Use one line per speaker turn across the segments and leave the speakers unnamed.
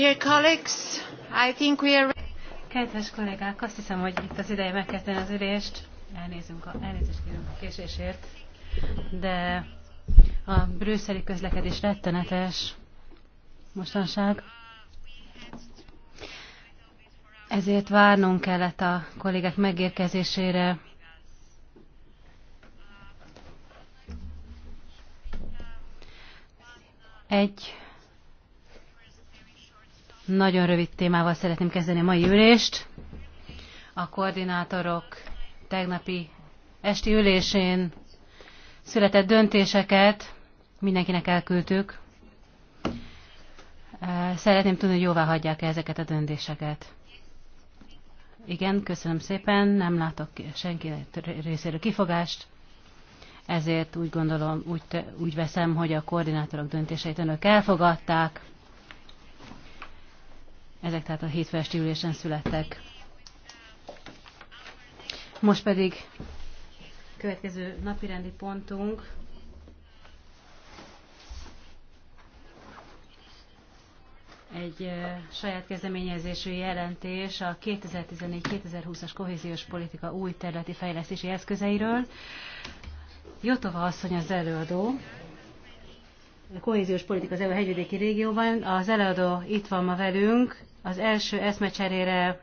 Dear colleagues, I think we are... Kedves kollégák, azt hiszem, hogy itt az ideje megkezdeni az ülést. Elnézünk a, elnézést kérünk a késésért, de a brüsszeli közlekedés rettenetes mostanság. Ezért várnunk kellett a kollégák megérkezésére. Egy nagyon rövid témával szeretném kezdeni a mai ülést. A koordinátorok tegnapi esti ülésén született döntéseket mindenkinek elküldtük. Szeretném tudni, hogy jóvá hagyják -e ezeket a döntéseket. Igen, köszönöm szépen, nem látok senki részéről kifogást, ezért úgy gondolom, úgy, úgy veszem, hogy a koordinátorok döntéseit önök elfogadták. Ezek tehát a hétfő esti ülésen születtek. Most pedig következő napirendi pontunk egy saját kezdeményezésű jelentés a 2014-2020-as kohéziós politika új területi fejlesztési eszközeiről. Jotova asszony az előadó. A kohéziós politika az EU hegyvidéki régióban. Az előadó itt van ma velünk, az első eszmecserére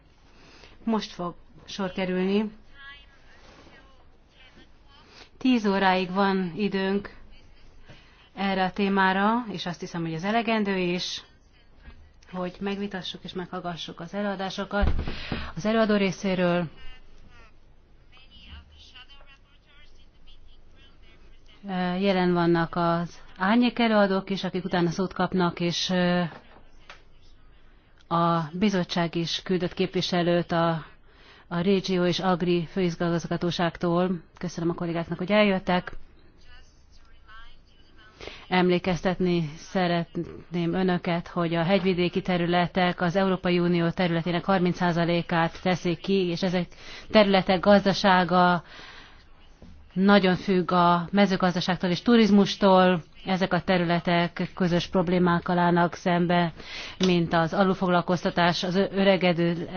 most fog sor kerülni. Tíz óráig van időnk erre a témára, és azt hiszem, hogy az elegendő is, hogy megvitassuk és meghallgassuk az előadásokat az előadó részéről. Jelen vannak az árnyék előadók is, akik utána szót kapnak, és a bizottság is küldött képviselőt a, a Régió és Agri főigazgatóságtól. Köszönöm a kollégáknak, hogy eljöttek. Emlékeztetni szeretném önöket, hogy a hegyvidéki területek az Európai Unió területének 30%-át teszik ki, és ezek területek gazdasága nagyon függ a mezőgazdaságtól és turizmustól, ezek a területek közös problémákkal állnak szembe, mint az alulfoglalkoztatás, az öregedő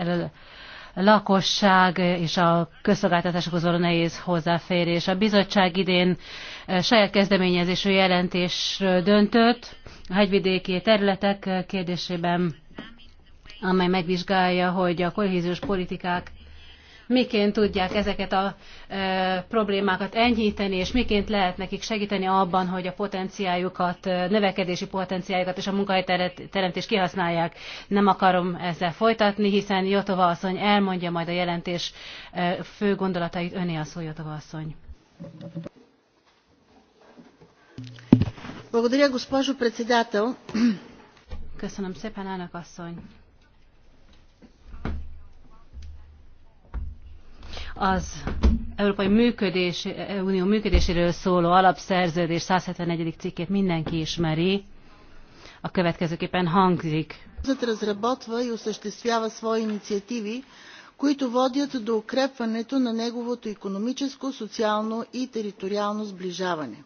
lakosság és a közszolgáltatásokhoz való nehéz hozzáférés. A bizottság idén eh, saját kezdeményezésű jelentés döntött a hegyvidéki területek eh, kérdésében, amely megvizsgálja, hogy a kohéziós politikák miként tudják ezeket a e, problémákat enyhíteni, és miként lehet nekik segíteni abban, hogy a potenciájukat, e, növekedési potenciájukat és a munkahelyteremtést kihasználják. Nem akarom ezzel folytatni, hiszen Jotova asszony elmondja majd a jelentés e, fő gondolatait. Öné a szó, Jotova asszony. Köszönöm szépen, elnök asszony! az Európai működés, Unió működéséről szóló alapszerződés 171. cikkét mindenki ismeri. A következőképpen hangzik. които водят до укрепването на неговото економическо, социално и териториално сближаване.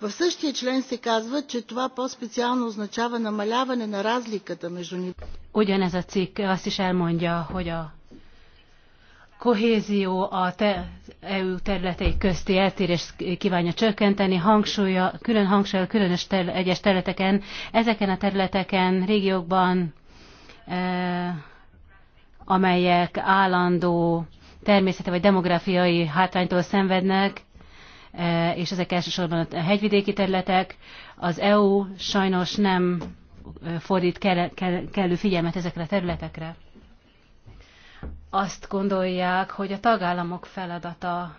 В същия член се казва, че това по-специално означава намаляване на разликата
между ни. Ugyanez a cikk azt is elmondja, hogy a kohézió a te, EU területei közti eltérést kívánja csökkenteni, hangsúlya, külön hangsúlya különös terle, egyes területeken. Ezeken a területeken, régiókban, e, amelyek állandó természete vagy demográfiai hátránytól szenvednek, e, és ezek elsősorban a hegyvidéki területek, az EU sajnos nem e, fordít kell, kell, kellő figyelmet ezekre a területekre azt gondolják, hogy a tagállamok feladata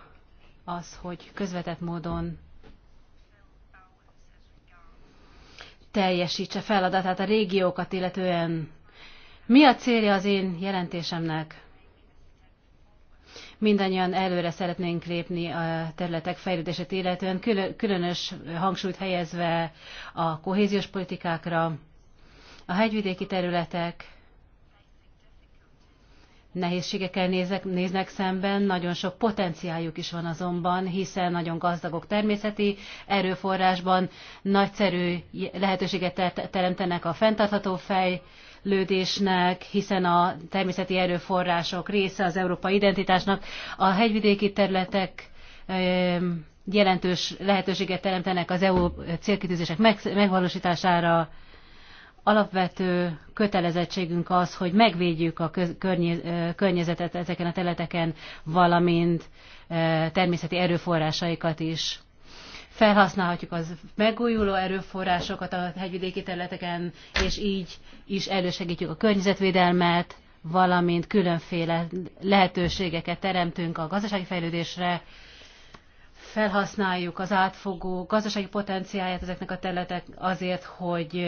az, hogy közvetett módon teljesítse feladatát a régiókat illetően. Mi a célja az én jelentésemnek? Mindannyian előre szeretnénk lépni a területek fejlődését illetően, különös hangsúlyt helyezve a kohéziós politikákra, a hegyvidéki területek, nehézségekkel néznek, néznek szemben, nagyon sok potenciáljuk is van azonban, hiszen nagyon gazdagok természeti erőforrásban, nagyszerű lehetőséget teremtenek a fenntartható lődésnek, hiszen a természeti erőforrások része az európai identitásnak. A hegyvidéki területek jelentős lehetőséget teremtenek az EU célkitűzések megvalósítására, alapvető kötelezettségünk az, hogy megvédjük a környezetet ezeken a területeken, valamint természeti erőforrásaikat is. Felhasználhatjuk az megújuló erőforrásokat a hegyvidéki területeken, és így is elősegítjük a környezetvédelmet, valamint különféle lehetőségeket teremtünk a gazdasági fejlődésre, felhasználjuk az átfogó gazdasági potenciáját ezeknek a területek azért, hogy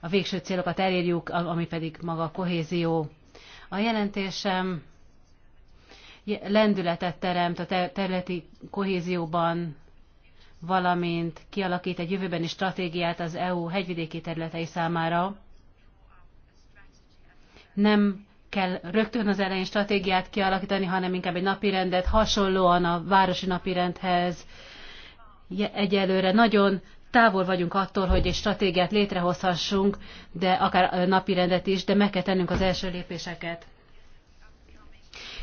a végső célokat elérjük, ami pedig maga a kohézió. A jelentésem lendületet teremt a területi kohézióban, valamint kialakít egy jövőbeni stratégiát az EU hegyvidéki területei számára. Nem kell rögtön az elején stratégiát kialakítani, hanem inkább egy napirendet, hasonlóan a városi napirendhez. Egyelőre nagyon távol vagyunk attól, hogy egy stratégiát létrehozhassunk, de akár napirendet is, de meg kell tennünk az első lépéseket.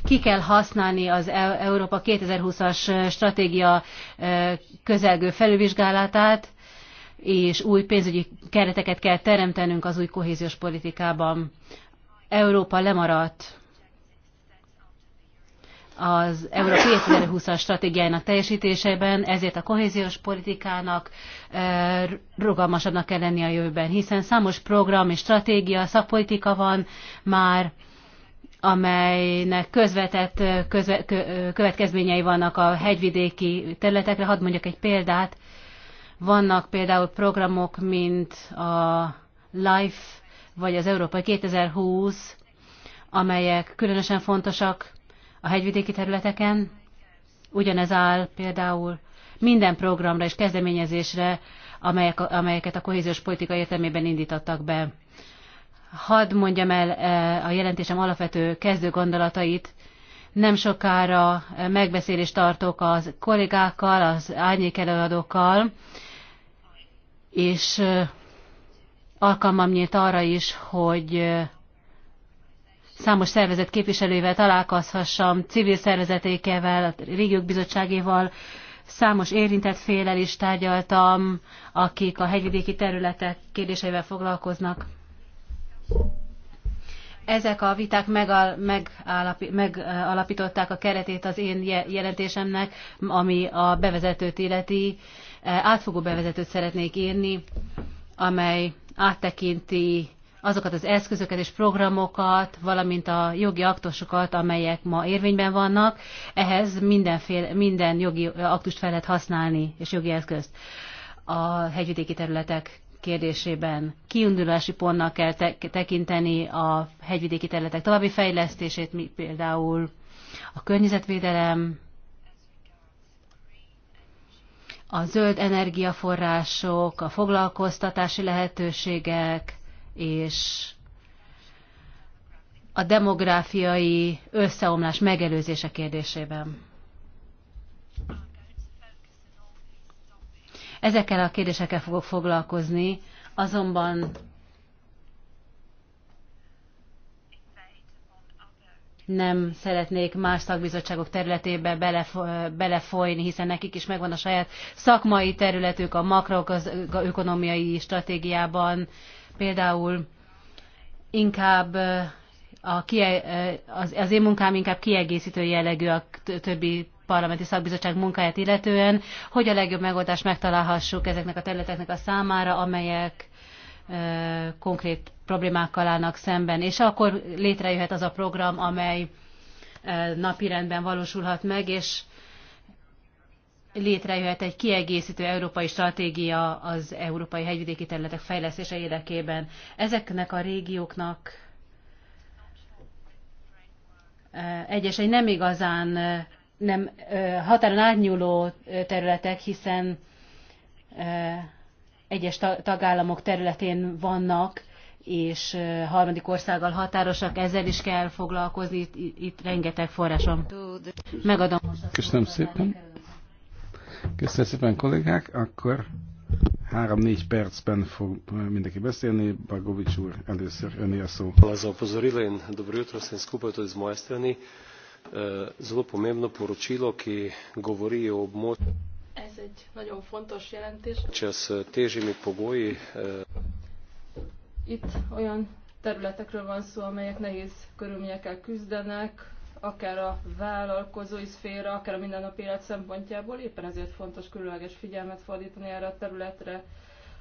Ki kell használni az e- Európa 2020-as stratégia e, közelgő felülvizsgálatát, és új pénzügyi kereteket kell teremtenünk az új kohéziós politikában. Európa lemaradt az Európai 2020-as stratégiájának teljesítésében, ezért a kohéziós politikának rugalmasabbnak kell lenni a jövőben, hiszen számos program és stratégia, szakpolitika van már, amelynek közvetett közve, kö, következményei vannak a hegyvidéki területekre. Hadd mondjak egy példát. Vannak például programok, mint a LIFE, vagy az Európai 2020, amelyek különösen fontosak a hegyvidéki területeken. Ugyanez áll például minden programra és kezdeményezésre, amelyek, amelyeket a kohéziós politika értelmében indítottak be. Hadd mondjam el e, a jelentésem alapvető kezdő gondolatait. Nem sokára e, megbeszélést tartok az kollégákkal, az árnyék előadókkal, és e, alkalmam nyílt arra is, hogy számos szervezet képviselőivel találkozhassam, civil szervezetékevel, régiók bizottságéval, számos érintett félel is tárgyaltam, akik a hegyvidéki területek kérdéseivel foglalkoznak. Ezek a viták megalapították a keretét az én jelentésemnek, ami a bevezetőt illeti. Átfogó bevezetőt szeretnék írni, amely áttekinti azokat az eszközöket és programokat, valamint a jogi aktusokat, amelyek ma érvényben vannak, ehhez mindenféle, minden jogi aktust fel lehet használni, és jogi eszközt a hegyvidéki területek kérdésében. Kiindulási pontnak kell tekinteni a hegyvidéki területek további fejlesztését, mi például a környezetvédelem, a zöld energiaforrások, a foglalkoztatási lehetőségek, és a demográfiai összeomlás megelőzése kérdésében. Ezekkel a kérdésekkel fogok foglalkozni, azonban nem szeretnék más szakbizottságok területébe belefolyni, hiszen nekik is megvan a saját szakmai területük a makroökonomiai stratégiában, Például inkább a kie, az, az én munkám inkább kiegészítő jellegű a többi parlamenti szakbizottság munkáját illetően, hogy a legjobb megoldást megtalálhassuk ezeknek a területeknek a számára, amelyek konkrét problémákkal állnak szemben, és akkor létrejöhet az a program, amely napirendben valósulhat meg, és létrejöhet egy kiegészítő európai stratégia az európai hegyvidéki területek fejlesztése érdekében. Ezeknek a régióknak egyes egy nem igazán nem határon átnyúló területek, hiszen egyes tagállamok területén vannak, és harmadik országgal határosak, ezzel is kell foglalkozni, itt, itt rengeteg forrásom. Megadom. Köszönöm szépen.
Köszönöm szépen kollégák, akkor 3-4 percben fog mindenki beszélni. Bagovics úr, először öné a szó. Za opozorilo in dobro jutro vsem skupaj tudi z moje strani. E, zelo pomembno poročilo, ki govori o območju.
Ez egy nagyon fontos jelentés.
Čez težimi pogoji. E,
Itt olyan területekről van szó, amelyek nehéz körülményekkel küzdenek, akár a vállalkozói szféra, akár a mindennapi élet szempontjából, éppen ezért fontos különleges figyelmet fordítani erre a területre.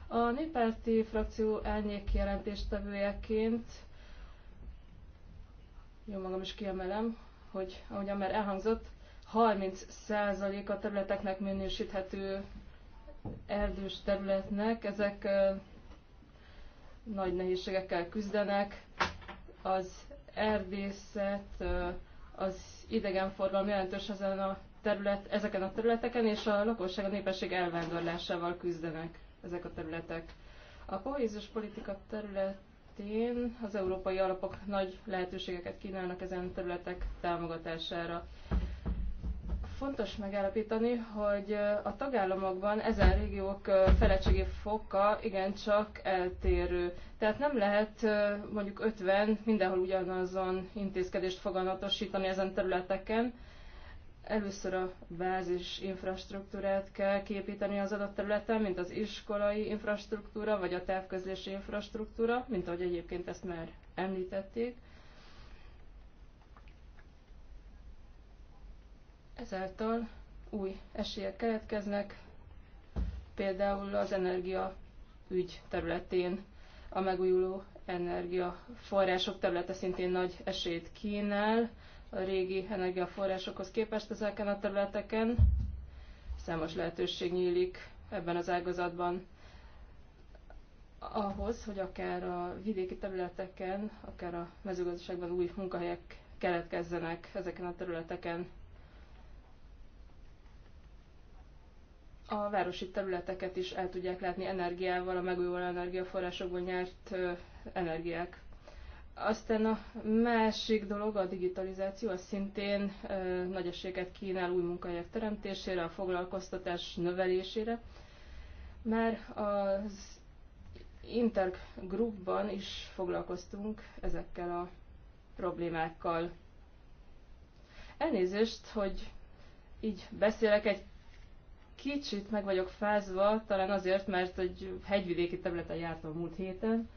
A néppárti frakció elnyék jelentéstevőjeként jó magam is kiemelem, hogy ahogyan már elhangzott, 30% a területeknek minősíthető erdős területnek, ezek nagy nehézségekkel küzdenek, az erdészet az idegenforgalom jelentős ezen a terület, ezeken a területeken, és a lakosság, a népesség elvándorlásával küzdenek ezek a területek. A kohéziós politika területén az európai alapok nagy lehetőségeket kínálnak ezen területek támogatására. Fontos megállapítani, hogy a tagállamokban ezen régiók felettségi foka igencsak eltérő. Tehát nem lehet mondjuk 50 mindenhol ugyanazon intézkedést foganatosítani ezen területeken. Először a bázis infrastruktúrát kell képíteni az adott területen, mint az iskolai infrastruktúra, vagy a távközlési infrastruktúra, mint ahogy egyébként ezt már említették Ezáltal új esélyek keletkeznek, például az energia ügy területén a megújuló energiaforrások területe szintén nagy esélyt kínál a régi energiaforrásokhoz képest ezeken a területeken. Számos lehetőség nyílik ebben az ágazatban ahhoz, hogy akár a vidéki területeken, akár a mezőgazdaságban új munkahelyek keletkezzenek ezeken a területeken. a városi területeket is el tudják látni energiával, a megújuló energiaforrásokból nyert energiák. Aztán a másik dolog, a digitalizáció, az szintén ö, nagy esélyeket kínál új munkahelyek teremtésére, a foglalkoztatás növelésére. Már az Intergroupban is foglalkoztunk ezekkel a problémákkal. Elnézést, hogy így beszélek, egy Kicsit meg vagyok fázva, talán azért, mert egy hegyvidéki területen jártam múlt héten.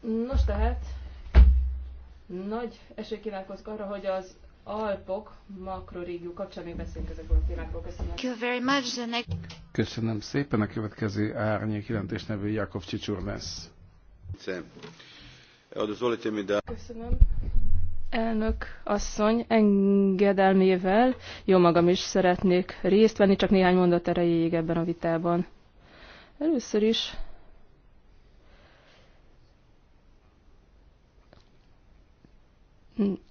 Nos tehát, nagy esély kívánkozik arra, hogy az Alpok makrorégió kapcsán még beszélünk ezekből a
témákról. Köszönöm.
Köszönöm szépen. A következő árnyék jelentés nevű Jakov Csicsur lesz. Köszönöm.
Elnök asszony engedelmével jó magam is szeretnék részt venni, csak néhány mondat erejéig ebben a vitában. Először is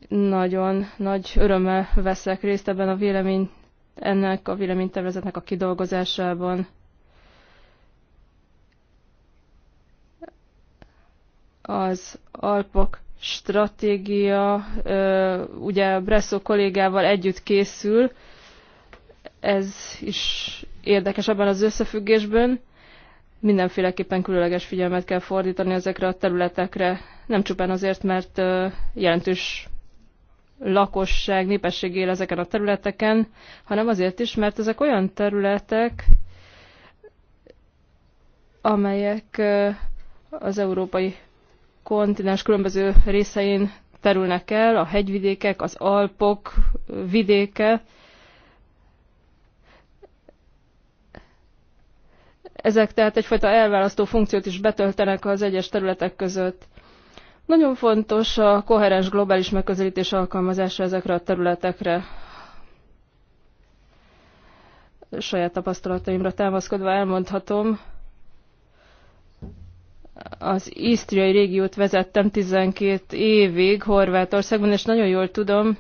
nagyon nagy örömmel veszek részt ebben a vélemény, ennek a véleménytervezetnek a kidolgozásában. Az Alpok stratégia ugye Bresso kollégával együtt készül, ez is érdekes ebben az összefüggésben. Mindenféleképpen különleges figyelmet kell fordítani ezekre a területekre, nem csupán azért, mert jelentős lakosság, népesség él ezeken a területeken, hanem azért is, mert ezek olyan területek, amelyek az Európai kontinens különböző részein terülnek el, a hegyvidékek, az Alpok vidéke. Ezek tehát egyfajta elválasztó funkciót is betöltenek az egyes területek között. Nagyon fontos a koherens globális megközelítés alkalmazása ezekre a területekre. Saját tapasztalataimra támaszkodva elmondhatom, az Isztriai régiót vezettem 12 évig Horvátországban, és nagyon jól tudom,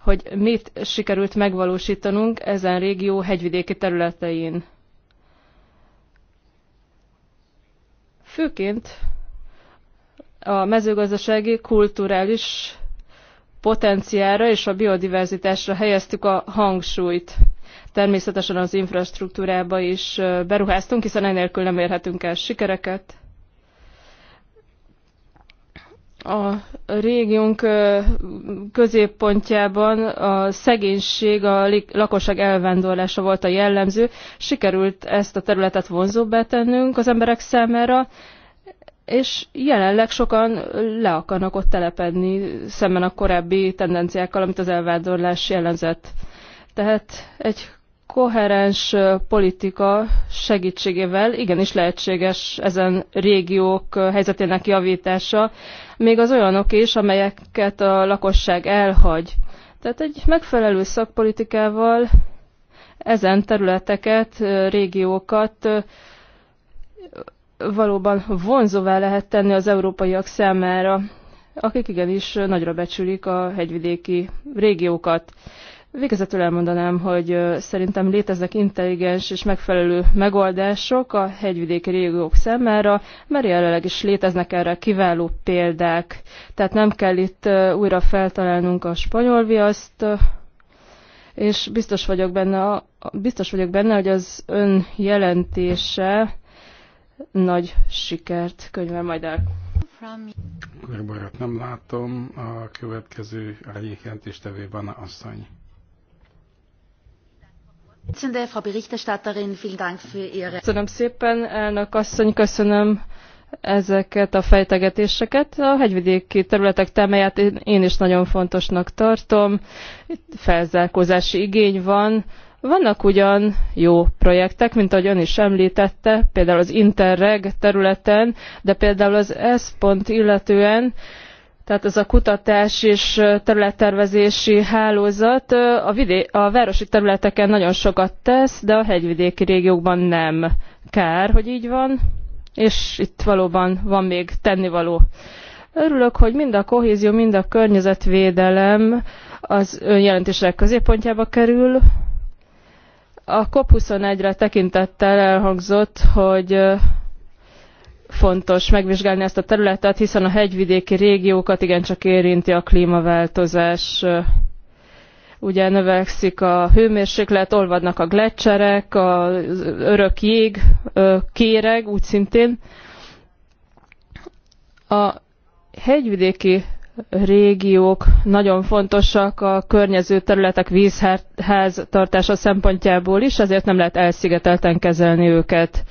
hogy mit sikerült megvalósítanunk ezen régió hegyvidéki területein. Főként a mezőgazdasági, kulturális potenciára és a biodiverzitásra helyeztük a hangsúlyt. Természetesen az infrastruktúrába is beruháztunk, hiszen enélkül nem érhetünk el sikereket a régiónk középpontjában a szegénység, a lakosság elvándorlása volt a jellemző. Sikerült ezt a területet vonzóbbá tennünk az emberek számára, és jelenleg sokan le akarnak ott telepedni szemben a korábbi tendenciákkal, amit az elvándorlás jellemzett. Tehát egy koherens politika segítségével igenis lehetséges ezen régiók helyzetének javítása, még az olyanok is, amelyeket a lakosság elhagy. Tehát egy megfelelő szakpolitikával ezen területeket, régiókat valóban vonzóvá lehet tenni az európaiak számára, akik igenis nagyra becsülik a hegyvidéki régiókat. Végezetül elmondanám, hogy szerintem léteznek intelligens és megfelelő megoldások a hegyvidéki régiók számára, mert jelenleg is léteznek erre kiváló példák. Tehát nem kell itt újra feltalálnunk a spanyol viaszt, és biztos vagyok benne, biztos vagyok benne hogy az ön jelentése nagy sikert könyvel majd el.
Körbarát nem látom, a következő egyik jelentéstevében a asszony.
Köszönöm szépen, elnök asszony, köszönöm ezeket a fejtegetéseket. A hegyvidéki területek témáját én is nagyon fontosnak tartom. Itt felzárkózási igény van. Vannak ugyan jó projektek, mint ahogy ön is említette, például az Interreg területen, de például az ESZ pont illetően tehát ez a kutatás és területtervezési hálózat a, vidé- a városi területeken nagyon sokat tesz, de a hegyvidéki régiókban nem. Kár, hogy így van, és itt valóban van még tennivaló. Örülök, hogy mind a kohézió, mind a környezetvédelem az önjelentések középpontjába kerül. A COP21-re tekintettel elhangzott, hogy fontos megvizsgálni ezt a területet, hiszen a hegyvidéki régiókat igencsak érinti a klímaváltozás. Ugye növekszik a hőmérséklet, olvadnak a gletszerek, az örök jég, kéreg úgy szintén. A hegyvidéki régiók nagyon fontosak a környező területek vízháztartása szempontjából is, ezért nem lehet elszigetelten kezelni őket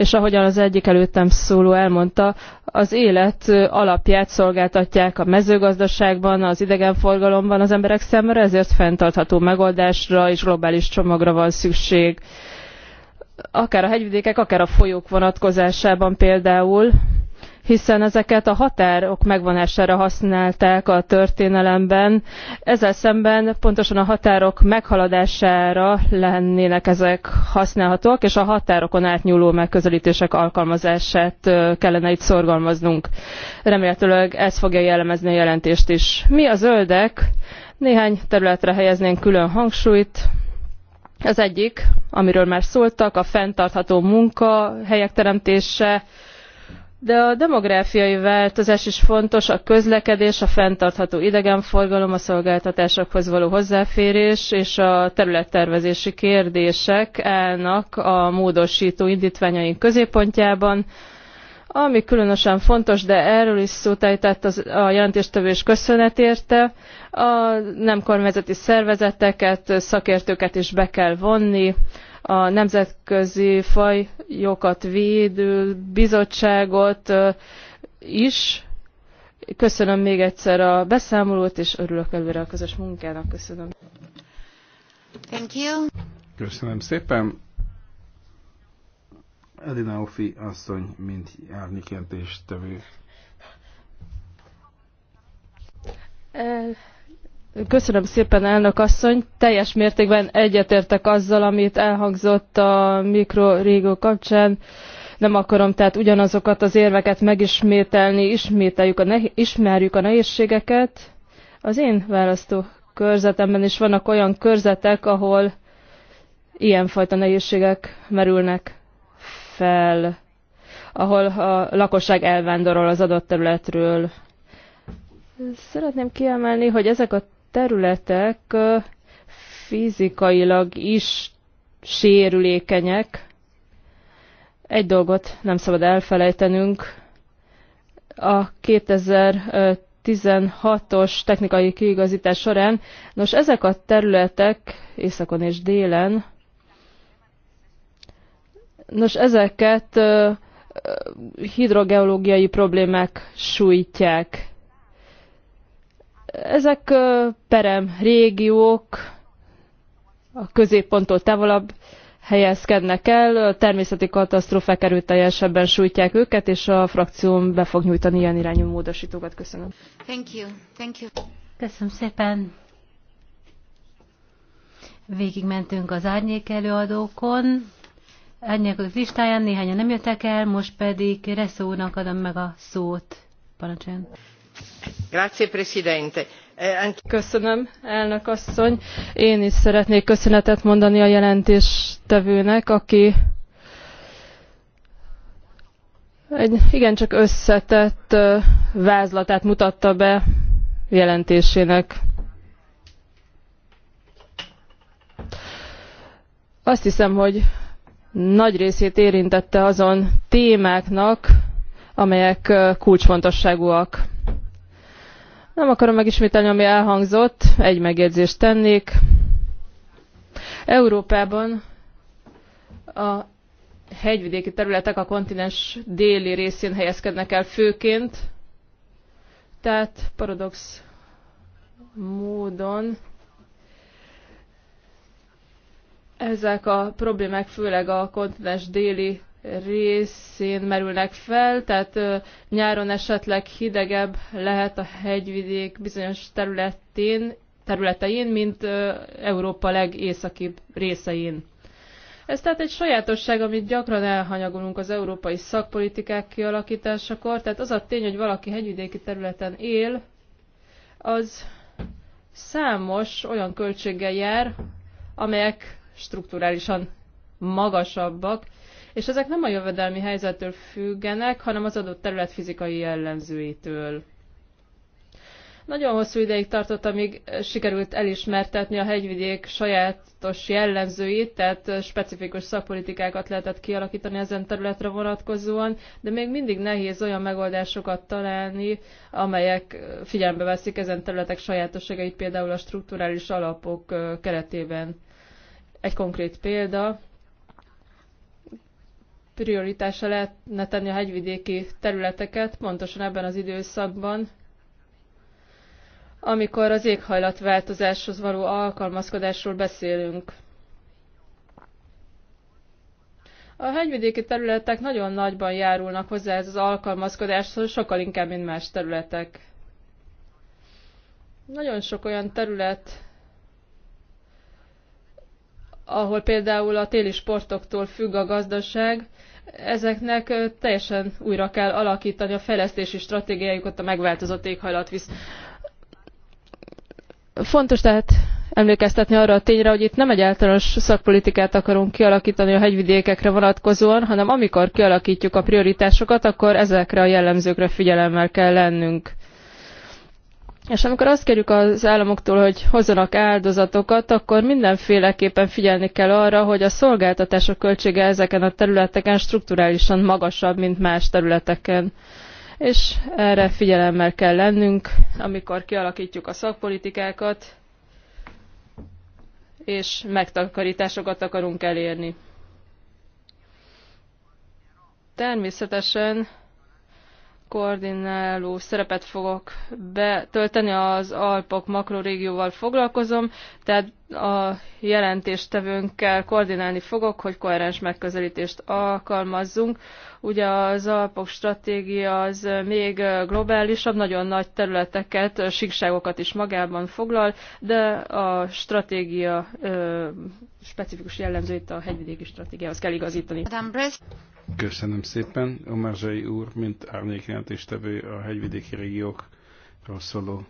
és ahogyan az egyik előttem szóló elmondta, az élet alapját szolgáltatják a mezőgazdaságban, az idegenforgalomban az emberek számára, ezért fenntartható megoldásra és globális csomagra van szükség. Akár a hegyvidékek, akár a folyók vonatkozásában például, hiszen ezeket a határok megvonására használták a történelemben. Ezzel szemben pontosan a határok meghaladására lennének ezek használhatók, és a határokon átnyúló megközelítések alkalmazását kellene itt szorgalmaznunk. Remélhetőleg ez fogja jellemezni a jelentést is. Mi a zöldek néhány területre helyeznénk külön hangsúlyt. Az egyik, amiről már szóltak, a fenntartható munka, helyek teremtése, de a demográfiai változás is fontos, a közlekedés, a fenntartható idegenforgalom, a szolgáltatásokhoz való hozzáférés és a területtervezési kérdések állnak a módosító indítványaink középpontjában, ami különösen fontos, de erről is szótájtett az, a jelentéstevő és köszönet érte. A nem kormányzati szervezeteket, szakértőket is be kell vonni, a Nemzetközi Fajokat Védő Bizottságot is. Köszönöm még egyszer a beszámolót, és örülök előre a közös munkának. Köszönöm.
Thank you.
Köszönöm szépen. Elina Ofi asszony, mint árnyékjelentéstevő.
Köszönöm szépen, elnök asszony. Teljes mértékben egyetértek azzal, amit elhangzott a mikrorégió kapcsán. Nem akarom tehát ugyanazokat az érveket megismételni, ismételjük a ismerjük a nehézségeket. Az én választó körzetemben is vannak olyan körzetek, ahol ilyenfajta nehézségek merülnek fel, ahol a lakosság elvándorol az adott területről. Szeretném kiemelni, hogy ezek a területek fizikailag is sérülékenyek. Egy dolgot nem szabad elfelejtenünk. A 2016-os technikai kiigazítás során, nos ezek a területek északon és délen, nos ezeket hidrogeológiai problémák sújtják ezek perem régiók, a középponttól távolabb helyezkednek el, a természeti katasztrófák erőteljesebben sújtják őket, és a frakcióm be fog nyújtani ilyen irányú módosítókat. Köszönöm.
Thank you. Thank you.
Köszönöm szépen. Végigmentünk az árnyék előadókon. az listáján néhányan nem jöttek el, most pedig Reszónak adom meg a szót. Parancsoljon.
Eh, Köszönöm, elnök asszony. Én is szeretnék köszönetet mondani a jelentéstevőnek, aki egy igencsak összetett vázlatát mutatta be jelentésének. Azt hiszem, hogy nagy részét érintette azon témáknak, amelyek kulcsfontosságúak nem akarom megismételni, ami elhangzott, egy megjegyzést tennék. Európában a hegyvidéki területek a kontinens déli részén helyezkednek el főként, tehát paradox módon ezek a problémák főleg a kontinens déli részén merülnek fel, tehát nyáron esetleg hidegebb lehet a hegyvidék bizonyos területén, területein, mint Európa legészakibb részein. Ez tehát egy sajátosság, amit gyakran elhanyagolunk az európai szakpolitikák kialakításakor, tehát az a tény, hogy valaki hegyvidéki területen él, az számos olyan költséggel jár, amelyek strukturálisan magasabbak, és ezek nem a jövedelmi helyzettől függenek, hanem az adott terület fizikai jellemzőitől. Nagyon hosszú ideig tartott, amíg sikerült elismertetni a hegyvidék sajátos jellemzőit, tehát specifikus szakpolitikákat lehetett kialakítani ezen területre vonatkozóan, de még mindig nehéz olyan megoldásokat találni, amelyek figyelembe veszik ezen területek sajátosságait, például a strukturális alapok keretében. Egy konkrét példa, prioritása lehetne tenni a hegyvidéki területeket, pontosan ebben az időszakban, amikor az éghajlatváltozáshoz való alkalmazkodásról beszélünk. A hegyvidéki területek nagyon nagyban járulnak hozzá ez az alkalmazkodáshoz, sokkal inkább, mint más területek. Nagyon sok olyan terület ahol például a téli sportoktól függ a gazdaság, ezeknek teljesen újra kell alakítani a fejlesztési stratégiájukat a megváltozott éghajlat visz. Fontos tehát emlékeztetni arra a tényre, hogy itt nem egy általános szakpolitikát akarunk kialakítani a hegyvidékekre vonatkozóan, hanem amikor kialakítjuk a prioritásokat, akkor ezekre a jellemzőkre figyelemmel kell lennünk. És amikor azt kérjük az államoktól, hogy hozzanak áldozatokat, akkor mindenféleképpen figyelni kell arra, hogy a szolgáltatások költsége ezeken a területeken strukturálisan magasabb, mint más területeken. És erre figyelemmel kell lennünk, amikor kialakítjuk a szakpolitikákat, és megtakarításokat akarunk elérni. Természetesen koordináló szerepet fogok betölteni, az Alpok makrorégióval foglalkozom, tehát a jelentéstevőnkkel koordinálni fogok, hogy koherens megközelítést alkalmazzunk. Ugye az Alpok stratégia az még globálisabb, nagyon nagy területeket, síkságokat is magában foglal, de a stratégia ö, specifikus jellemzőit a hegyvidéki stratégiához kell igazítani.
Köszönöm szépen. Omázsai úr, mint árnyékjelentéstevő a hegyvidéki régiókról szóló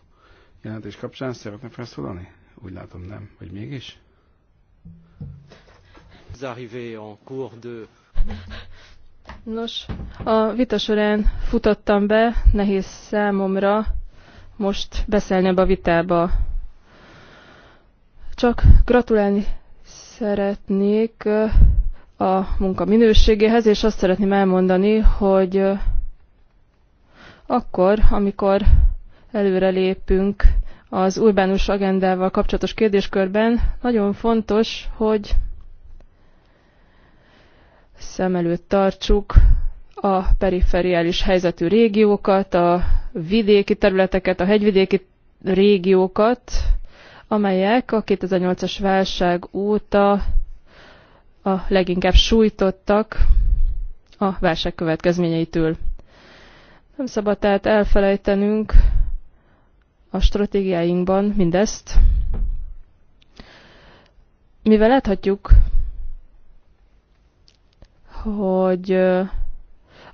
jelentés kapcsán szeretne felszólalni? Úgy látom nem, vagy mégis?
Nos, a vita során futottam be, nehéz számomra most beszélni ebbe a vitába. Csak gratulálni szeretnék a munka minőségéhez, és azt szeretném elmondani, hogy akkor, amikor előrelépünk az urbánus agendával kapcsolatos kérdéskörben, nagyon fontos, hogy szem előtt tartsuk a perifériális helyzetű régiókat, a vidéki területeket, a hegyvidéki régiókat, amelyek a 2008-as válság óta a leginkább sújtottak a válság következményeitől. Nem szabad tehát elfelejtenünk a stratégiáinkban mindezt, mivel láthatjuk, hogy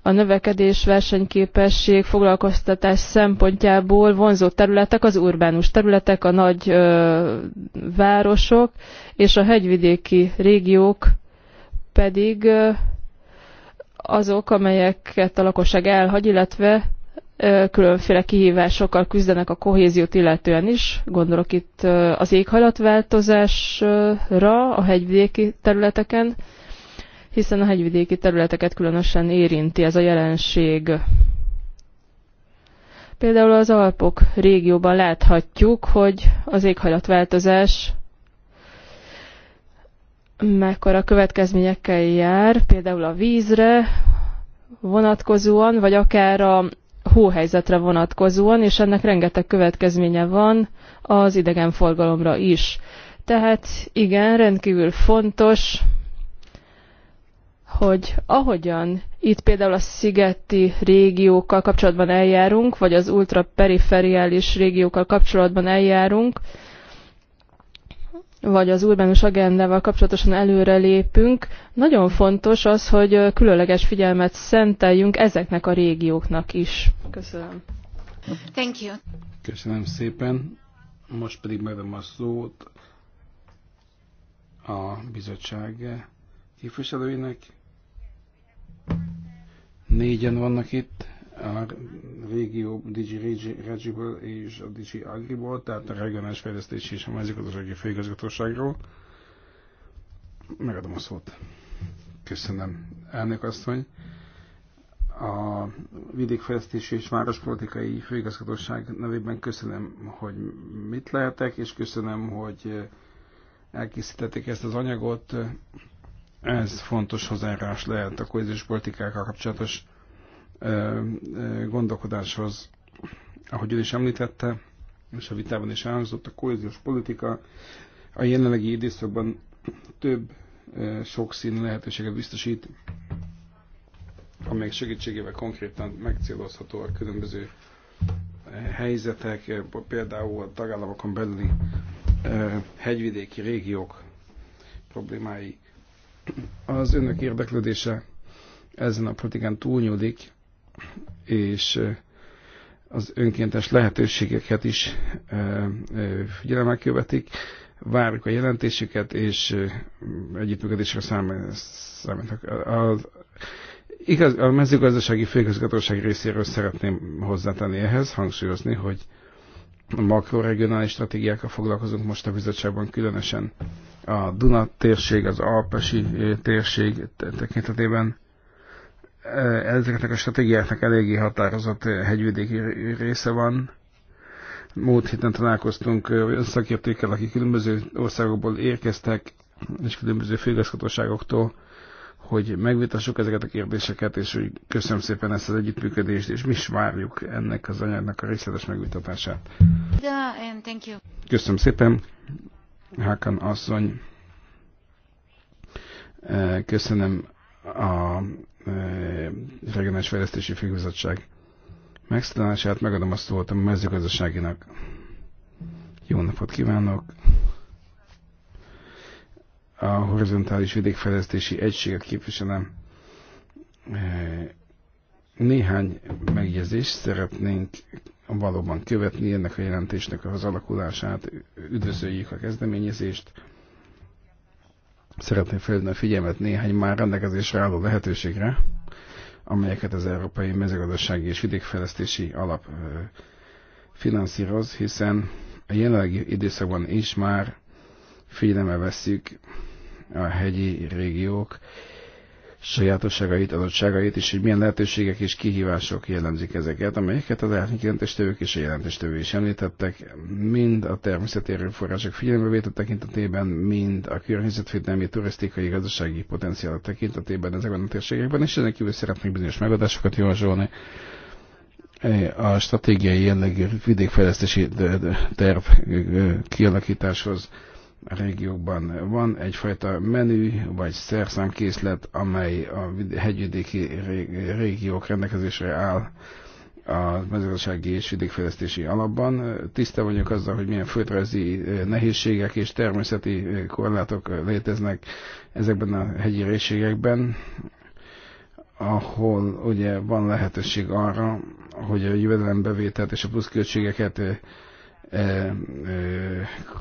a növekedés, versenyképesség, foglalkoztatás szempontjából vonzó területek, az urbánus területek, a nagy ö, városok és a hegyvidéki régiók pedig ö, azok, amelyeket a lakosság elhagy, illetve különféle kihívásokkal küzdenek a kohéziót illetően is. Gondolok itt az éghajlatváltozásra a hegyvidéki területeken, hiszen a hegyvidéki területeket különösen érinti ez a jelenség. Például az Alpok régióban láthatjuk, hogy az éghajlatváltozás mekkora következményekkel jár, például a vízre vonatkozóan, vagy akár a hóhelyzetre vonatkozóan, és ennek rengeteg következménye van az idegenforgalomra is. Tehát igen, rendkívül fontos, hogy ahogyan itt például a szigeti régiókkal kapcsolatban eljárunk, vagy az ultraperiferiális régiókkal kapcsolatban eljárunk, vagy az urbánus agendával kapcsolatosan előrelépünk, nagyon fontos az, hogy különleges figyelmet szenteljünk ezeknek a régióknak is.
Köszönöm. Thank you.
Köszönöm szépen. Most pedig megadom a szót a bizottság képviselőinek. Négyen vannak itt, a régió Digi Regiből és a Digi Agriból, tehát a regionális fejlesztési és a mezőgazdasági főigazgatóságról. Megadom a szót. Köszönöm, elnök asszony. A vidékfejlesztési és várospolitikai főigazgatóság nevében köszönöm, hogy mit lehetek, és köszönöm, hogy elkészítették ezt az anyagot. Ez fontos hozzájárás lehet a kohéziós politikákkal kapcsolatos gondolkodáshoz. Ahogy ön is említette, és a vitában is elhangzott, a kohéziós politika a jelenlegi időszakban több sokszínű lehetőséget biztosít, amelyek segítségével konkrétan megcélozható a különböző helyzetek, például a tagállamokon belüli hegyvidéki régiók problémái. Az önök érdeklődése ezen a politikán túlnyúlik, és az önkéntes lehetőségeket is figyelemmel követik. Várjuk a jelentésüket, és együttműködésre számítok. Az, igaz, a mezőgazdasági főközgatóság részéről szeretném hozzátenni ehhez, hangsúlyozni, hogy a makroregionális stratégiákkal foglalkozunk most a bizottságban különösen a Duna térség, az Alpesi eh, térség tekintetében eh, ezeknek a stratégiáknak eléggé határozott eh, hegyvidéki része van. Múlt héten találkoztunk olyan szakértőkkel, akik különböző országokból érkeztek, és különböző főigazgatóságoktól, hogy megvitassuk ezeket a kérdéseket, és hogy köszönöm szépen ezt az együttműködést, és mi is várjuk ennek az anyagnak a részletes megvitatását. Köszönöm szépen, Hakan asszony. E, köszönöm a e, Regionális Fejlesztési Főbizottság megszállását, Megadom a szót a mezőgazdaságinak. Jó napot kívánok! A horizontális vidékfejlesztési egységet képviselem. E, néhány megjegyzést szeretnénk valóban követni ennek a jelentésnek az alakulását, üdvözöljük a kezdeményezést. Szeretném felhívni a figyelmet néhány már rendelkezésre álló lehetőségre, amelyeket az Európai Mezőgazdasági és Vidékfejlesztési Alap finanszíroz, hiszen a jelenlegi időszakban is már figyelembe vesszük a hegyi régiók sajátosságait, adottságait, és hogy milyen lehetőségek és kihívások jellemzik ezeket, amelyeket az árnyék jelentéstevők és a jelentéstevő is említettek, mind a természeti erőforrások figyelembevétel tekintetében, mind a környezetvédelmi, turisztikai, gazdasági potenciál tekintetében ezekben a térségekben, és ezen kívül szeretnék bizonyos megoldásokat javasolni e, a stratégiai jellegű vidékfejlesztési terv e, e, kialakításhoz régiókban van egyfajta menü vagy szerszámkészlet, amely a hegyvidéki régiók rendelkezésre áll a mezőgazdasági és vidékfejlesztési alapban. Tiszta vagyok azzal, hogy milyen földrajzi nehézségek és természeti korlátok léteznek ezekben a hegyi részségekben, ahol ugye van lehetőség arra, hogy a jövedelembevételt és a pluszköltségeket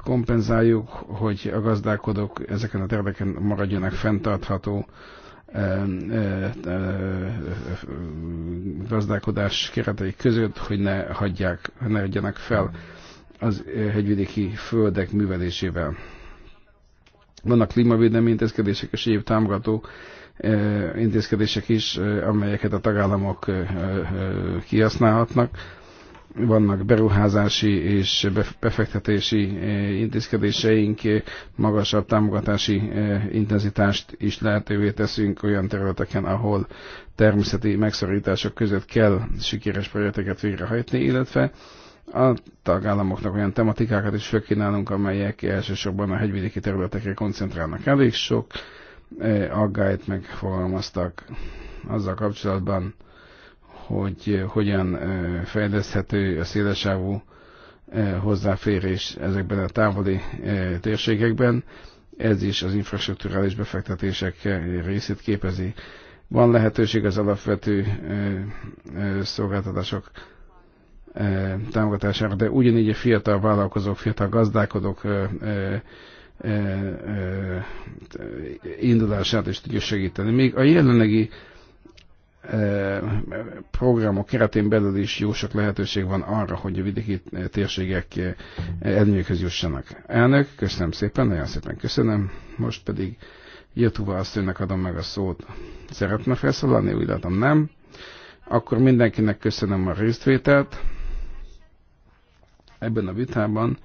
kompenzáljuk, hogy a gazdálkodók ezeken a területeken maradjanak fenntartható gazdálkodás keretei között, hogy ne hagyják, ne adjanak fel az hegyvidéki földek művelésével. Vannak klímavédelmi intézkedések és egyéb támogató intézkedések is, amelyeket a tagállamok kihasználhatnak vannak beruházási és befektetési eh, intézkedéseink, eh, magasabb támogatási eh, intenzitást is lehetővé teszünk olyan területeken, ahol természeti megszorítások között kell sikeres projekteket végrehajtni, illetve a tagállamoknak olyan tematikákat is felkínálunk, amelyek elsősorban a hegyvidéki területekre koncentrálnak. Elég sok aggályt megfogalmaztak azzal kapcsolatban, hogy eh, hogyan eh, fejleszthető a szélesávú eh, hozzáférés ezekben a távoli térségekben. Ez is az infrastruktúrális befektetések részét képezi. Van lehetőség az alapvető szolgáltatások támogatására, de ugyanígy a fiatal vállalkozók, fiatal gazdálkodók indulását is tudja segíteni. Még a jelenlegi programok keretén belül is jó sok lehetőség van arra, hogy a vidéki térségek előnyökhöz jussanak. Elnök, köszönöm szépen, nagyon szépen köszönöm. Most pedig Jötuva asszonynak adom meg a szót. Szeretne felszólalni? Úgy látom nem. Akkor mindenkinek köszönöm a résztvételt. Ebben a vitában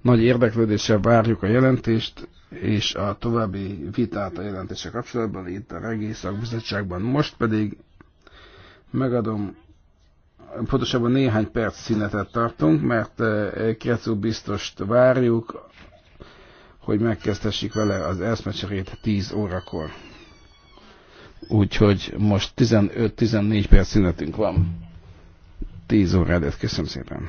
nagy érdeklődéssel várjuk a jelentést, és a további vitát a jelentése kapcsolatban itt a Regi Szakbizottságban. Most pedig Megadom, pontosabban néhány perc szünetet tartunk, mert eh, Krecu biztost várjuk, hogy megkezdhessék vele az eszmecserét 10 órakor. Úgyhogy most 15-14 perc szünetünk van. 10 óra előtt. Köszönöm szépen.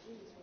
disease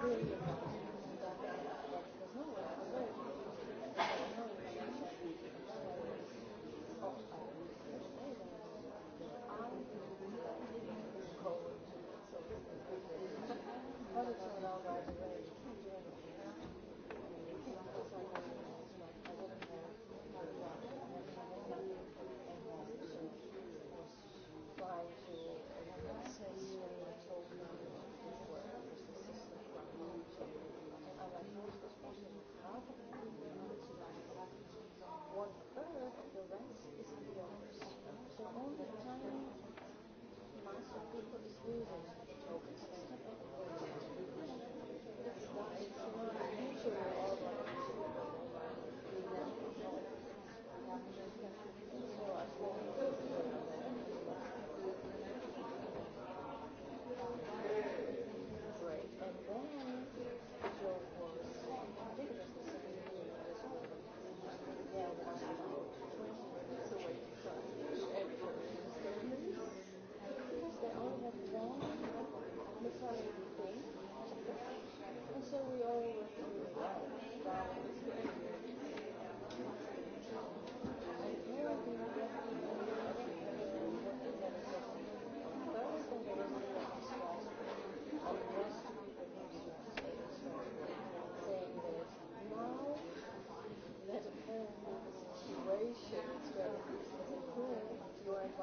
Köszönöm.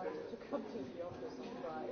like to come to the office on Friday.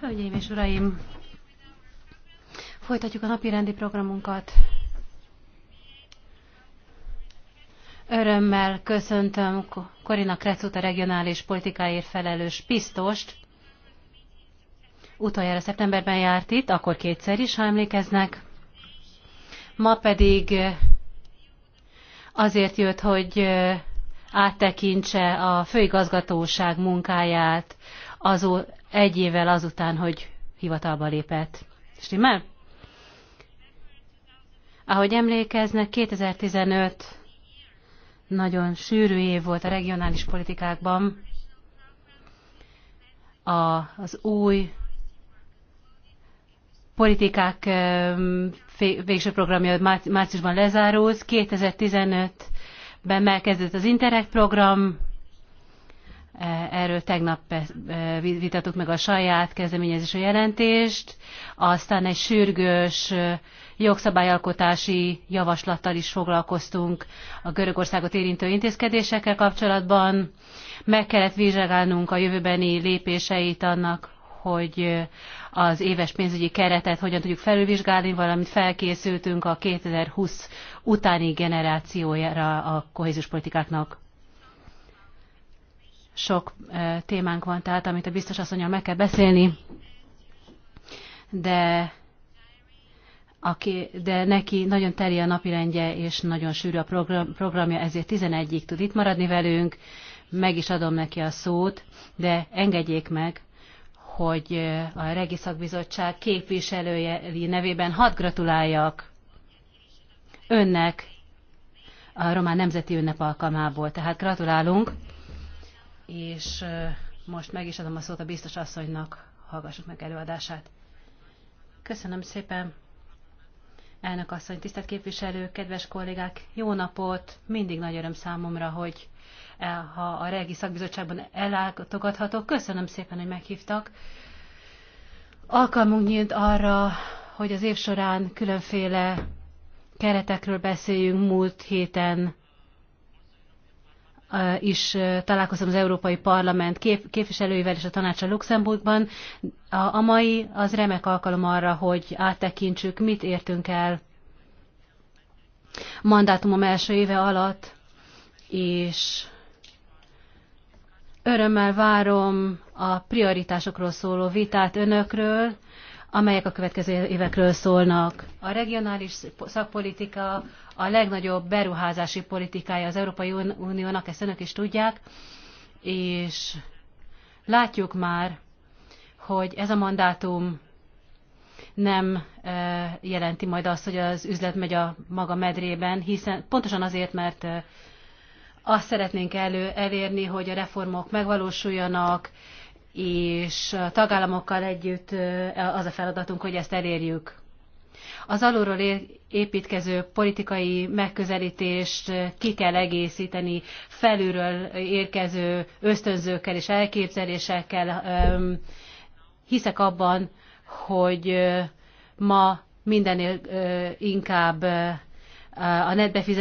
Hölgyeim és uraim, folytatjuk a napi rendi programunkat. Örömmel köszöntöm Korina Kretszut, a regionális politikáért felelős biztost. Utoljára szeptemberben járt itt, akkor kétszer is, ha emlékeznek. Ma pedig azért jött, hogy áttekintse a főigazgatóság munkáját azó, egy évvel azután, hogy hivatalba lépett. Stimmel? Ahogy emlékeznek, 2015 nagyon sűrű év volt a regionális politikákban. A, az új politikák végső programja márciusban lezárult. 2015 ben megkezdődött az Interreg program, e, Erről tegnap e, e, vitattuk meg a saját kezdeményezési jelentést, aztán egy sürgős jogszabályalkotási javaslattal is foglalkoztunk a Görögországot érintő intézkedésekkel kapcsolatban. Meg kellett vizsgálnunk a jövőbeni lépéseit annak, hogy az éves pénzügyi keretet hogyan tudjuk felülvizsgálni, valamint felkészültünk a 2020 utáni generációjára a kohézus politikáknak. Sok témánk van tehát, amit a biztos asszonyal meg kell beszélni, de aki, de neki nagyon teli a napirendje, és nagyon sűrű a program, programja, ezért 11-ig tud itt maradni velünk, meg is adom neki a szót, de engedjék meg, hogy eh, a Regi Szakbizottság képviselői nevében hadd gratuláljak önnek a Román Nemzeti Ünnep alkalmából. Tehát gratulálunk, és eh, most meg is adom a szót a biztos asszonynak, hallgassuk meg előadását. Köszönöm szépen, elnök asszony, tisztelt képviselő, kedves kollégák, jó napot, mindig nagy öröm számomra, hogy E, ha a Regi Szakbizottságban ellátogathatok. Köszönöm szépen, hogy meghívtak. Alkalmunk nyílt arra, hogy az év során különféle keretekről beszéljünk. Múlt héten e, is e, találkozom az Európai Parlament kép- képviselőivel és a tanácsa Luxemburgban. A, a mai az remek alkalom arra, hogy áttekintsük, mit értünk el mandátumom első éve alatt, és Örömmel várom a prioritásokról szóló vitát önökről, amelyek a következő évekről szólnak. A regionális szakpolitika a legnagyobb beruházási politikája az Európai Uniónak, ezt önök is tudják, és látjuk már, hogy ez a mandátum nem jelenti majd azt, hogy az üzlet megy a maga medrében, hiszen pontosan azért, mert azt szeretnénk elő, elérni, hogy a reformok megvalósuljanak, és a tagállamokkal együtt az a feladatunk, hogy ezt elérjük. Az alulról építkező politikai megközelítést ki kell egészíteni felülről érkező ösztönzőkkel és elképzelésekkel. Hiszek abban, hogy ma mindenél inkább a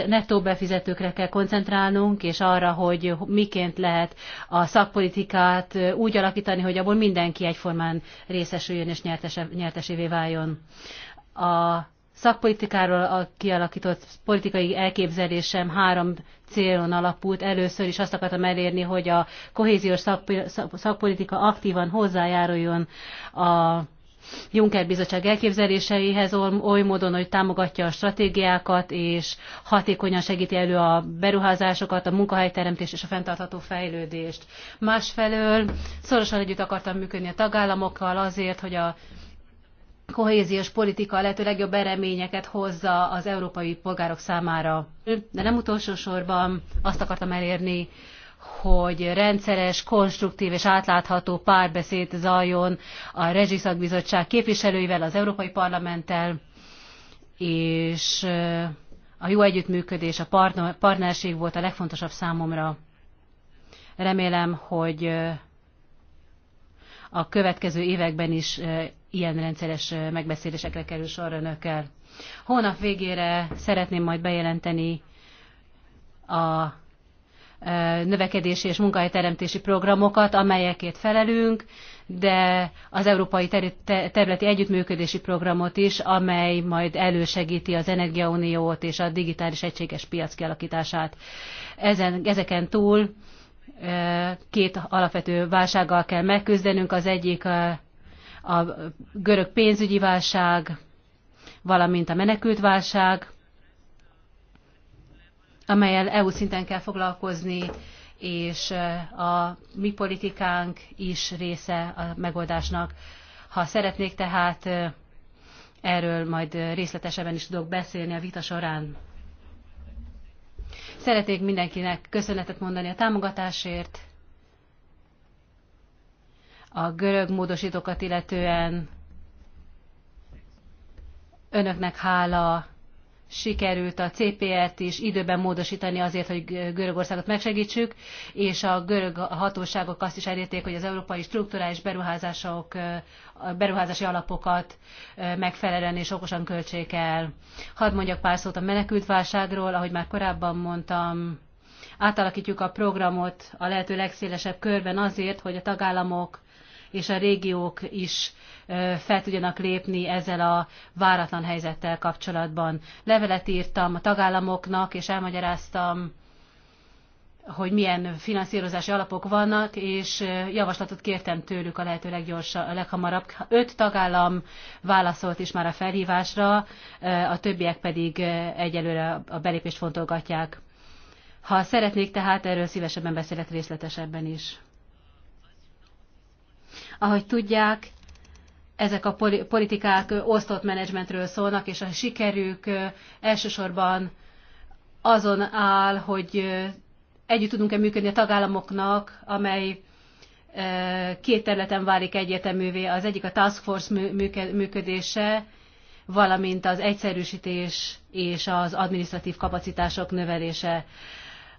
nettó befizetőkre kell koncentrálnunk, és arra, hogy miként lehet a szakpolitikát úgy alakítani, hogy abból mindenki egyformán részesüljön és nyertese, nyertesévé váljon. A szakpolitikáról a kialakított politikai elképzelésem három célon alapult. Először is azt akartam elérni, hogy a kohéziós szakpolitika aktívan hozzájáruljon a Juncker bizottság elképzeléseihez oly módon, hogy támogatja a stratégiákat, és hatékonyan segíti elő a beruházásokat, a munkahelyteremtést és a fenntartható fejlődést. Másfelől szorosan együtt akartam működni a tagállamokkal azért, hogy a kohéziós politika a lehető legjobb eredményeket hozza az európai polgárok számára. De nem utolsó sorban azt akartam elérni, hogy rendszeres, konstruktív és átlátható párbeszéd zajjon a Rezsiszakbizottság képviselőivel, az Európai Parlamenttel, és eh, a jó együttműködés, a partnerség volt a legfontosabb számomra. Remélem, hogy eh, a következő években is eh, ilyen rendszeres megbeszélésekre kerül sor önökkel. Hónap végére szeretném majd bejelenteni a növekedési és munkahelyteremtési programokat, amelyekért felelünk, de az Európai Területi Együttműködési Programot is, amely majd elősegíti az Energiauniót és a digitális egységes piac kialakítását. Ezen, ezeken túl két alapvető válsággal kell megküzdenünk. Az egyik a, a görög pénzügyi válság, valamint a menekültválság, amelyel EU szinten kell foglalkozni, és a mi politikánk is része a megoldásnak. Ha szeretnék tehát, erről majd részletesebben is tudok beszélni a vita során. Szeretnék mindenkinek köszönetet mondani a támogatásért, a görög módosítókat illetően önöknek hála sikerült a CPR-t is időben módosítani azért, hogy Görögországot megsegítsük, és a görög hatóságok azt is elérték, hogy az európai strukturális beruházások, beruházási alapokat megfelelően és okosan költsék el. Hadd mondjak pár szót a menekültválságról, ahogy már korábban mondtam, átalakítjuk a programot a lehető legszélesebb körben azért, hogy a tagállamok és a régiók is fel tudjanak lépni ezzel a váratlan helyzettel kapcsolatban. Levelet írtam a tagállamoknak, és elmagyaráztam, hogy milyen finanszírozási alapok vannak, és javaslatot kértem tőlük a lehető leggyorsabb, a leghamarabb. Öt tagállam válaszolt is már a felhívásra, a többiek pedig egyelőre a belépést fontolgatják. Ha szeretnék tehát, erről szívesebben beszélek részletesebben is. Ahogy tudják, ezek a politikák osztott menedzsmentről szólnak, és a sikerük elsősorban azon áll, hogy együtt tudunk-e működni a tagállamoknak, amely két területen válik egyértelművé. Az egyik a task force működése, valamint az egyszerűsítés és az administratív kapacitások növelése.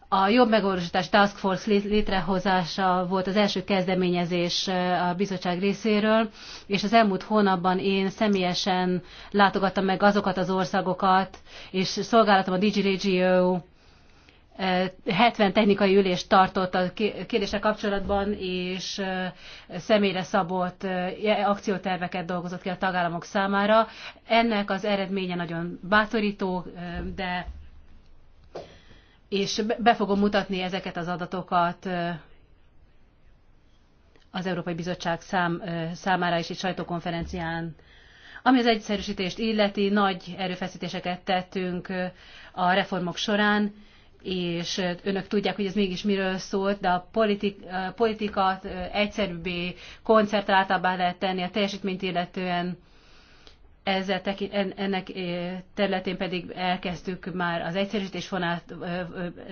A jobb megvalósítás Task Force létrehozása volt az első kezdeményezés a bizottság részéről, és az elmúlt hónapban én személyesen látogattam meg azokat az országokat, és szolgálatom a DigiRegio 70 technikai ülést tartott a kérdése kapcsolatban, és személyre szabott akcióterveket dolgozott ki a tagállamok számára. Ennek az eredménye nagyon bátorító, de és be fogom mutatni ezeket az adatokat az Európai Bizottság szám, számára is egy sajtókonferencián. Ami az egyszerűsítést illeti, nagy erőfeszítéseket tettünk a reformok során, és önök tudják, hogy ez mégis miről szólt, de a politikát egyszerűbbé, koncertráltabbá lehet tenni a teljesítményt illetően, ezzel teki, ennek eh, területén pedig elkezdtük már az egyszerűsítés vonát, eh, eh,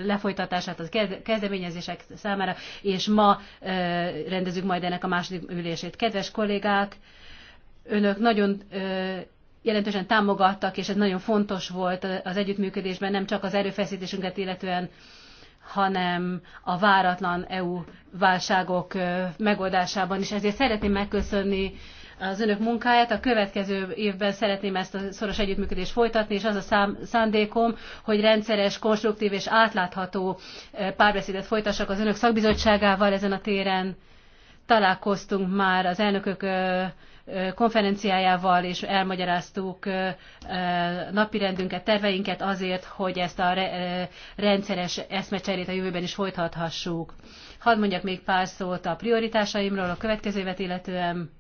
lefolytatását az kezdeményezések számára, és ma rendezünk majd ennek a második ülését. Kedves kollégák, önök nagyon jelentősen támogattak, és ez nagyon fontos volt az együttműködésben, nem csak az erőfeszítésünket illetően, hanem a váratlan EU válságok megoldásában is. Ezért szeretném megköszönni az önök munkáját. A következő évben szeretném ezt a szoros együttműködést folytatni, és az a szándékom, hogy rendszeres, konstruktív és átlátható eh, párbeszédet folytassak az önök szakbizottságával ezen a téren. Találkoztunk már az elnökök eh, eh, konferenciájával, és elmagyaráztuk napirendünket, terveinket azért, hogy ezt a rendszeres eszmecserét a jövőben is folytathassuk. Hadd mondjak még pár szót a prioritásaimról a következő évet illetően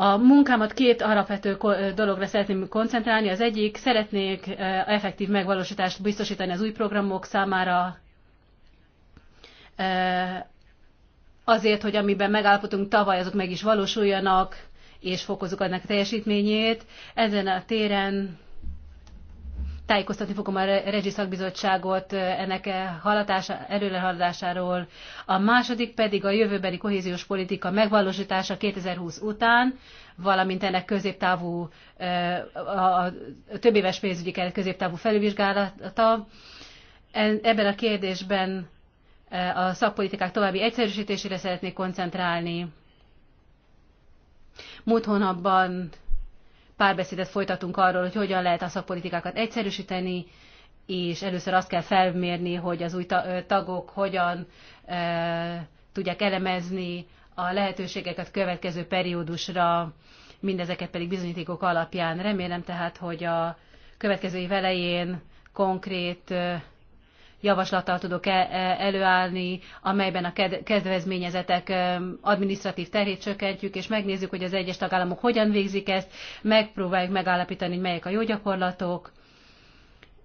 a munkámat két alapvető dologra szeretném koncentrálni. Az egyik, szeretnék eh, effektív megvalósítást biztosítani az új programok számára, eh, azért, hogy amiben megállapodtunk tavaly, azok meg is valósuljanak, és fokozzuk annak teljesítményét. Ezen a téren tájékoztatni fogom a Regi Szakbizottságot ennek e haladása, előrehaladásáról. A második pedig a jövőbeli kohéziós politika megvalósítása 2020 után, valamint ennek középtávú, a több éves pénzügyi keret középtávú felülvizsgálata. Ebben a kérdésben a szakpolitikák további egyszerűsítésére szeretnék koncentrálni. Múlt hónapban párbeszédet folytatunk arról, hogy hogyan lehet a szakpolitikákat egyszerűsíteni, és először azt kell felmérni, hogy az új tagok hogyan e, tudják elemezni a lehetőségeket következő periódusra, mindezeket pedig bizonyítékok alapján. Remélem tehát, hogy a következő év elején konkrét javaslattal tudok e, e, előállni, amelyben a kedvezményezetek e, adminisztratív terét csökkentjük, és megnézzük, hogy az egyes tagállamok hogyan végzik ezt, megpróbáljuk megállapítani, hogy melyek a jó gyakorlatok,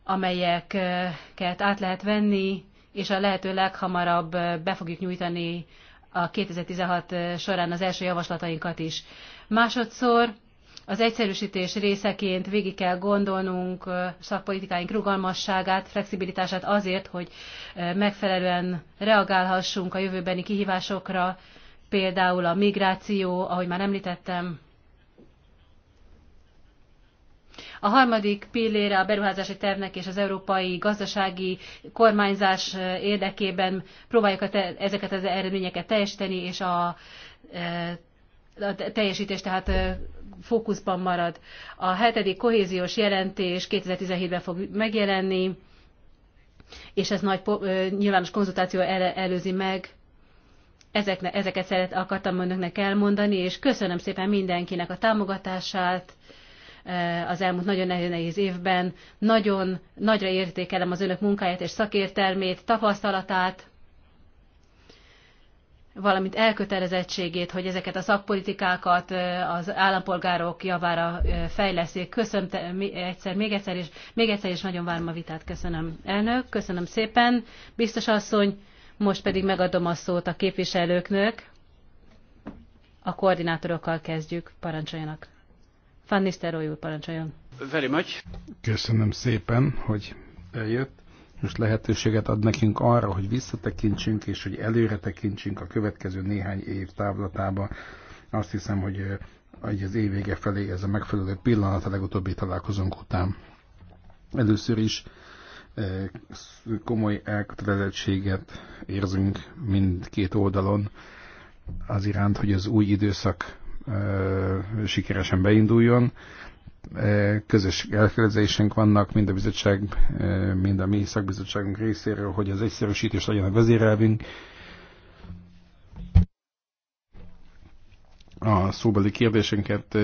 amelyeket át lehet venni, és a lehető leghamarabb be fogjuk nyújtani a 2016 során az első javaslatainkat is. Másodszor az egyszerűsítés részeként végig kell gondolnunk szakpolitikáink rugalmasságát, flexibilitását azért, hogy megfelelően reagálhassunk a jövőbeni kihívásokra, például a migráció, ahogy már említettem. A harmadik pillére a beruházási tervnek és az európai gazdasági kormányzás érdekében próbáljuk a te, ezeket az eredményeket teljesíteni, és a a teljesítés tehát fókuszban marad. A hetedik kohéziós jelentés 2017-ben fog megjelenni, és ez nagy nyilvános konzultáció előzi meg. Ezekne, ezeket szeret, akartam önöknek elmondani, és köszönöm szépen mindenkinek a támogatását az elmúlt nagyon nehéz évben. Nagyon nagyra értékelem az önök munkáját és szakértelmét, tapasztalatát, valamint elkötelezettségét, hogy ezeket a szakpolitikákat az állampolgárok javára fejleszik. Köszönöm te, egyszer, még egyszer, és még egyszer is nagyon várom a vitát. Köszönöm, elnök, köszönöm szépen, biztos asszony, most pedig megadom a szót a képviselőknök. A koordinátorokkal kezdjük, parancsoljanak. Van Nisztelrooy úr, parancsoljon. Very much.
Köszönöm szépen, hogy eljött most lehetőséget ad nekünk arra, hogy visszatekintsünk, és hogy előre tekintsünk a következő néhány év távlatába. Azt hiszem, hogy, hogy az év vége felé ez a megfelelő pillanat a legutóbbi találkozónk után. Először is komoly elkötelezettséget érzünk mindkét oldalon az iránt, hogy az új időszak sikeresen beinduljon közös elkérdezésünk vannak, mind a bizottság, mind a mi szakbizottságunk részéről, hogy az egyszerűsítés legyen a vezérelvünk. A szóbeli kérdésünket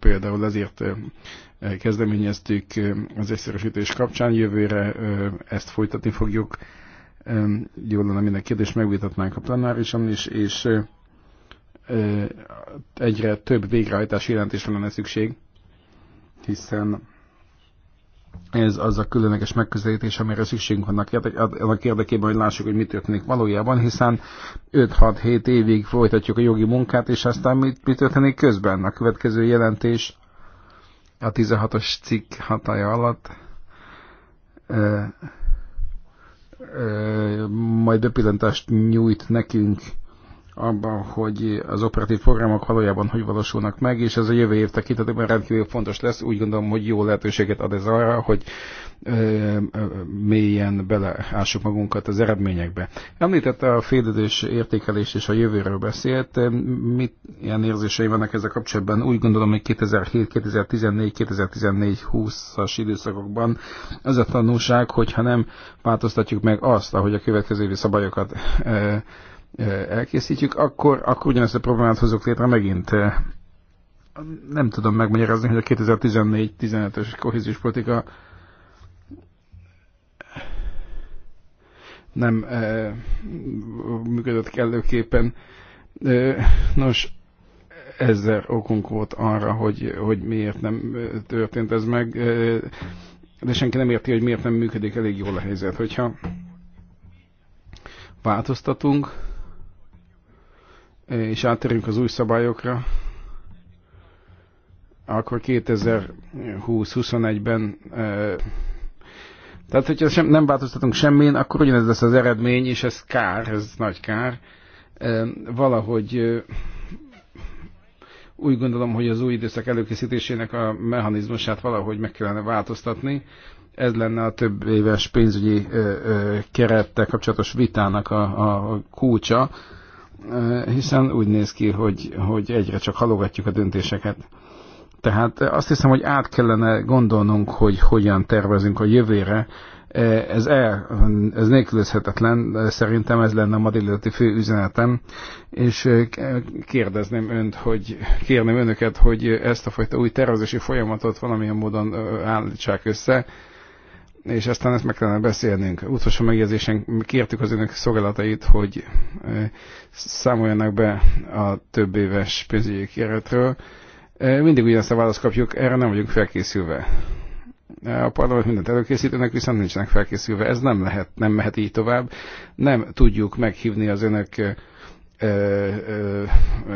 például ezért kezdeményeztük az egyszerűsítés kapcsán, jövőre ezt folytatni fogjuk. Jól lenne minden kérdést megvitatnánk a plenárison is, és egyre több végrehajtási jelentésre lenne szükség hiszen ez az a különleges megközelítés, amire szükségünk vannak annak érdekében, hogy lássuk, hogy mi történik valójában, hiszen 5-6-7 évig folytatjuk a jogi munkát, és aztán mi, mi történik közben. A következő jelentés a 16-os cikk hatája alatt E, ö, majd bepillantást nyújt nekünk abban, hogy az operatív programok valójában hogy valósulnak meg, és ez a jövő év tekintetében rendkívül fontos lesz. Úgy gondolom, hogy jó lehetőséget ad ez arra, hogy ö, ö, mélyen beleássuk magunkat az eredményekbe. Említette a félidős értékelést és a jövőről beszélt. Mit ilyen érzései vannak ezzel kapcsolatban? Úgy gondolom, hogy 2007, 2014, 2014, 20-as időszakokban az a tanulság, hogyha nem változtatjuk meg azt, ahogy a következő évi szabályokat ö, elkészítjük, akkor, akkor ugyanezt a problémát hozok létre megint. Nem tudom megmagyarázni, hogy a 2014-15-ös kohéziós politika nem működött kellőképpen. nos, ezzel okunk volt arra, hogy, hogy miért nem történt ez meg, de senki nem érti, hogy miért nem működik elég jól a helyzet. Hogyha változtatunk, és átérünk az új szabályokra, akkor 2020-21-ben tehát, hogyha sem, nem változtatunk semmén, akkor ugyanez lesz az eredmény, és ez kár, ez nagy kár. Valahogy úgy gondolom, hogy az új időszak előkészítésének a mechanizmusát valahogy meg kellene változtatni. Ez lenne a több éves pénzügyi kerettel kapcsolatos vitának a, a kulcsa. Eh, hiszen úgy néz ki, hogy, hogy egyre csak halogatjuk a döntéseket. Tehát eh, azt hiszem, hogy át kellene gondolnunk, hogy hogyan tervezünk a jövőre. Eh, ez, el, ez nélkülözhetetlen, szerintem ez lenne a madilleti fő üzenetem, és kérdezném önt, hogy kérném önöket, hogy ezt a fajta új tervezési folyamatot valamilyen módon állítsák össze, és aztán ezt meg kellene beszélnünk. Utolsó megjegyzésen kértük az önök szolgálatait, hogy számoljanak be a több éves pénzügyi keretről. Mindig ugyanazt a választ kapjuk, erre nem vagyunk felkészülve. A parlament mindent előkészítőnek, viszont nincsenek felkészülve. Ez nem lehet, nem mehet így tovább. Nem tudjuk meghívni az önök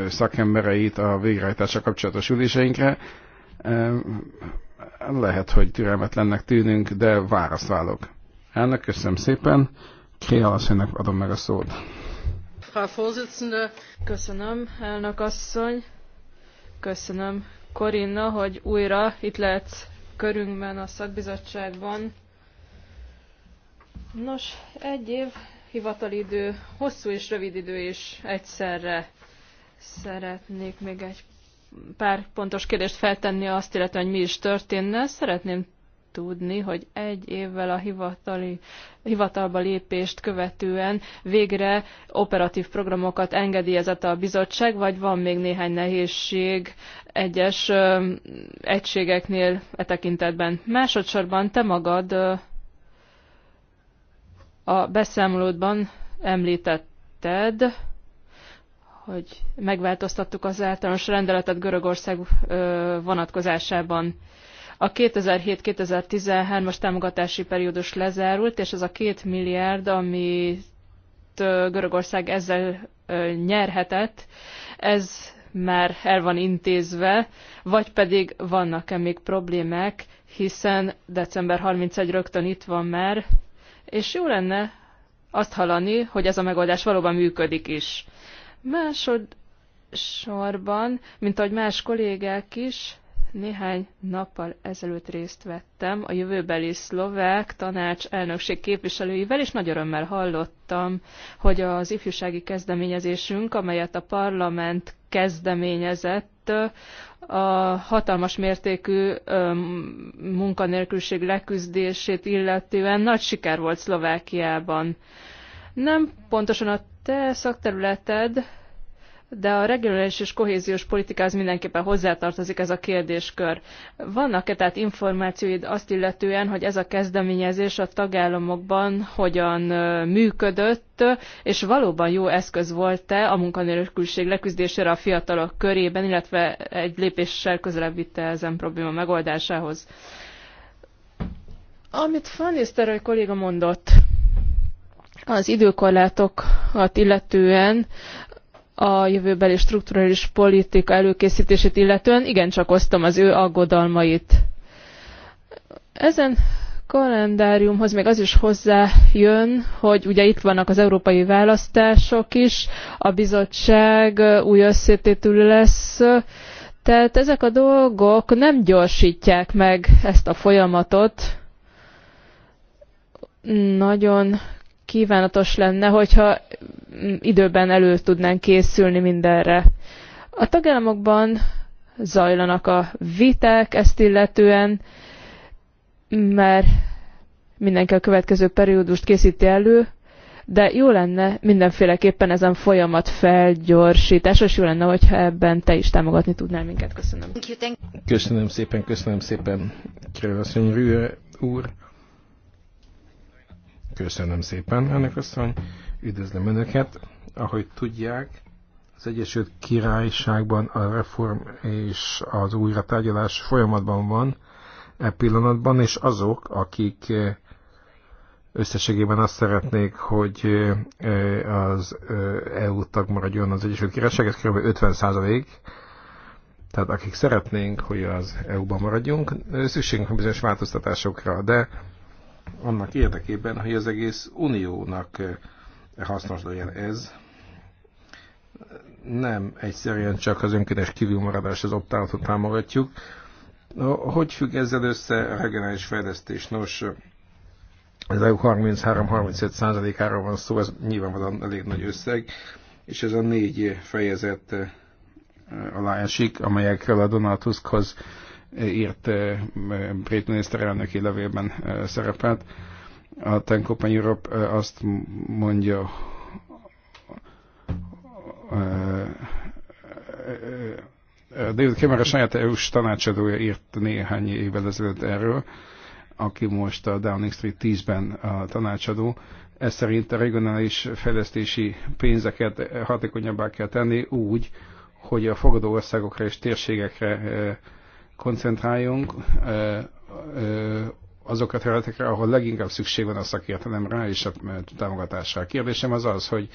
szakembereit a végrehajtással kapcsolatos üléseinkre lehet, hogy türelmetlennek tűnünk, de választ válok. Elnök, köszönöm szépen. Kréa asszonynak adom meg a szót.
Köszönöm, elnök asszony. Köszönöm, Korinna, hogy újra itt lehet körünkben a szakbizottságban. Nos, egy év hivatali idő, hosszú és rövid idő is egyszerre. Szeretnék még egy pár pontos kérdést feltenni azt, illetve, hogy mi is történne. Szeretném tudni, hogy egy évvel a hivatali, hivatalba lépést követően végre operatív programokat engedélyezett a bizottság, vagy van még néhány nehézség egyes ö, egységeknél e tekintetben. Másodszorban te magad ö, a beszámolódban említetted, hogy megváltoztattuk az általános rendeletet Görögország vonatkozásában. A 2007-2013-as támogatási periódus lezárult, és ez a két milliárd, amit Görögország ezzel nyerhetett, ez már el van intézve, vagy pedig vannak-e még problémák, hiszen december 31 rögtön itt van már, és jó lenne azt hallani, hogy ez a megoldás valóban működik is sorban mint ahogy más kollégák is, néhány nappal ezelőtt részt vettem a jövőbeli szlovák tanács elnökség képviselőivel, és nagy örömmel hallottam, hogy az ifjúsági kezdeményezésünk, amelyet a parlament kezdeményezett, a hatalmas mértékű munkanélküliség leküzdését illetően nagy siker volt Szlovákiában. Nem pontosan a te szakterületed, de a regionális és kohéziós az mindenképpen hozzátartozik ez a kérdéskör. Vannak-e tehát információid azt illetően, hogy ez a kezdeményezés a tagállamokban hogyan működött, és valóban jó eszköz volt-e a munkanélküliség leküzdésére a fiatalok körében, illetve egy lépéssel közelebb vitte ezen probléma megoldásához? Amit Fanniszter kolléga mondott, az időkorlátokat illetően a jövőbeli strukturális politika előkészítését illetően igencsak osztom az ő aggodalmait. Ezen kalendáriumhoz még az is hozzájön, hogy ugye itt vannak az európai választások is, a bizottság új összetétül lesz, tehát ezek a dolgok nem gyorsítják meg ezt a folyamatot. Nagyon kívánatos lenne, hogyha mm, időben elő tudnánk készülni mindenre. A tagállamokban zajlanak a viták ezt illetően, mert mindenki a következő periódust készíti elő, de jó lenne mindenféleképpen ezen folyamat felgyorsítás, és jó lenne, hogyha ebben te is támogatni tudnál minket. Köszönöm.
Köszönöm szépen, köszönöm szépen, Kerül asszony úr. Köszönöm szépen, ennek asszony. Üdvözlöm Önöket. Ahogy tudják, az Egyesült Királyságban a reform és az újratárgyalás folyamatban van e pillanatban, és azok, akik e, összességében azt szeretnék, hogy e, e, az EU tag maradjon az Egyesült Királyság, ez kb. 50 százalék, tehát akik szeretnénk, hogy az EU-ban maradjunk, szükségünk van bizonyos változtatásokra, de annak érdekében, hogy az egész uniónak eh, hasznos legyen ez. Nem egyszerűen csak az önkéntes kívülmaradás az optálatot támogatjuk. Hogy függ ezzel össze a regionális fejlesztés? Nos, az EU 33-35 százalékáról van szó, ez nyilvánvalóan elég nagy összeg, és ez a négy fejezet eh, alá esik, amelyekről a Donald Tuskhoz írt eh, brit miniszterelnöki levélben eh, szerepelt. A Ten Open Europe eh, azt mondja, David Cameron saját EU-s tanácsadója írt néhány évvel ezelőtt erről, aki most a Downing Street 10-ben a tanácsadó. Ez szerint a regionális fejlesztési pénzeket hatékonyabbá kell tenni úgy, hogy a fogadó országokra és térségekre koncentráljunk azok a területekre, ahol leginkább szükség van a szakértelemre és a támogatásra. A kérdésem az az, hogy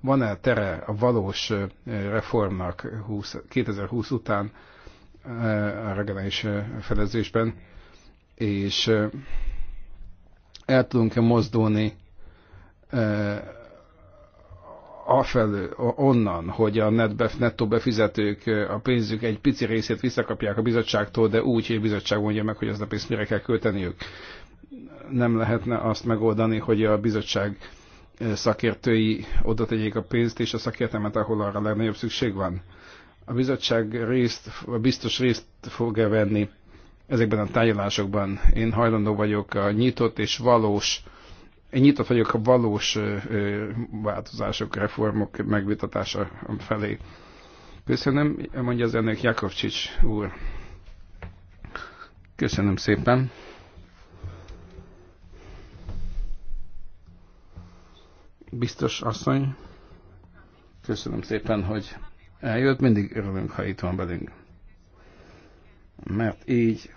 van-e tere a valós reformnak 20, 2020 után a regenerális fedezésben, és el tudunk-e mozdulni afelő, onnan, hogy a netbef, nettó befizetők a pénzük egy pici részét visszakapják a bizottságtól, de úgy, hogy a bizottság mondja meg, hogy az a pénzt mire kell költeniük. Nem lehetne azt megoldani, hogy a bizottság szakértői oda tegyék a pénzt és a szakértelmet, ahol arra legnagyobb szükség van. A bizottság részt, a biztos részt fog-e venni ezekben a tárgyalásokban. Én hajlandó vagyok a nyitott és valós én nyitott vagyok a valós változások, reformok megvitatása felé. Köszönöm, mondja az ennek Jakovcsics úr. Köszönöm szépen. Biztos asszony, köszönöm szépen, hogy eljött. Mindig örülünk, ha itt van velünk. Mert így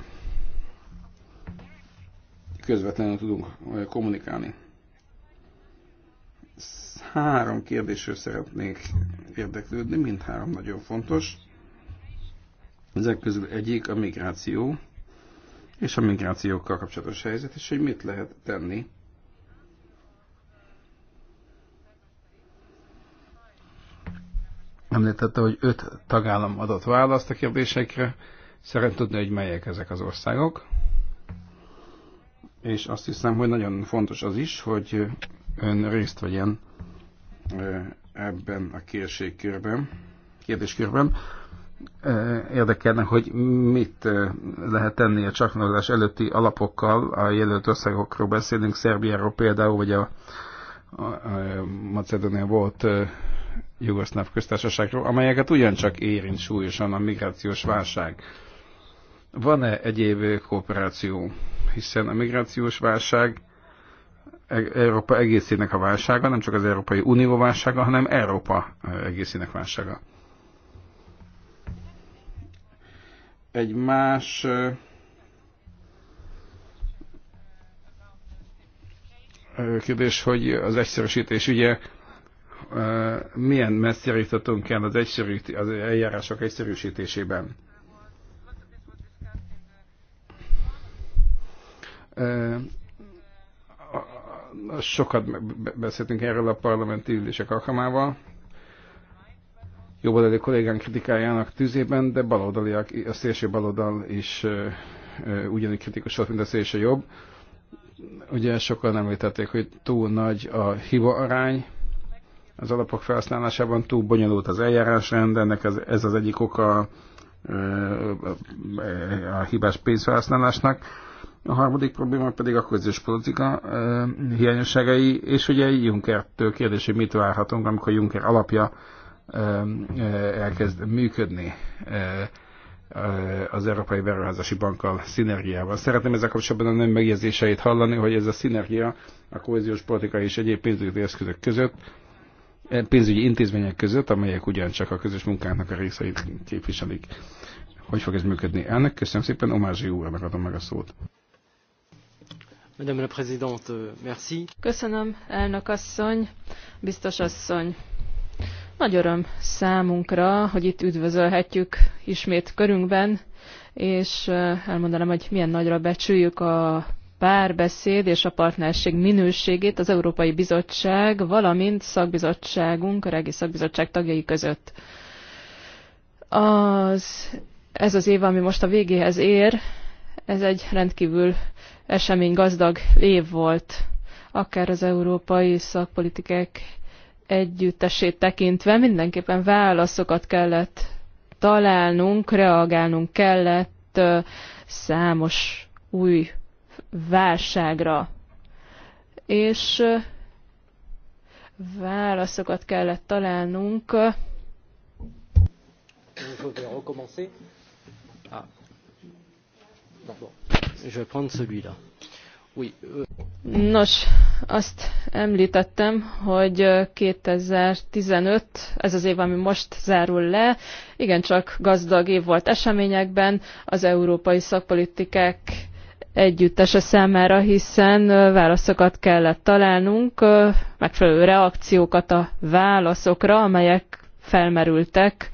közvetlenül tudunk kommunikálni három kérdésről szeretnék érdeklődni, mindhárom nagyon fontos. Ezek közül egyik a migráció, és a migrációkkal kapcsolatos helyzet, és hogy mit lehet tenni. Említette, hogy öt tagállam adott választ a kérdésekre. szeretném tudni, hogy melyek ezek az országok. És azt hiszem, hogy nagyon fontos az is, hogy ön részt vegyen ebben a kérdéskörben. kérdéskörben. Érdekelne, hogy mit lehet tenni a csatlakozás előtti alapokkal. A jelölt országokról beszélünk, Szerbiáról például, vagy a, a, a Macedónia volt Jugoszláv köztársaságról, amelyeket ugyancsak érint súlyosan a migrációs válság. Van-e egyéb kooperáció? Hiszen a migrációs válság E- Európa egészének a válsága, nem csak az Európai Unió válsága, hanem Európa e, egészének válsága. Egy más e, kérdés, hogy az egyszerűsítés ugye milyen messzire jutottunk el az, egyszerűt, az eljárások egyszerűsítésében sokat beszéltünk erről a parlamenti ülések alkalmával. Jobboldali kollégán kritikájának tűzében, de baloldaliak, a szélső baloldal is ugyanúgy kritikus volt, mint a szélső jobb. Ugye sokan említették, hogy túl nagy a hiba arány, az alapok felhasználásában túl bonyolult az eljárásrend, ennek ez, ez az egyik oka a hibás pénzfelhasználásnak a harmadik probléma pedig a közös politika hiányosságai, és ugye Juncker-től kérdés, hogy mit várhatunk, amikor Juncker alapja elkezd működni az Európai Beruházási Bankkal szinergiával. Szeretném ezzel kapcsolatban a nem megjegyzéseit hallani, hogy ez a szinergia a kohéziós politika és egyéb pénzügyi eszközök között, pénzügyi intézmények között, amelyek ugyancsak a közös munkának a részeit képviselik. Hogy fog ez működni? Ennek köszönöm szépen, Omázsi úrnak adom meg a szót.
Madame la
Présidente, euh, merci.
Köszönöm, elnök asszony, biztos asszony. Nagy öröm számunkra, hogy itt üdvözölhetjük ismét körünkben, és elmondanám, hogy milyen nagyra becsüljük a párbeszéd és a partnerség minőségét az Európai Bizottság, valamint szakbizottságunk, a regi szakbizottság tagjai között. Az, ez az év, ami most a végéhez ér, ez egy rendkívül gazdag év volt, akár az európai szakpolitikák együttesét tekintve. Mindenképpen válaszokat kellett találnunk, reagálnunk kellett számos új válságra. És válaszokat kellett találnunk.
recommencer. Ah. Non, bon. Euh,
Nos, azt említettem, hogy 2015, ez az év, ami most zárul le, igencsak gazdag év volt eseményekben, az európai szakpolitikák együttese számára, hiszen válaszokat kellett találnunk, megfelelő reakciókat a válaszokra, amelyek felmerültek,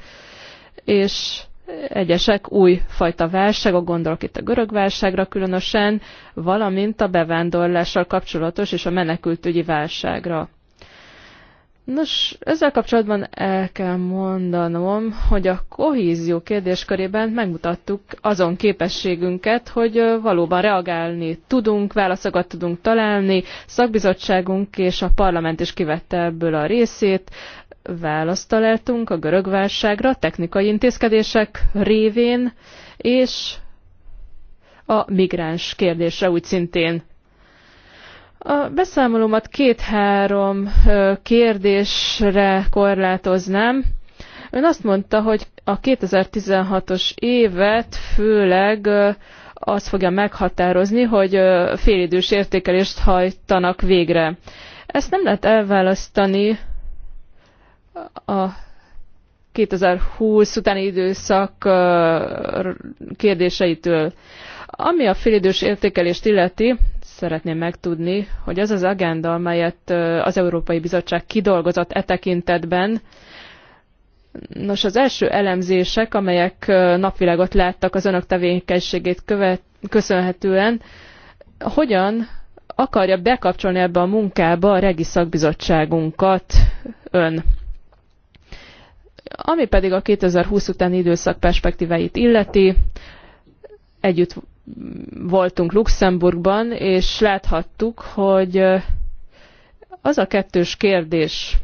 és egyesek új fajta a gondolok itt a görög válságra különösen, valamint a bevándorlással kapcsolatos és a menekültügyi válságra. Nos, ezzel kapcsolatban el kell mondanom, hogy a kohézió kérdéskörében megmutattuk azon képességünket, hogy valóban reagálni tudunk, válaszokat tudunk találni, szakbizottságunk és a parlament is kivette ebből a részét, választ találtunk a görög válságra technikai intézkedések révén, és a migráns kérdésre úgy szintén. A beszámolómat két-három kérdésre korlátoznám. Ön azt mondta, hogy a 2016-os évet főleg az fogja meghatározni, hogy félidős értékelést hajtanak végre. Ezt nem lehet elválasztani a 2020 utáni időszak kérdéseitől. Ami a félidős értékelést illeti, szeretném megtudni, hogy az az agenda, amelyet az Európai Bizottság kidolgozott e tekintetben, Nos, az első elemzések, amelyek napvilágot láttak az önök tevékenységét követ, köszönhetően, hogyan akarja bekapcsolni ebbe a munkába a Regi Szakbizottságunkat ön? Ami pedig a 2020 utáni időszak perspektíveit illeti, együtt voltunk Luxemburgban, és láthattuk, hogy az a kettős kérdés,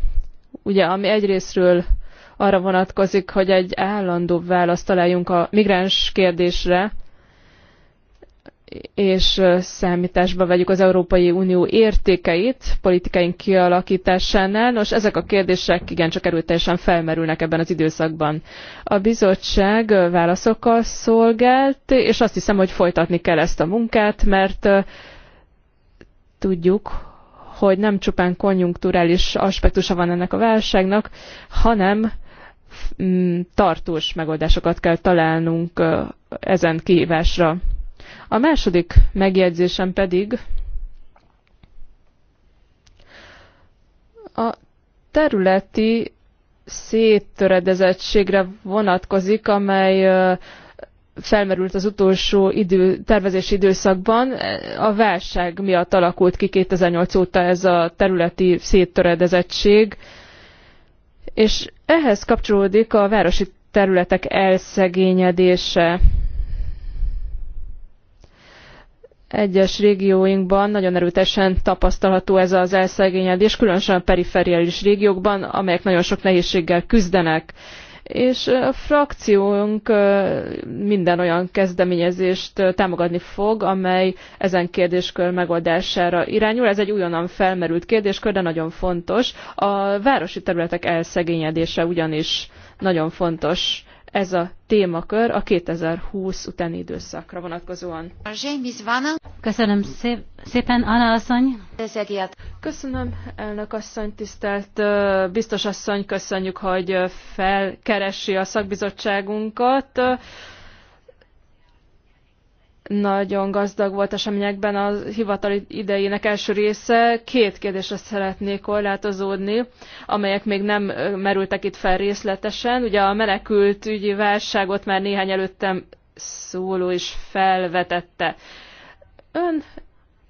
ugye, ami egyrésztről arra vonatkozik, hogy egy állandó választ találjunk a migráns kérdésre, és számításba vegyük az Európai Unió értékeit politikáink kialakításánál. Nos, ezek a kérdések igencsak erőteljesen felmerülnek ebben az időszakban. A bizottság válaszokkal szolgált, és azt hiszem, hogy folytatni kell ezt a munkát, mert tudjuk, hogy nem csupán konjunkturális aspektusa van ennek a válságnak, hanem tartós megoldásokat kell találnunk ezen kihívásra. A második megjegyzésem pedig a területi széttöredezettségre vonatkozik, amely felmerült az utolsó idő, tervezési időszakban. A válság miatt alakult ki 2008 óta ez a területi széttöredezettség, és ehhez kapcsolódik a városi területek elszegényedése egyes régióinkban nagyon erőtesen tapasztalható ez az elszegényedés, különösen a perifériális régiókban, amelyek nagyon sok nehézséggel küzdenek. És a frakciónk minden olyan kezdeményezést támogatni fog, amely ezen kérdéskör megoldására irányul. Ez egy újonnan felmerült kérdéskör, de nagyon fontos. A városi területek elszegényedése ugyanis nagyon fontos ez a témakör a 2020 utáni időszakra vonatkozóan.
Köszönöm szépen, Anna asszony.
Köszönöm, elnök
asszony, tisztelt biztos asszony, köszönjük, hogy felkeresi a szakbizottságunkat nagyon gazdag volt eseményekben a hivatali idejének első része. Két kérdésre szeretnék korlátozódni, amelyek még nem merültek itt fel részletesen. Ugye a menekült ügyi válságot már néhány előttem szóló is felvetette. Ön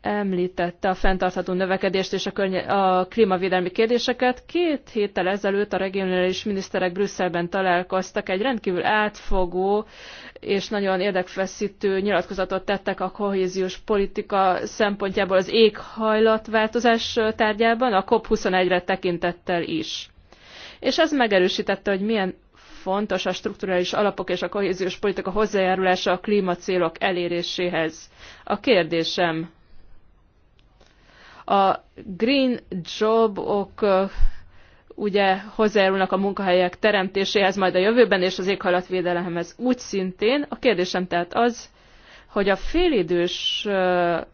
említette a fenntartható növekedést és a, környe- a klímavédelmi kérdéseket. Két héttel ezelőtt a regionális miniszterek Brüsszelben találkoztak egy rendkívül átfogó és nagyon érdekfeszítő nyilatkozatot tettek a kohéziós politika szempontjából az éghajlatváltozás tárgyában, a COP21-re tekintettel is. És ez megerősítette, hogy milyen fontos a strukturális alapok és a kohéziós politika hozzájárulása a klímacélok eléréséhez. A kérdésem, a green jobok -ok ugye hozzájárulnak a munkahelyek teremtéséhez majd a jövőben, és az éghajlatvédelemhez úgy szintén. A kérdésem tehát az, hogy a félidős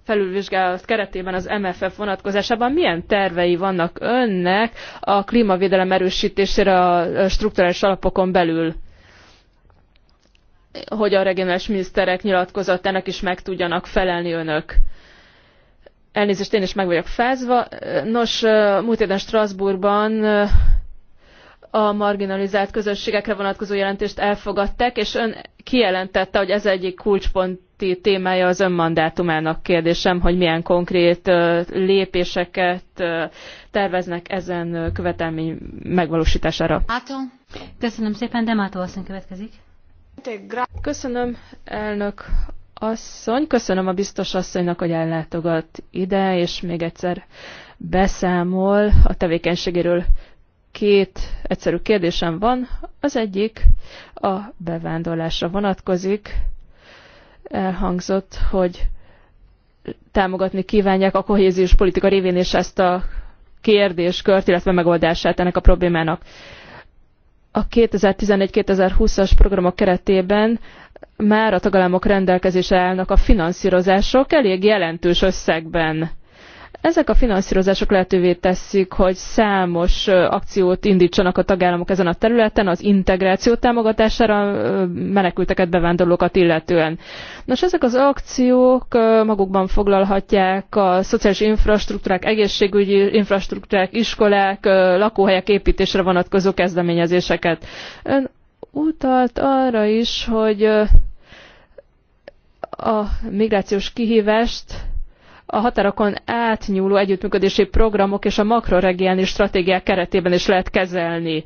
felülvizsgálat keretében az MFF vonatkozásában milyen tervei vannak önnek a klímavédelem erősítésére a strukturális alapokon belül? hogy a regionális miniszterek nyilatkozatának is meg tudjanak felelni önök. Elnézést, én is meg vagyok fázva. Nos, múlt héten Strasbourgban a marginalizált közösségekre vonatkozó jelentést elfogadták, és ön kijelentette, hogy ez egyik kulcsponti témája az önmandátumának kérdésem, hogy milyen konkrét lépéseket terveznek ezen követelmény megvalósítására.
Köszönöm szépen, Demátó asszony következik.
Köszönöm, elnök asszony. Köszönöm a biztos asszonynak, hogy ellátogat ide, és még egyszer beszámol a tevékenységéről. Két egyszerű kérdésem van. Az egyik a bevándorlásra vonatkozik. Elhangzott, hogy támogatni kívánják a kohéziós politika révén és ezt a kérdéskört, illetve megoldását ennek a problémának. A 2011-2020-as programok keretében már a tagállamok rendelkezésre állnak a finanszírozások elég jelentős összegben. Ezek a finanszírozások lehetővé teszik, hogy számos akciót indítsanak a tagállamok ezen a területen, az integráció támogatására menekülteket, bevándorlókat illetően. Nos, ezek az akciók magukban foglalhatják a szociális infrastruktúrák, egészségügyi infrastruktúrák, iskolák, lakóhelyek építésre vonatkozó kezdeményezéseket. Ön utalt arra is, hogy a migrációs kihívást a határokon átnyúló együttműködési programok és a makroregionális stratégiák keretében is lehet kezelni.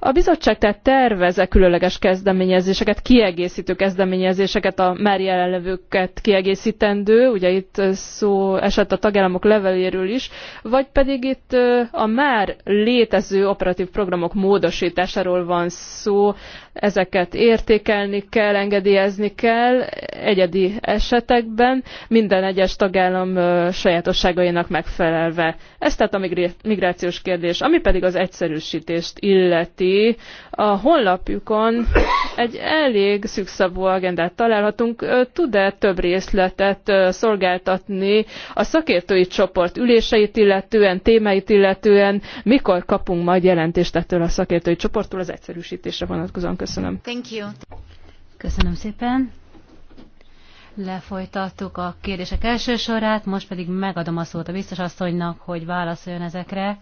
A bizottság tehát terveze különleges kezdeményezéseket, kiegészítő kezdeményezéseket, a már jelenlevőket kiegészítendő, ugye itt szó esett a tagállamok leveléről is, vagy pedig itt a már létező operatív programok módosításáról van szó, ezeket értékelni kell, engedélyezni kell egyedi esetekben, minden egyes tagállam sajátosságainak megfelelve. Ez tehát a migrációs kérdés, ami pedig az egyszerűsítést illeti a honlapjukon egy elég szükszabó agendát találhatunk. Tud-e több részletet szolgáltatni a szakértői csoport üléseit illetően, témáit illetően, mikor kapunk majd jelentést ettől a szakértői csoporttól az egyszerűsítésre vonatkozóan? Köszönöm.
Thank you. Köszönöm szépen. Lefolytattuk a kérdések első sorát, most pedig megadom a szót a biztos asszonynak, hogy válaszoljon ezekre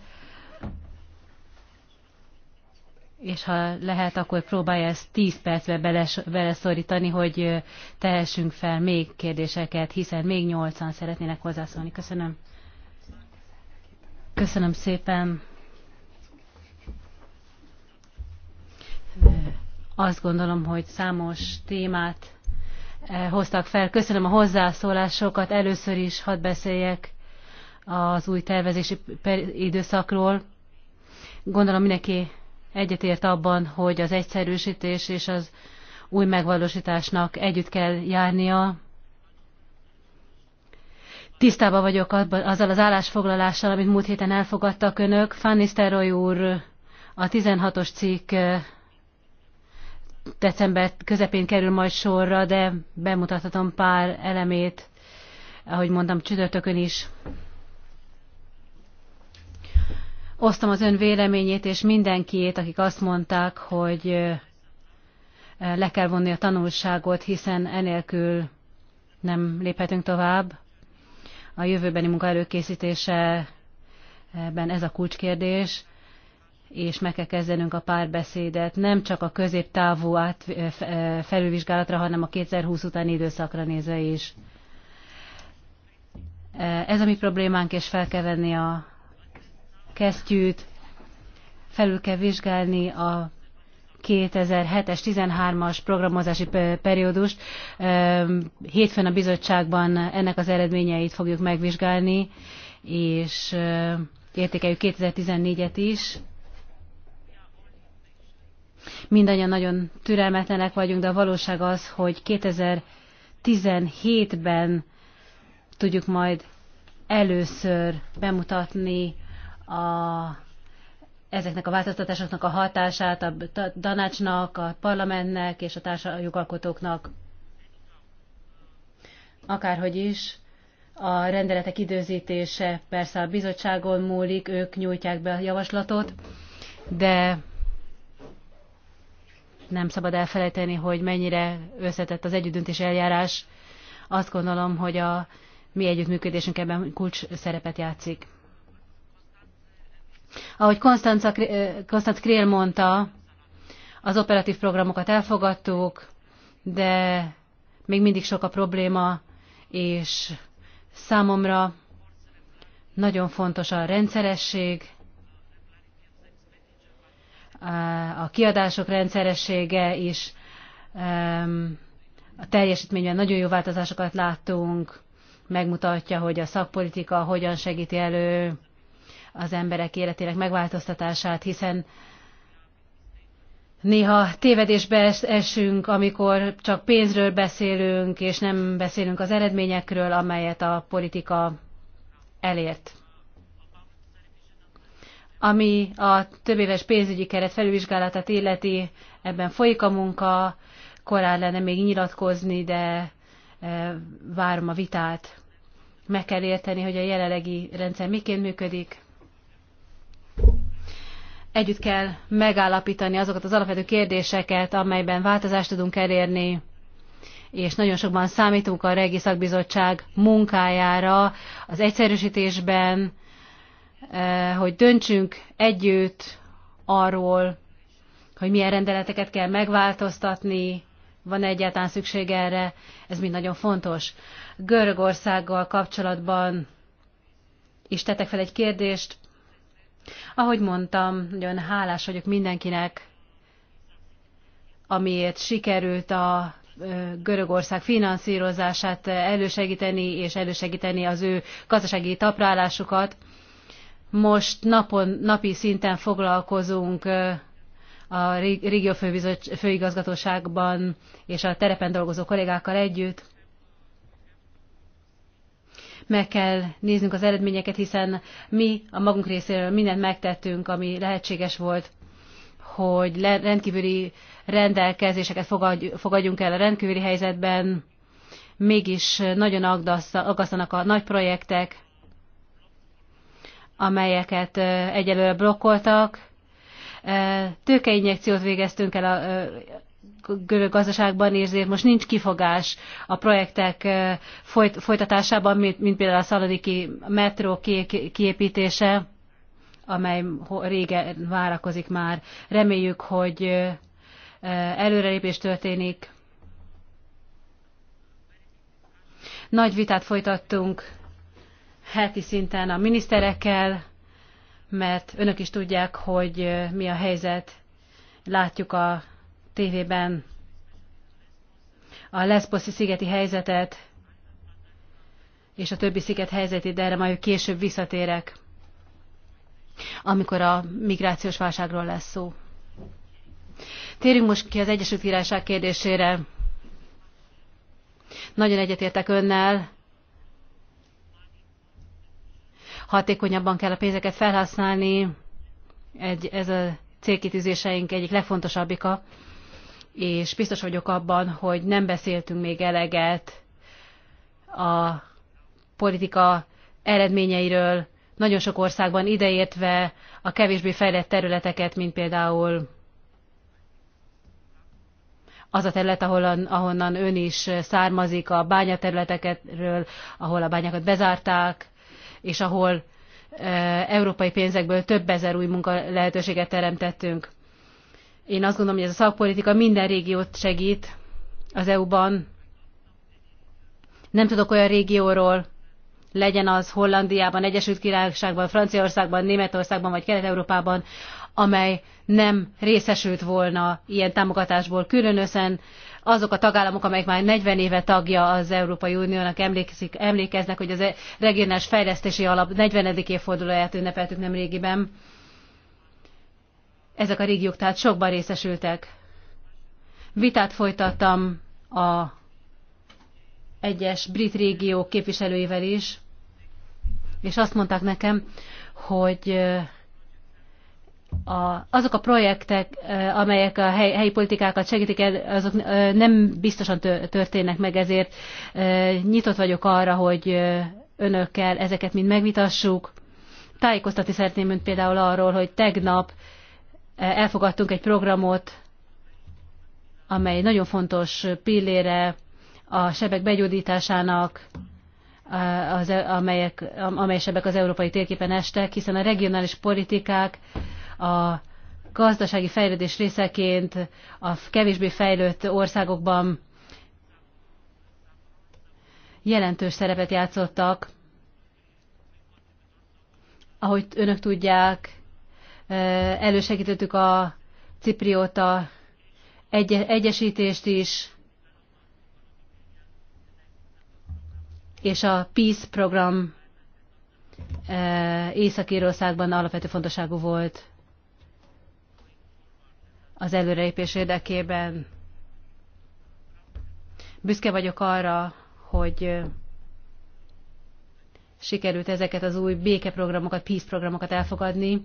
és ha lehet, akkor próbálja ezt 10 percbe beleszorítani, hogy tehessünk fel még kérdéseket, hiszen még 80 szeretnének hozzászólni. Köszönöm. Köszönöm szépen. Azt gondolom, hogy számos témát eh, hoztak fel. Köszönöm a hozzászólásokat. Először is hadd beszéljek az új tervezési időszakról. Gondolom mindenki egyetért abban, hogy az egyszerűsítés és az új megvalósításnak együtt kell járnia. Tisztában vagyok azzal az állásfoglalással, amit múlt héten elfogadtak önök. Fannisteroy úr a 16-os cikk eh, december közepén kerül majd sorra, de bemutathatom pár elemét, ahogy mondtam, csütörtökön is. Osztom az ön véleményét és mindenkiét, akik azt mondták, hogy le kell vonni a tanulságot, hiszen enélkül nem léphetünk tovább. A jövőbeni munka előkészítéseben ez a kulcskérdés, és meg kell kezdenünk a párbeszédet nem csak a középtávú át, felülvizsgálatra, hanem a 2020 utáni időszakra nézve is. Ez a mi problémánk, és fel kell venni a kesztyűt, felül kell vizsgálni a 2007-es 13-as programozási periódust. Hétfőn a bizottságban ennek az eredményeit fogjuk megvizsgálni, és értékeljük 2014-et is. Mindannyian nagyon türelmetlenek vagyunk, de a valóság az, hogy 2017-ben tudjuk majd először bemutatni a, ezeknek a változtatásoknak a hatását a tanácsnak, a parlamentnek és a társjogalkotóknak. Akárhogy is, a rendeletek időzítése persze a bizottságon múlik, ők nyújtják be a javaslatot, de nem szabad elfelejteni, hogy mennyire összetett az együttdöntés eljárás. Azt gondolom, hogy a mi együttműködésünk ebben kulcs szerepet játszik. Ahogy Konstanza, Konstanz Krél mondta, az operatív programokat elfogadtuk, de még mindig sok a probléma, és számomra nagyon fontos a rendszeresség, a kiadások rendszeressége is, a teljesítményben nagyon jó változásokat láttunk, megmutatja, hogy a szakpolitika hogyan segíti elő az emberek életének megváltoztatását, hiszen néha tévedésbe esünk, amikor csak pénzről beszélünk, és nem beszélünk az eredményekről, amelyet a politika elért. Ami a többéves pénzügyi keret felülvizsgálatát illeti, ebben folyik a munka, korán lenne még nyilatkozni, de e, várom a vitát. Meg kell érteni, hogy a jelenlegi rendszer miként működik, együtt kell megállapítani azokat az alapvető kérdéseket, amelyben változást tudunk elérni, és nagyon sokban számítunk a Regi Szakbizottság munkájára az egyszerűsítésben, eh, hogy döntsünk együtt arról, hogy milyen rendeleteket kell megváltoztatni, van -e egyáltalán szükség erre, ez mind nagyon fontos. Görögországgal kapcsolatban is tettek fel egy kérdést, ahogy mondtam, nagyon hálás vagyok mindenkinek, amiért sikerült a Görögország finanszírozását elősegíteni, és elősegíteni az ő gazdasági taprálásukat. Most napon, napi szinten foglalkozunk a régió főigazgatóságban és a terepen dolgozó kollégákkal együtt meg kell néznünk az eredményeket, hiszen mi a magunk részéről mindent megtettünk, ami lehetséges volt, hogy rendkívüli rendelkezéseket fogadjunk el a rendkívüli helyzetben, mégis nagyon aggasztanak a nagy projektek, amelyeket egyelőre blokkoltak. Tőkeinjekciót végeztünk el görög gazdaságban érzért, most nincs kifogás a projektek eh, folyt, folytatásában, mint, mint például a szaladiki metró kiépítése, amely régen várakozik már. Reméljük, hogy eh, előrelépés történik. Nagy vitát folytattunk heti szinten a miniszterekkel, mert önök is tudják, hogy eh, mi a helyzet. Látjuk a tévében a Leszposzi szigeti helyzetet és a többi sziget helyzetét, de erre majd később visszatérek, amikor a migrációs válságról lesz szó. Térjünk most ki az Egyesült Királyság kérdésére. Nagyon egyetértek önnel. Hatékonyabban kell a pénzeket felhasználni. Egy, ez a célkitűzéseink egyik legfontosabbika és biztos vagyok abban, hogy nem beszéltünk még eleget a politika eredményeiről nagyon sok országban ideértve a kevésbé fejlett területeket, mint például az a terület, ahol, ahonnan ön is származik, a bányaterületekről, ahol a bányákat bezárták, és ahol e, európai pénzekből több ezer új munka lehetőséget teremtettünk. Én azt gondolom, hogy ez a szakpolitika minden régiót segít az EU-ban. Nem tudok olyan régióról, legyen az Hollandiában, Egyesült Királyságban, Franciaországban, Németországban vagy Kelet-Európában, amely nem részesült volna ilyen támogatásból. Különösen azok a tagállamok, amelyek már 40 éve tagja az Európai Uniónak emlékezik, emlékeznek, hogy az e- regionális fejlesztési alap 40. évfordulóját ünnepeltük nem régiben ezek a régiók tehát sokban részesültek. Vitát folytattam a egyes brit régiók képviselőivel is, és azt mondták nekem, hogy a, azok a projektek, amelyek a hely, helyi politikákat segítik el, azok nem biztosan történnek meg, ezért nyitott vagyok arra, hogy önökkel ezeket mind megvitassuk. Tájékoztatni szeretném önt például arról, hogy tegnap elfogadtunk egy programot, amely nagyon fontos pillére a sebek begyógyításának, az, amelyek, amely sebek az európai térképen estek, hiszen a regionális politikák a gazdasági fejlődés részeként a kevésbé fejlődött országokban jelentős szerepet játszottak. Ahogy önök tudják, elősegítettük a cipriota egy, egyesítést is, és a Peace program Észak-Írországban alapvető fontosságú volt az előrelépés érdekében. Büszke vagyok arra, hogy sikerült ezeket az új békeprogramokat, peace programokat elfogadni,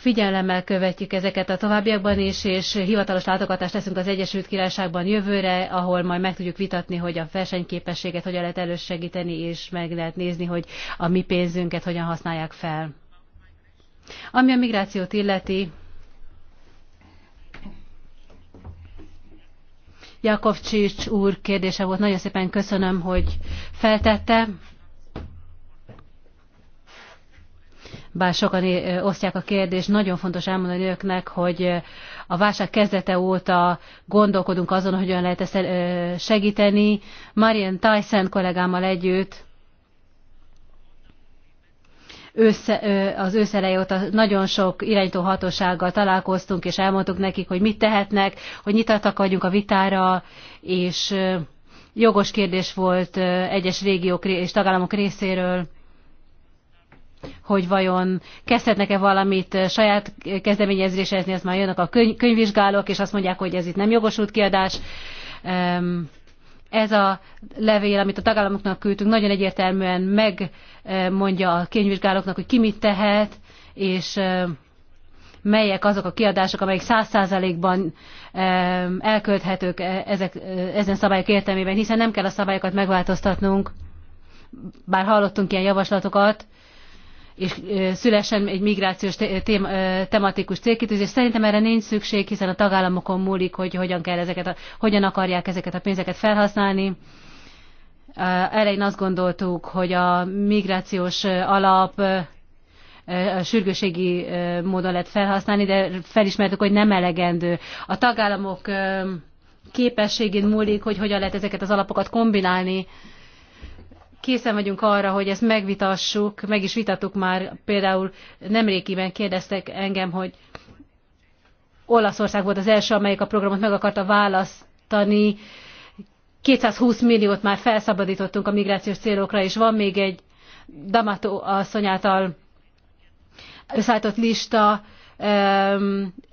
figyelemmel követjük ezeket a továbbiakban is, és hivatalos látogatást teszünk az Egyesült Királyságban jövőre, ahol majd meg tudjuk vitatni, hogy a versenyképességet hogyan lehet elősegíteni, és meg lehet nézni, hogy a mi pénzünket hogyan használják fel. Ami a migrációt illeti, Csics úr kérdése volt, nagyon szépen köszönöm, hogy feltette. bár sokan eh, osztják a kérdést, nagyon fontos elmondani őknek, hogy eh, a válság kezdete óta gondolkodunk azon, hogyan lehet ezt eh, segíteni. Marian Tyson kollégámmal együtt össze, az őszelei óta nagyon sok irányító hatósággal találkoztunk, és elmondtuk nekik, hogy mit tehetnek, hogy nyitottak vagyunk a vitára, és jogos kérdés volt egyes régiók és tagállamok részéről hogy vajon kezdhetnek-e valamit eh, saját kezdeményezésezni, ezt már jönnek a köny- könyvvizsgálók, és azt mondják, hogy ez itt nem jogosult kiadás. Ez a levél, amit a tagállamoknak küldtünk, nagyon egyértelműen megmondja a könyvvizsgálóknak, hogy ki mit tehet, és eh, melyek azok a kiadások, amelyek száz százalékban elkölthetők e, ezek, e, ezen szabályok értelmében, hiszen nem kell a szabályokat megváltoztatnunk, bár hallottunk ilyen javaslatokat, és szülessen egy migrációs tematikus célkitűzés. Szerintem erre nincs szükség, hiszen a tagállamokon múlik, hogy hogyan, kell ezeket a, hogyan akarják ezeket a pénzeket felhasználni. Elején azt gondoltuk, hogy a migrációs alap a sürgőségi módon lehet felhasználni, de felismertük, hogy nem elegendő. A tagállamok képességén múlik, hogy hogyan lehet ezeket az alapokat kombinálni készen vagyunk arra, hogy ezt megvitassuk, meg is vitattuk már, például nemrégiben kérdeztek engem, hogy Olaszország volt az első, amelyik a programot meg akarta választani, 220 milliót már felszabadítottunk a migrációs célokra, és van még egy Damato asszony által összeállított lista,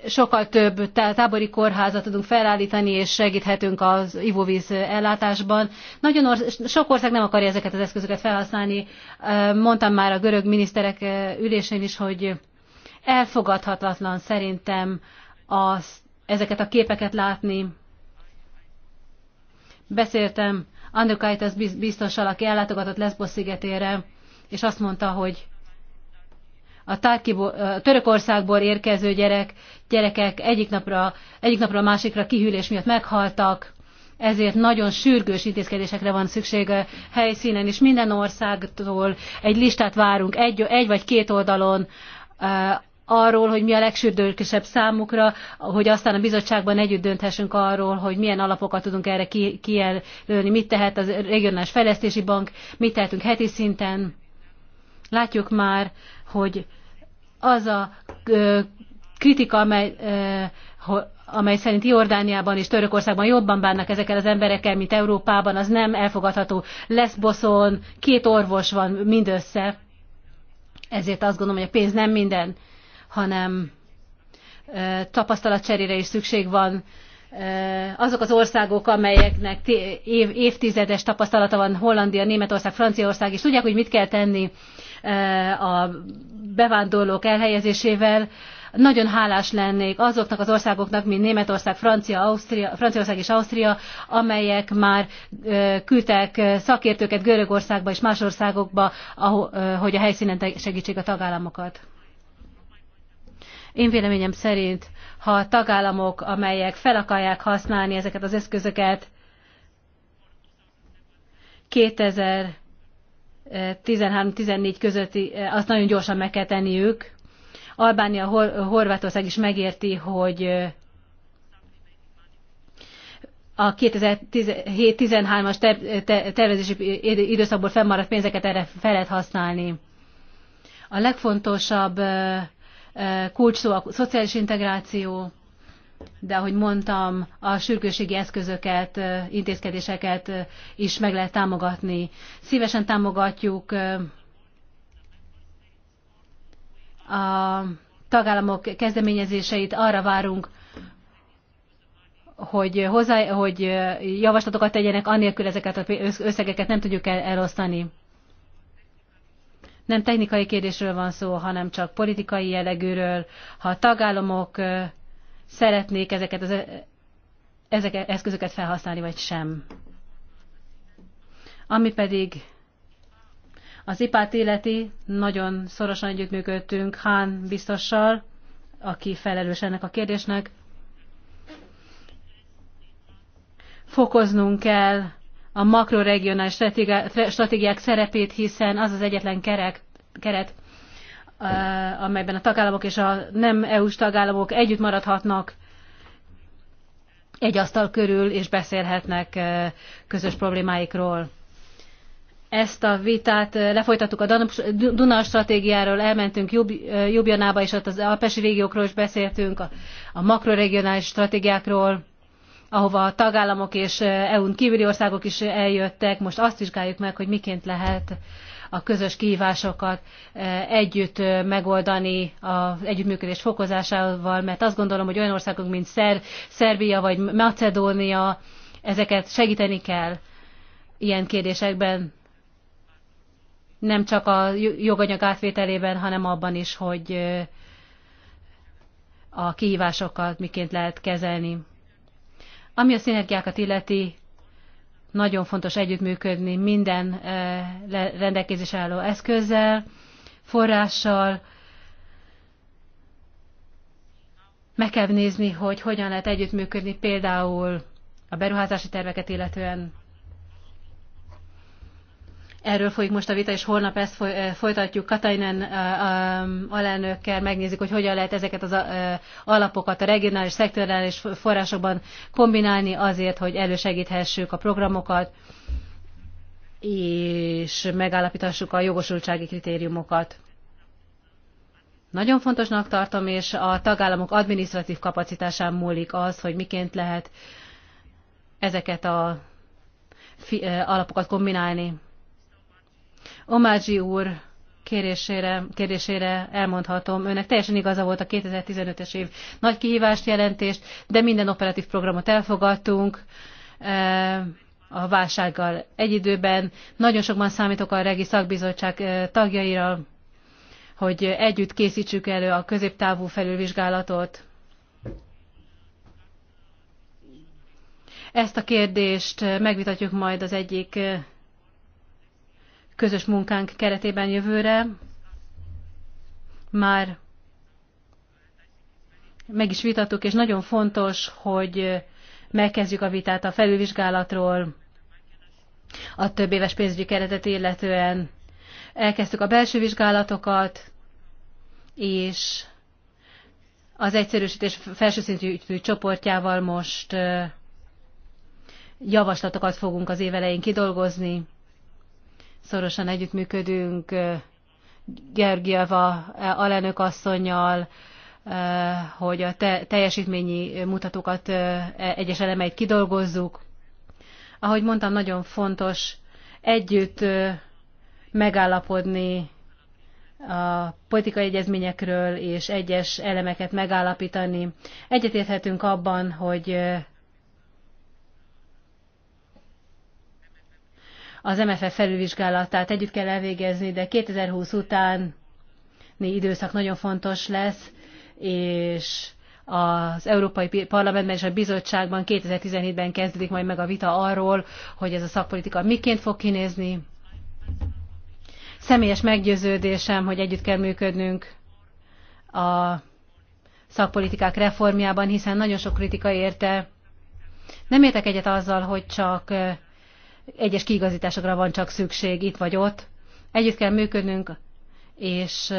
sokkal több tábori kórházat tudunk felállítani, és segíthetünk az ivóvíz ellátásban. Nagyon orsz- sok ország nem akarja ezeket az eszközöket felhasználni. Mondtam már a görög miniszterek ülésén is, hogy elfogadhatatlan szerintem az, ezeket a képeket látni. Beszéltem Andrukaitis biztossal, aki ellátogatott Lesbos szigetére, és azt mondta, hogy a, tárkiból, a Törökországból érkező gyerek, gyerekek egyik napra, egyik napra a másikra kihűlés miatt meghaltak, ezért nagyon sürgős intézkedésekre van szüksége helyszínen, és minden országtól egy listát várunk egy, egy vagy két oldalon arról, hogy mi a legsürdősebb számukra, hogy aztán a bizottságban együtt dönthessünk arról, hogy milyen alapokat tudunk erre kijelölni, mit tehet az regionális fejlesztési bank, mit tehetünk heti szinten Látjuk már, hogy az a kritika, amely, amely szerint Jordániában és Törökországban jobban bánnak ezekkel az emberekkel, mint Európában, az nem elfogadható. Leszboszon két orvos van mindössze, ezért azt gondolom, hogy a pénz nem minden, hanem tapasztalatcserére is szükség van. Azok az országok, amelyeknek év, évtizedes tapasztalata van, Hollandia, Németország, Franciaország, és tudják, hogy mit kell tenni Eh, a bevándorlók elhelyezésével, nagyon hálás lennék azoknak az országoknak, mint Németország, Francia, Ausztria, Franciaország és Ausztria, amelyek már eh, küldtek eh, szakértőket Görögországba és más országokba, hogy a helyszínen segítsék a tagállamokat. Én véleményem szerint, ha a tagállamok, amelyek fel akarják használni ezeket az eszközöket, 2000 13-14 közötti, eh, azt nagyon gyorsan meg kell tenniük. Albánia, Horvátország is megérti, hogy eh, a 2017-13-as tervezési időszakból fennmaradt pénzeket erre fel lehet használni. A legfontosabb eh, kulcs szó a szociális integráció, de ahogy mondtam, a sürgőségi eszközöket, intézkedéseket is meg lehet támogatni. Szívesen támogatjuk a tagállamok kezdeményezéseit, arra várunk, hogy, hozzá, hogy javaslatokat tegyenek, anélkül ezeket az összegeket nem tudjuk elosztani. Nem technikai kérdésről van szó, hanem csak politikai jellegűről. Ha a tagállamok szeretnék ezeket az ezeket eszközöket felhasználni, vagy sem. Ami pedig az ipát életi, nagyon szorosan együttműködtünk Hán biztossal, aki felelős ennek a kérdésnek. Fokoznunk kell a makroregionális stratégiák szerepét, hiszen az az egyetlen kerek, keret, amelyben a tagállamok és a nem EU-s tagállamok együtt maradhatnak egy asztal körül, és beszélhetnek közös problémáikról. Ezt a vitát lefolytattuk a Duna stratégiáról, elmentünk Jubjanába, és ott az alpesi régiókról is beszéltünk, a makroregionális stratégiákról, ahova a tagállamok és EU-n kívüli országok is eljöttek. Most azt vizsgáljuk meg, hogy miként lehet a közös kihívásokat együtt megoldani az együttműködés fokozásával, mert azt gondolom, hogy olyan országok, mint Szer Szerbia vagy Macedónia, ezeket segíteni kell ilyen kérdésekben, nem csak a joganyag átvételében, hanem abban is, hogy a kihívásokat miként lehet kezelni. Ami a szinergiákat illeti, nagyon fontos együttműködni minden eh, rendelkezés álló eszközzel, forrással. Meg kell nézni, hogy hogyan lehet együttműködni például a beruházási terveket illetően Erről folyik most a vita, és holnap ezt eh, folytatjuk Katainen eh, eh, alelnökkel, megnézzük, hogy hogyan lehet ezeket az alapokat a regionális, szektorális forrásokban kombinálni azért, hogy elősegíthessük a programokat, és megállapítassuk a jogosultsági kritériumokat. Nagyon fontosnak tartom, és a tagállamok adminisztratív kapacitásán múlik az, hogy miként lehet ezeket a alapokat kombinálni. Omágyi úr kérésére, kérésére elmondhatom, önnek teljesen igaza volt a 2015-es év nagy kihívást jelentést, de minden operatív programot elfogadtunk e, a válsággal egy időben. Nagyon sokban számítok a Regi Szakbizottság e, tagjaira, hogy együtt készítsük elő a középtávú felülvizsgálatot. Ezt a kérdést megvitatjuk majd az egyik közös munkánk keretében jövőre. Már meg is vitattuk, és nagyon fontos, hogy megkezdjük a vitát a felülvizsgálatról, a több éves pénzügyi keretet illetően. Elkezdtük a belső vizsgálatokat, és az egyszerűsítés felsőszintű csoportjával most javaslatokat fogunk az évelején kidolgozni szorosan együttműködünk Georgieva alelnök asszonynal, hogy a te, teljesítményi mutatókat, e-, egyes elemeit kidolgozzuk. Ahogy mondtam, nagyon fontos együtt megállapodni a politikai egyezményekről és egyes elemeket megállapítani. Egyetérthetünk abban, hogy az MFF felülvizsgálatát együtt kell elvégezni, de 2020 után időszak nagyon fontos lesz, és az Európai Parlamentben és a bizottságban 2017-ben kezdődik majd meg a vita arról, hogy ez a szakpolitika miként fog kinézni. Személyes meggyőződésem, hogy együtt kell működnünk a szakpolitikák reformjában, hiszen nagyon sok kritika érte. Nem értek egyet azzal, hogy csak egyes kiigazításokra van csak szükség itt vagy ott. Együtt kell működnünk, és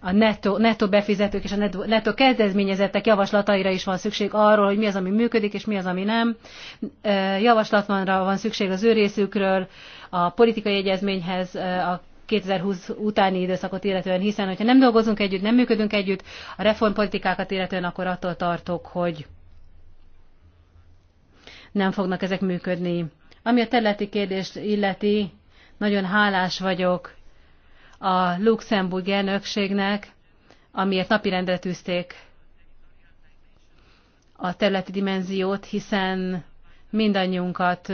a netto, netto befizetők és a netto, netto kezdezményezettek javaslataira is van szükség arról, hogy mi az, ami működik, és mi az, ami nem. Javaslatlanra van szükség az ő részükről, a politikai egyezményhez, a 2020 utáni időszakot illetően, hiszen hogyha nem dolgozunk együtt, nem működünk együtt, a reformpolitikákat illetően akkor attól tartok, hogy nem fognak ezek működni. Ami a területi kérdést illeti, nagyon hálás vagyok a Luxemburg elnökségnek, amiért napirendre tűzték a területi dimenziót, hiszen mindannyiunkat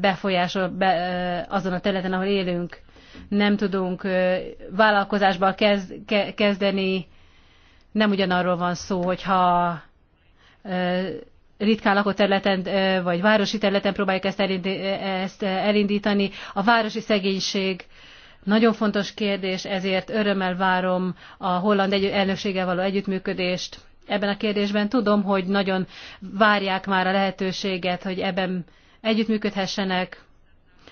befolyásol be, azon a területen, ahol élünk. Nem tudunk vállalkozásba kezdeni, nem ugyanarról van szó, hogyha ritkán lakott területen vagy városi területen próbáljuk ezt elindítani. A városi szegénység nagyon fontos kérdés, ezért örömmel várom a holland egy elnökséggel való együttműködést. Ebben a kérdésben tudom, hogy nagyon várják már a lehetőséget, hogy ebben együttműködhessenek.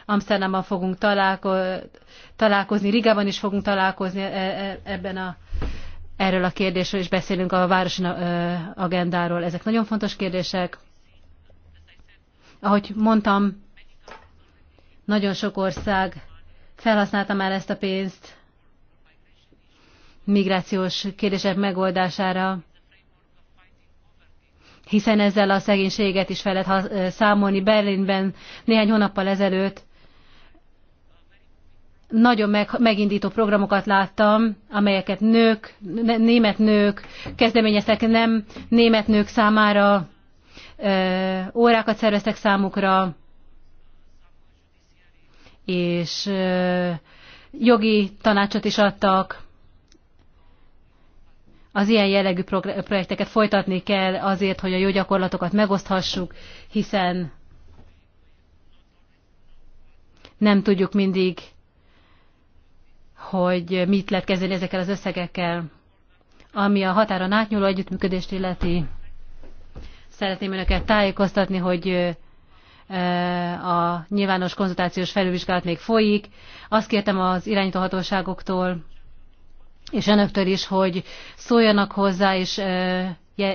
Amsterdamban fogunk találko- találkozni, Rigában is fogunk találkozni ebben a erről a kérdésről is beszélünk, a városi agendáról. Ezek nagyon fontos kérdések. Ahogy mondtam, nagyon sok ország felhasználta már ezt a pénzt migrációs kérdések megoldására, hiszen ezzel a szegénységet is fel lehet számolni. Berlinben néhány hónappal ezelőtt nagyon meg, megindító programokat láttam, amelyeket nők, német nők kezdeményeztek, nem német nők számára ö, órákat szerveztek számukra, és ö, jogi tanácsot is adtak. Az ilyen jellegű projekteket folytatni kell azért, hogy a jó gyakorlatokat megoszthassuk, hiszen nem tudjuk mindig hogy mit lehet kezdeni ezekkel az összegekkel. Ami a határon átnyúló együttműködést illeti, szeretném önöket tájékoztatni, hogy a nyilvános konzultációs felülvizsgálat még folyik. Azt kértem az irányítóhatóságoktól és önöktől is, hogy szóljanak hozzá és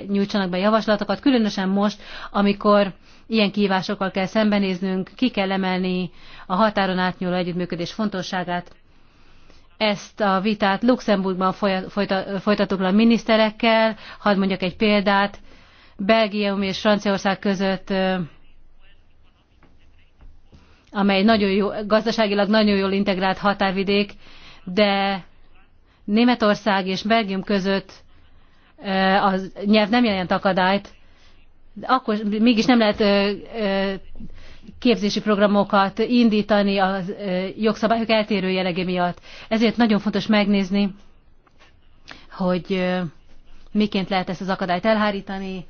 nyújtsanak be javaslatokat, különösen most, amikor ilyen kívásokkal kell szembenéznünk, ki kell emelni a határon átnyúló együttműködés fontosságát, ezt a vitát Luxemburgban folytattuk a miniszterekkel. Hadd mondjak egy példát. Belgium és Franciaország között amely nagyon jó, gazdaságilag nagyon jól integrált határvidék, de Németország és Belgium között a nyelv nem jelent akadályt, akkor mégis nem lehet képzési programokat indítani a jogszabályok eltérő jellege miatt. Ezért nagyon fontos megnézni, hogy miként lehet ezt az akadályt elhárítani.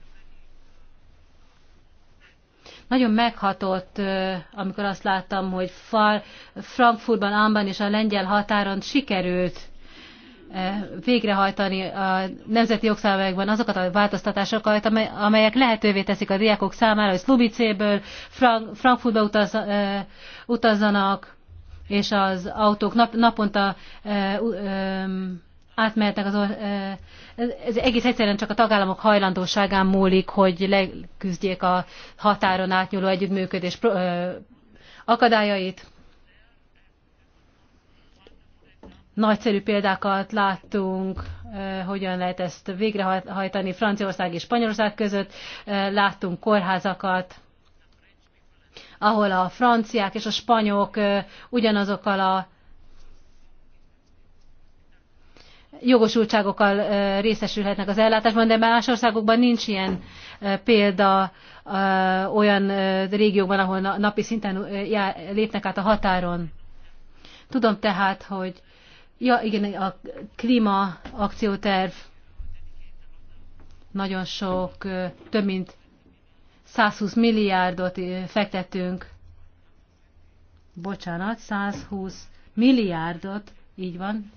Nagyon meghatott, amikor azt láttam, hogy Frankfurtban, Amban és a lengyel határon sikerült végrehajtani a nemzeti jogszabályokban azokat a változtatásokat, amelyek lehetővé teszik a diákok számára, hogy Slubicéből Frankfurtba utaz, utazzanak, és az autók nap, naponta átmehetnek az ez egész egyszerűen csak a tagállamok hajlandóságán múlik, hogy leküzdjék a határon átnyúló együttműködés akadályait. Nagyszerű példákat láttunk, hogyan lehet ezt végrehajtani Franciaország és Spanyolország között. Láttunk kórházakat, ahol a franciák és a spanyolok ugyanazokkal a jogosultságokkal részesülhetnek az ellátásban, de más országokban nincs ilyen példa olyan régiókban, ahol napi szinten lépnek át a határon. Tudom tehát, hogy Ja, igen, a klíma akcióterv nagyon sok, több mint 120 milliárdot fektettünk, bocsánat, 120 milliárdot, így van,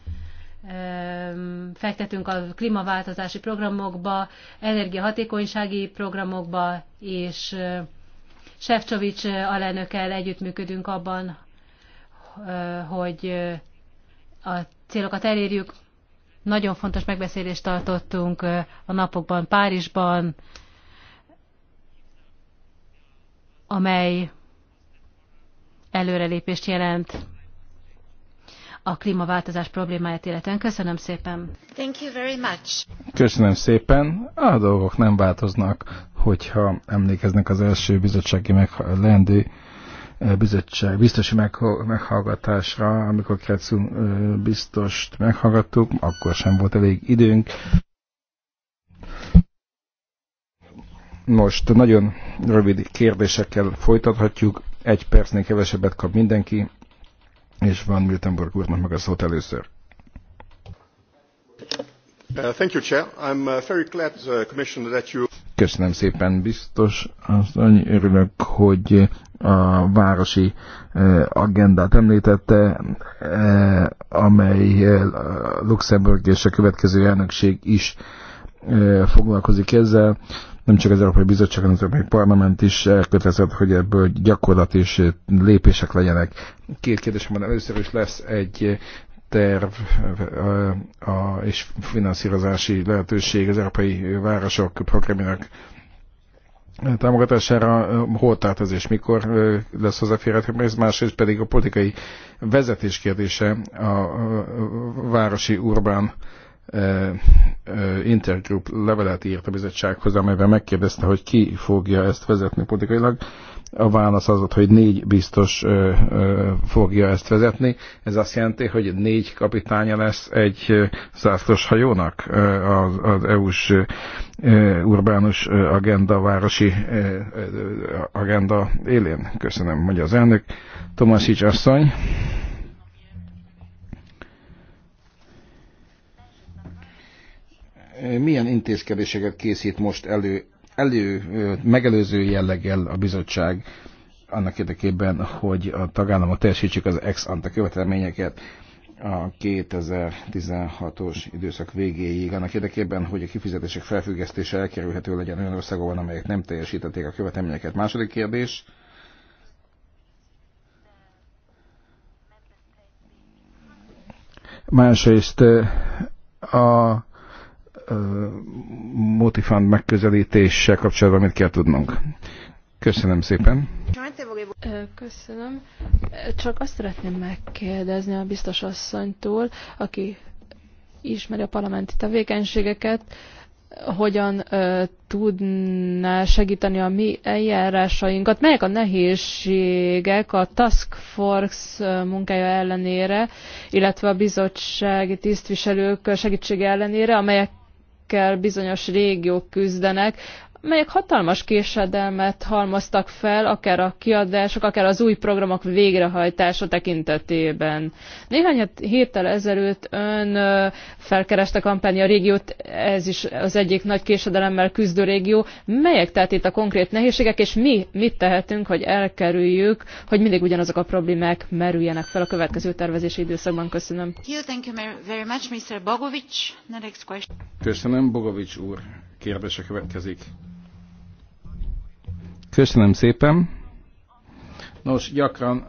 fektetünk a klímaváltozási programokba, energiahatékonysági programokba, és Sefcsovics alelnökkel együttműködünk abban, hogy a célokat elérjük. Nagyon fontos megbeszélést tartottunk a napokban Párizsban, amely előrelépést jelent a klímaváltozás problémáját illetően. Köszönöm szépen. Thank
you very much.
Köszönöm szépen. A dolgok nem változnak, hogyha emlékeznek az első bizottsági meg leendő bizottság biztosi meghallgatásra, amikor Kretszú biztost meghallgattuk, akkor sem volt elég időnk. Most nagyon rövid kérdésekkel folytathatjuk. Egy percnél kevesebbet kap mindenki, és van Miltenborg úrnak meg a szót először. Uh, thank you, Chair. I'm uh, very glad, uh, Commissioner, that you Köszönöm szépen, biztos annyi Örülök, hogy a városi e, agendát említette, e, amely e, Luxemburg és a következő elnökség is foglalkozik ezzel. Nem csak az Európai Bizottság, hanem az Európai Parlament is elkötelezett, hogy ebből gyakorlat és lépések legyenek. Két kérdésem van, először is lesz egy terv a, és finanszírozási lehetőség az európai városok programjának támogatására hol ez és mikor lesz hozzáférhető, ez másrészt pedig a politikai vezetés kérdése a városi urbán intergroup levelet írt a bizottsághoz, amelyben megkérdezte, hogy ki fogja ezt vezetni politikailag. A válasz az volt, hogy négy biztos ö, ö, fogja ezt vezetni. Ez azt jelenti, hogy négy kapitánya lesz egy zászlós hajónak az, az EU-s urbánus agenda, városi ö, agenda élén. Köszönöm, mondja az elnök. Tomasics asszony. milyen intézkedéseket készít most elő elő, megelőző jelleggel a bizottság annak érdekében, hogy a tagállamok teljesítsük az ex ante követelményeket a 2016-os időszak végéig, annak érdekében, hogy a kifizetések felfüggesztése elkerülhető legyen olyan országokban, amelyek nem teljesítették a követelményeket. Második kérdés. Másrészt a multifund megközelítéssel kapcsolatban mit kell tudnunk? Köszönöm szépen.
Köszönöm. Csak azt szeretném megkérdezni a biztos asszonytól, aki ismeri a parlamenti tevékenységeket, hogyan ö, tudná segíteni a mi eljárásainkat, melyek a nehézségek a Task Force munkája ellenére, illetve a bizottsági tisztviselők segítsége ellenére, amelyek amikkel bizonyos régiók küzdenek, melyek hatalmas késedelmet halmoztak fel, akár a kiadások, akár az új programok végrehajtása tekintetében. Néhány héttel ezelőtt ön felkereste a kampány a régiót, ez is az egyik nagy késedelemmel küzdő régió. Melyek tehát itt a konkrét nehézségek, és mi mit tehetünk, hogy elkerüljük, hogy mindig ugyanazok a problémák merüljenek fel a következő tervezési időszakban? Köszönöm.
Köszönöm, Bogovics úr. Kérdése következik. Köszönöm szépen. Nos, gyakran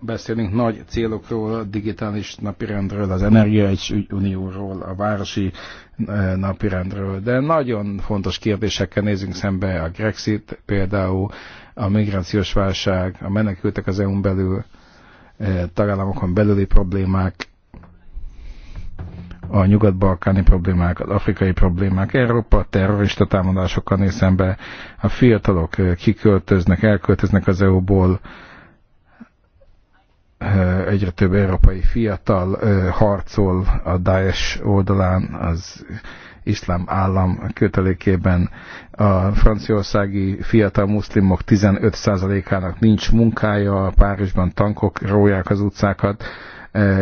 beszélünk nagy célokról, a digitális napirendről, az Energia Unióról, a városi e, napirendről, de nagyon fontos kérdésekkel nézünk szembe, a Grexit például, a migrációs válság, a menekültek az EU-n belül, e, tagállamokon belüli problémák, a nyugat-balkáni problémák, az afrikai problémák, Európa terrorista támadásokkal néz szembe, a fiatalok eh, kiköltöznek, elköltöznek az EU-ból, eh, egyre több európai fiatal eh, harcol a Daesh oldalán, az iszlám állam kötelékében. A franciaországi fiatal muszlimok 15%-ának nincs munkája, Párizsban tankok róják az utcákat,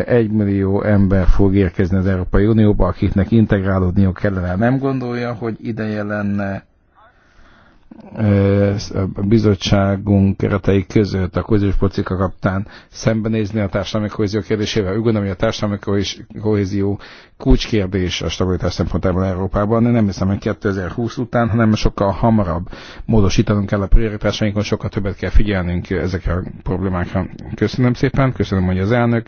egy millió ember fog érkezni az Európai Unióba, akiknek integrálódniuk kellene. Nem gondolja, hogy ideje lenne a bizottságunk keretei között a kohéziós politika kaptán szembenézni a társadalmi kohézió kérdésével. Úgy gondolom, hogy a társadalmi kohézió kulcskérdés a stabilitás szempontjából Európában, de nem hiszem, hogy 2020 után, hanem sokkal hamarabb módosítanunk kell a prioritásainkon, sokkal többet kell figyelnünk ezekre a problémákra. Köszönöm szépen, köszönöm, hogy az elnök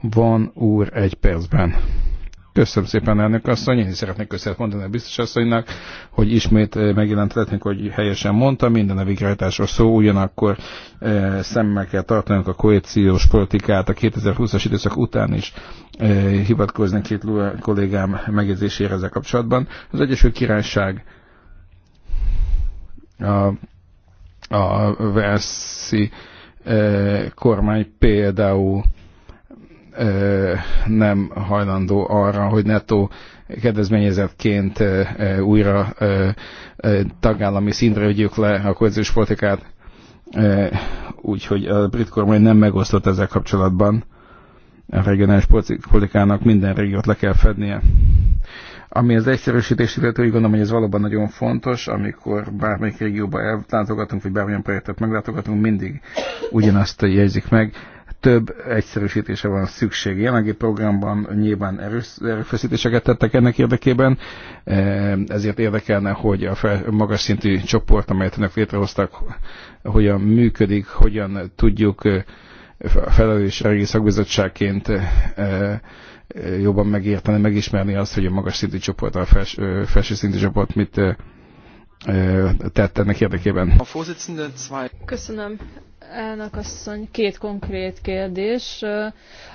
van úr egy percben. Köszönöm szépen, elnök asszony. Én szeretnék köszönet mondani a biztos asszonynak, hogy ismét eh, megjelentetnénk, hogy helyesen mondta, minden a végrehajtásról szó, ugyanakkor e, szemmel kell tartanunk a kohéciós politikát a 2020-as időszak után is e, eh, hivatkozni két kollégám megjegyzésére ezzel kapcsolatban. Az Egyesült Királyság a, a Velszi e, kormány például nem hajlandó arra, hogy nettó kedvezményezetként újra tagállami szintre vigyük le a kohéziós politikát. Úgyhogy a brit kormány nem megosztott ezzel kapcsolatban. A regionális politikának minden régiót le kell fednie. Ami az egyszerűsítés illető úgy gondolom, hogy ez valóban nagyon fontos, amikor bármelyik régióba ellátogatunk, vagy bármilyen projektet meglátogatunk, mindig ugyanazt jegyzik meg több egyszerűsítése van szükség. Jelenlegi programban nyilván erős, erőfeszítéseket tettek ennek érdekében, e, ezért érdekelne, hogy a fel, magas szintű csoport, amelyet önök létrehoztak, hogyan működik, hogyan tudjuk regi szakbizottságként e, e, jobban megérteni, megismerni azt, hogy a magas szintű csoport, a felső szintű csoport mit tett ennek érdekében.
Köszönöm, elnök asszony. Két konkrét kérdés.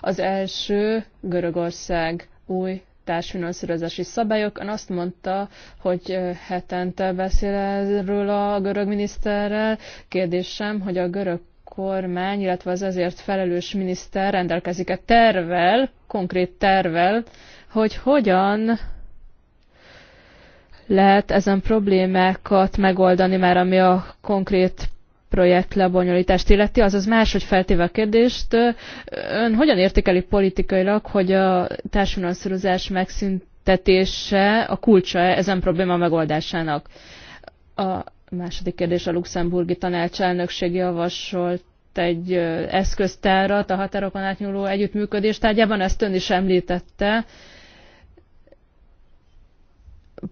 Az első Görögország új társfinanszírozási szabályok. Ön azt mondta, hogy hetente beszél erről a görög miniszterrel. Kérdésem, hogy a görög kormány, illetve az ezért felelős miniszter rendelkezik-e tervel, konkrét tervel, hogy hogyan lehet ezen problémákat megoldani már, ami a konkrét projekt lebonyolítást illeti, azaz máshogy feltéve a kérdést, ön hogyan értékeli politikailag, hogy a társadalmasszorozás megszüntetése a kulcsa ezen probléma megoldásának? A második kérdés a luxemburgi tanácselnökség javasolt egy eszköztárat a határokon átnyúló együttműködés tárgyában, ezt ön is említette,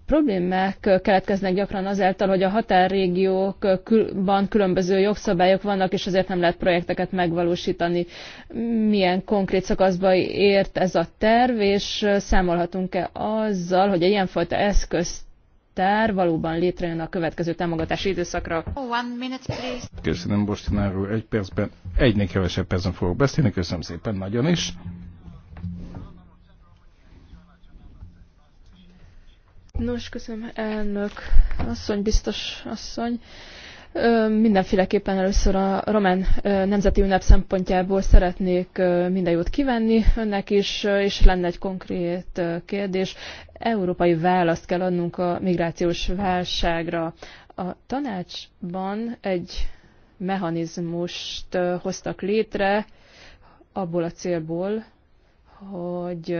problémák keletkeznek gyakran azáltal, hogy a határrégiókban különböző jogszabályok vannak, és azért nem lehet projekteket megvalósítani. Milyen konkrét szakaszba ért ez a terv, és számolhatunk-e azzal, hogy egy ilyenfajta eszközt tár valóban létrejön a következő támogatási időszakra.
Oh,
köszönöm, Bostináról egy percben. Egynél kevesebb percben fogok beszélni, köszönöm szépen, nagyon is.
Nos, köszönöm elnök asszony, biztos asszony. Mindenféleképpen először a román nemzeti ünnep szempontjából szeretnék minden jót kivenni önnek is, és lenne egy konkrét kérdés. Európai választ kell adnunk a migrációs válságra. A tanácsban egy mechanizmust hoztak létre abból a célból, hogy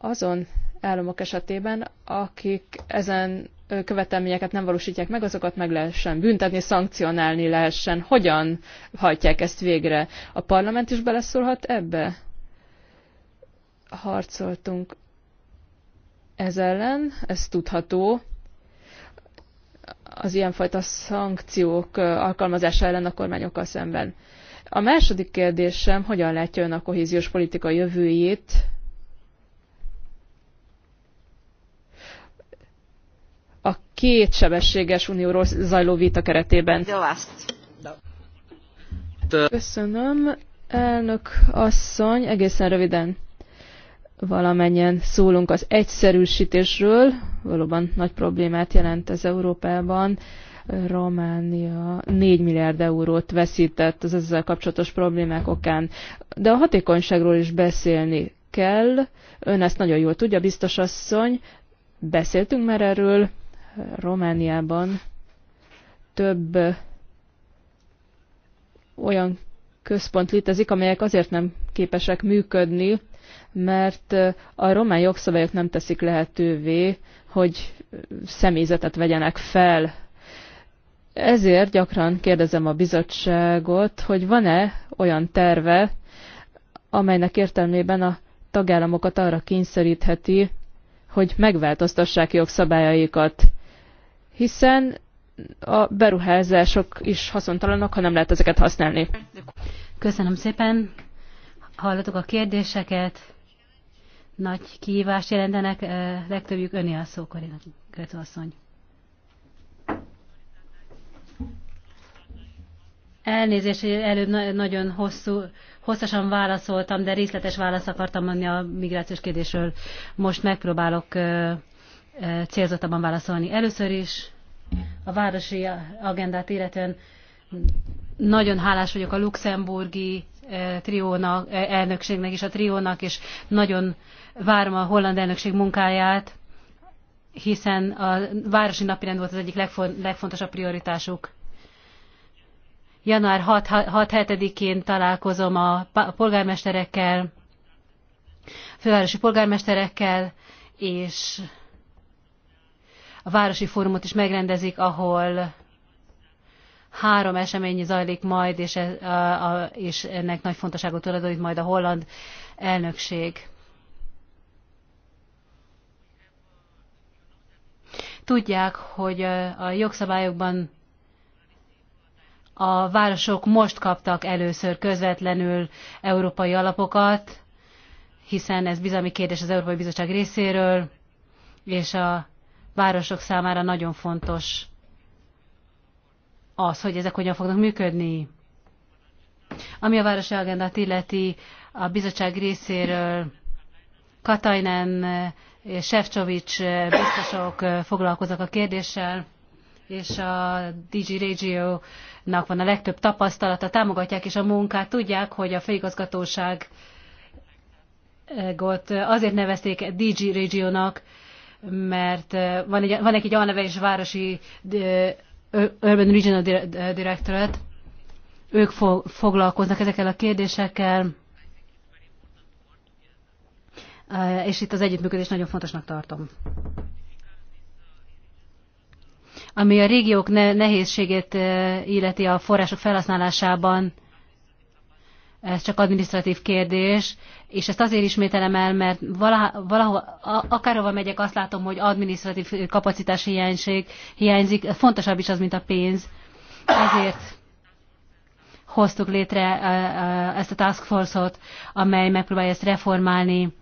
azon államok esetében, akik ezen követelményeket nem valósítják meg, azokat meg lehessen büntetni, szankcionálni lehessen. Hogyan hajtják ezt végre? A parlament is beleszólhat ebbe? Harcoltunk ez ellen, ez tudható. Az ilyenfajta szankciók alkalmazása ellen a kormányokkal szemben. A második kérdésem, hogyan látja ön a kohéziós politika jövőjét, a két sebességes unióról zajló vita keretében. Köszönöm, elnök asszony, egészen röviden valamennyien szólunk az egyszerűsítésről, valóban nagy problémát jelent ez Európában. Románia 4 milliárd eurót veszített az ezzel kapcsolatos problémák okán. De a hatékonyságról is beszélni kell. Ön ezt nagyon jól tudja, biztos asszony. Beszéltünk már erről, Romániában több olyan központ létezik, amelyek azért nem képesek működni, mert a román jogszabályok nem teszik lehetővé, hogy személyzetet vegyenek fel. Ezért gyakran kérdezem a bizottságot, hogy van-e olyan terve, amelynek értelmében a tagállamokat arra kényszerítheti, hogy megváltoztassák jogszabályaikat hiszen a beruházások is haszontalanok, ha nem lehet ezeket használni.
Köszönöm szépen. Hallottuk a kérdéseket. Nagy kihívást jelentenek. Eh, legtöbbjük öné a szó, Karina Kötőasszony. Elnézést, hogy előbb nagyon hosszú, hosszasan válaszoltam, de részletes választ akartam adni a migrációs kérdésről. Most megpróbálok eh, célzottabban válaszolni. Először is a városi agendát illetően nagyon hálás vagyok a luxemburgi eh, triónak, eh, elnökségnek és a triónak, és nagyon várom a holland elnökség munkáját, hiszen a városi napirend volt az egyik legfontosabb prioritásuk. Január 6-7-én találkozom a polgármesterekkel, a fővárosi polgármesterekkel, és a városi fórumot is megrendezik, ahol három esemény zajlik majd, és, e, a, a, és ennek nagy fontosságot tulajdonít majd a holland elnökség. Tudják, hogy e, a jogszabályokban a városok most kaptak először közvetlenül európai alapokat, hiszen ez bizalmi kérdés az Európai Bizottság részéről, és a városok számára nagyon fontos az, hogy ezek hogyan fognak működni. Ami a városi agendát illeti, a bizottság részéről Katajnen és Sefcsovics biztosok foglalkoznak a kérdéssel, és a DG Regio-nak van a legtöbb tapasztalata, támogatják is a munkát, tudják, hogy a főigazgatóságot azért nevezték DG Regio-nak, mert van egy, van egy alneve és városi Urban Regional Directorate, ők fo foglalkoznak ezekkel a kérdésekkel, és itt az együttműködés nagyon fontosnak tartom. Ami a régiók nehézségét illeti a források felhasználásában, ez csak administratív kérdés, és ezt azért ismételem el, mert valahol, akárhova megyek, azt látom, hogy administratív kapacitás hiánység, hiányzik, fontosabb is az, mint a pénz. Ezért hoztuk létre ezt a task force-ot, amely megpróbálja ezt reformálni.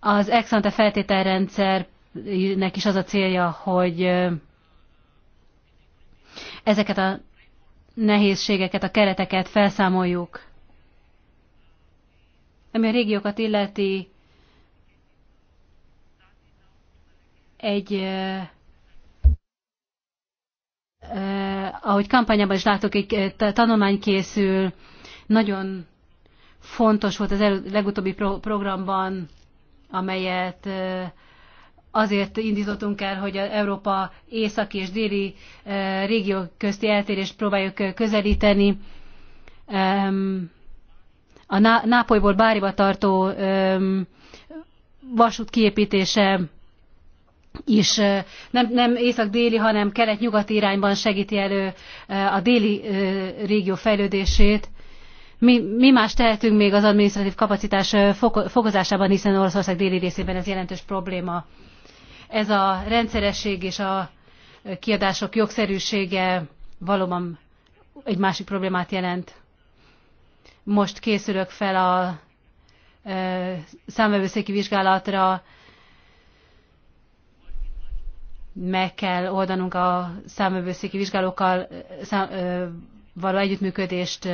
Az ex ante feltételrendszernek is az a célja, hogy ezeket a nehézségeket, a kereteket felszámoljuk. Ami a régiókat illeti, egy, eh, eh, ahogy kampányában is látok, egy tanulmány készül, nagyon fontos volt az legutóbbi pro, programban, amelyet eh, azért indítottunk el, hogy Európa északi és déli eh, régió közti eltérést próbáljuk eh, közelíteni. A Nápolyból Báriba tartó vasút kiépítése is eh, nem, nem észak-déli, hanem kelet-nyugati irányban segíti elő a déli régió fejlődését. Mi, mi más tehetünk még az administratív kapacitás fokozásában, hiszen Oroszország déli részében ez jelentős probléma ez a rendszeresség és a kiadások jogszerűsége valóban egy másik problémát jelent. Most készülök fel a számvevőszéki vizsgálatra, meg kell oldanunk a számvevőszéki vizsgálókkal szám, ö, való együttműködést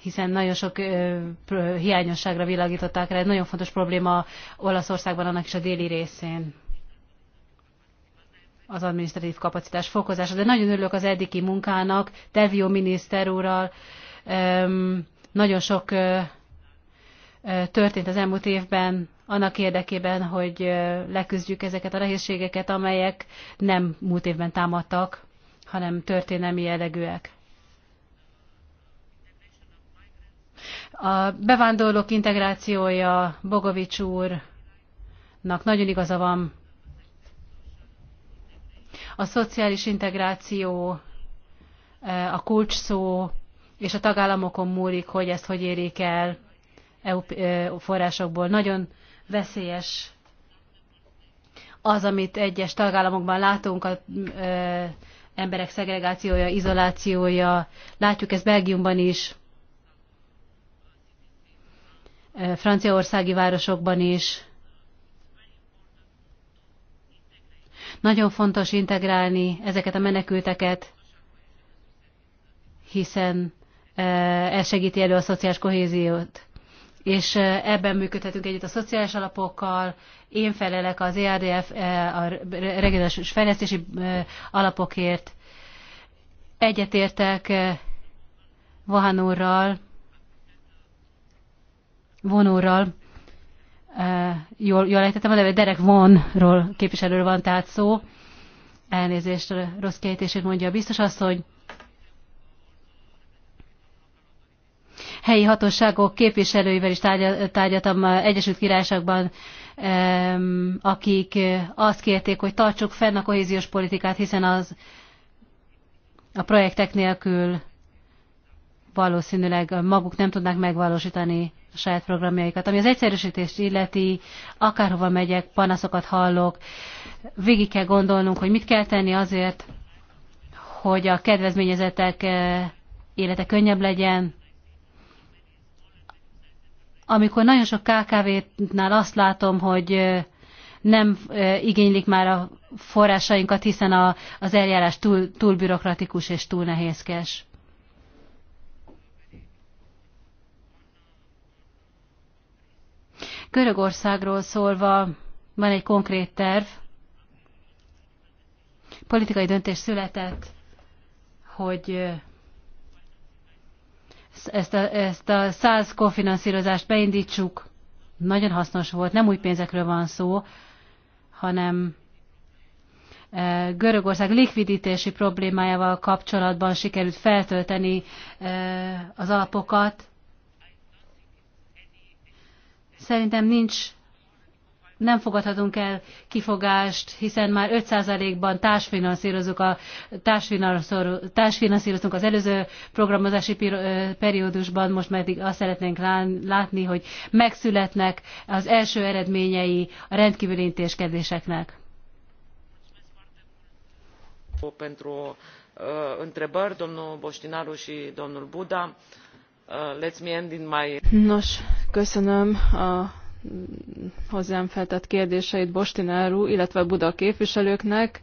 hiszen nagyon sok hiányosságra világították rá. Egy nagyon fontos probléma Olaszországban, annak is a déli részén az adminisztratív kapacitás fokozása. De nagyon örülök az eddigi munkának, Delvio miniszter úrral. Nagyon sok történt az elmúlt évben annak érdekében, hogy leküzdjük ezeket a nehézségeket, amelyek nem múlt évben támadtak, hanem történelmi jellegűek. A bevándorlók integrációja, Bogovics úrnak nagyon igaza van. A szociális integráció, e, a kulcs szó, és a tagállamokon múlik, hogy ezt hogy érik el EU e, forrásokból. Nagyon veszélyes az, amit egyes tagállamokban látunk, az e, emberek szegregációja, izolációja. Látjuk ezt Belgiumban is franciaországi városokban is. Nagyon fontos integrálni ezeket a menekülteket, hiszen ez segíti elő a szociális kohéziót. És ebben működhetünk együtt a szociális alapokkal. Én felelek az ERDF, a regionális fejlesztési alapokért. Egyetértek Vahan úrral, vonóról e, jól, jól ejtettem, de Derek Vonról képviselőről van tehát szó, elnézést, rossz kiejtését mondja a biztos asszony, helyi hatóságok képviselőivel is tárgyaltam Egyesült Királyságban, akik azt kérték, hogy tartsuk fenn a kohéziós politikát, hiszen az a projektek nélkül valószínűleg maguk nem tudnák megvalósítani a saját programjaikat. Ami az egyszerűsítést illeti, akárhova megyek, panaszokat hallok, végig kell gondolnunk, hogy mit kell tenni azért, hogy a kedvezményezetek eh, élete könnyebb legyen. Amikor nagyon sok KKV-nál azt látom, hogy eh, nem eh, igénylik már a forrásainkat, hiszen a, az eljárás túl, túl bürokratikus és túl nehézkes. Görögországról szólva van egy konkrét terv, politikai döntés született, hogy ezt a, ezt a 100 kofinanszírozást beindítsuk. Nagyon hasznos volt, nem új pénzekről van szó, hanem Görögország likviditási problémájával kapcsolatban sikerült feltölteni az alapokat, Szerintem nincs, nem fogadhatunk el kifogást, hiszen már 5%-ban társfinanszírozunk, a, társfinanszírozunk az előző programozási periódusban, most pedig azt szeretnénk látni, hogy megszületnek az első eredményei a rendkívüli intézkedéseknek.
Pentru uh,
întrebări, domnul Boștinaru și domnul Buda. Uh, Uh, Nos, köszönöm a hozzám feltett kérdéseit Bostináru, illetve Buda képviselőknek.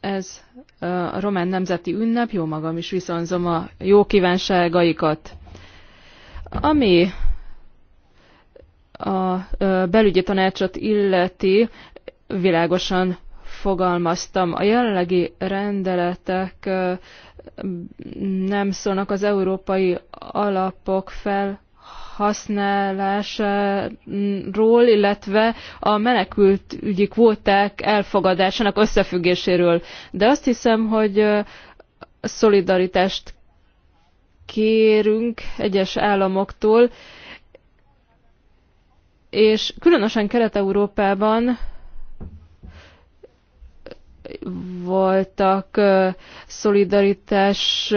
Ez uh, a román nemzeti ünnep, jó magam is viszonzom a jó kívánságaikat. Ami a belügyi tanácsot illeti, világosan fogalmaztam. A jelenlegi rendeletek nem szólnak az európai alapok fel használásáról, illetve a menekült ügyi kvóták elfogadásának összefüggéséről. De azt hiszem, hogy szolidaritást kérünk egyes államoktól, és különösen Kelet-Európában voltak szolidaritás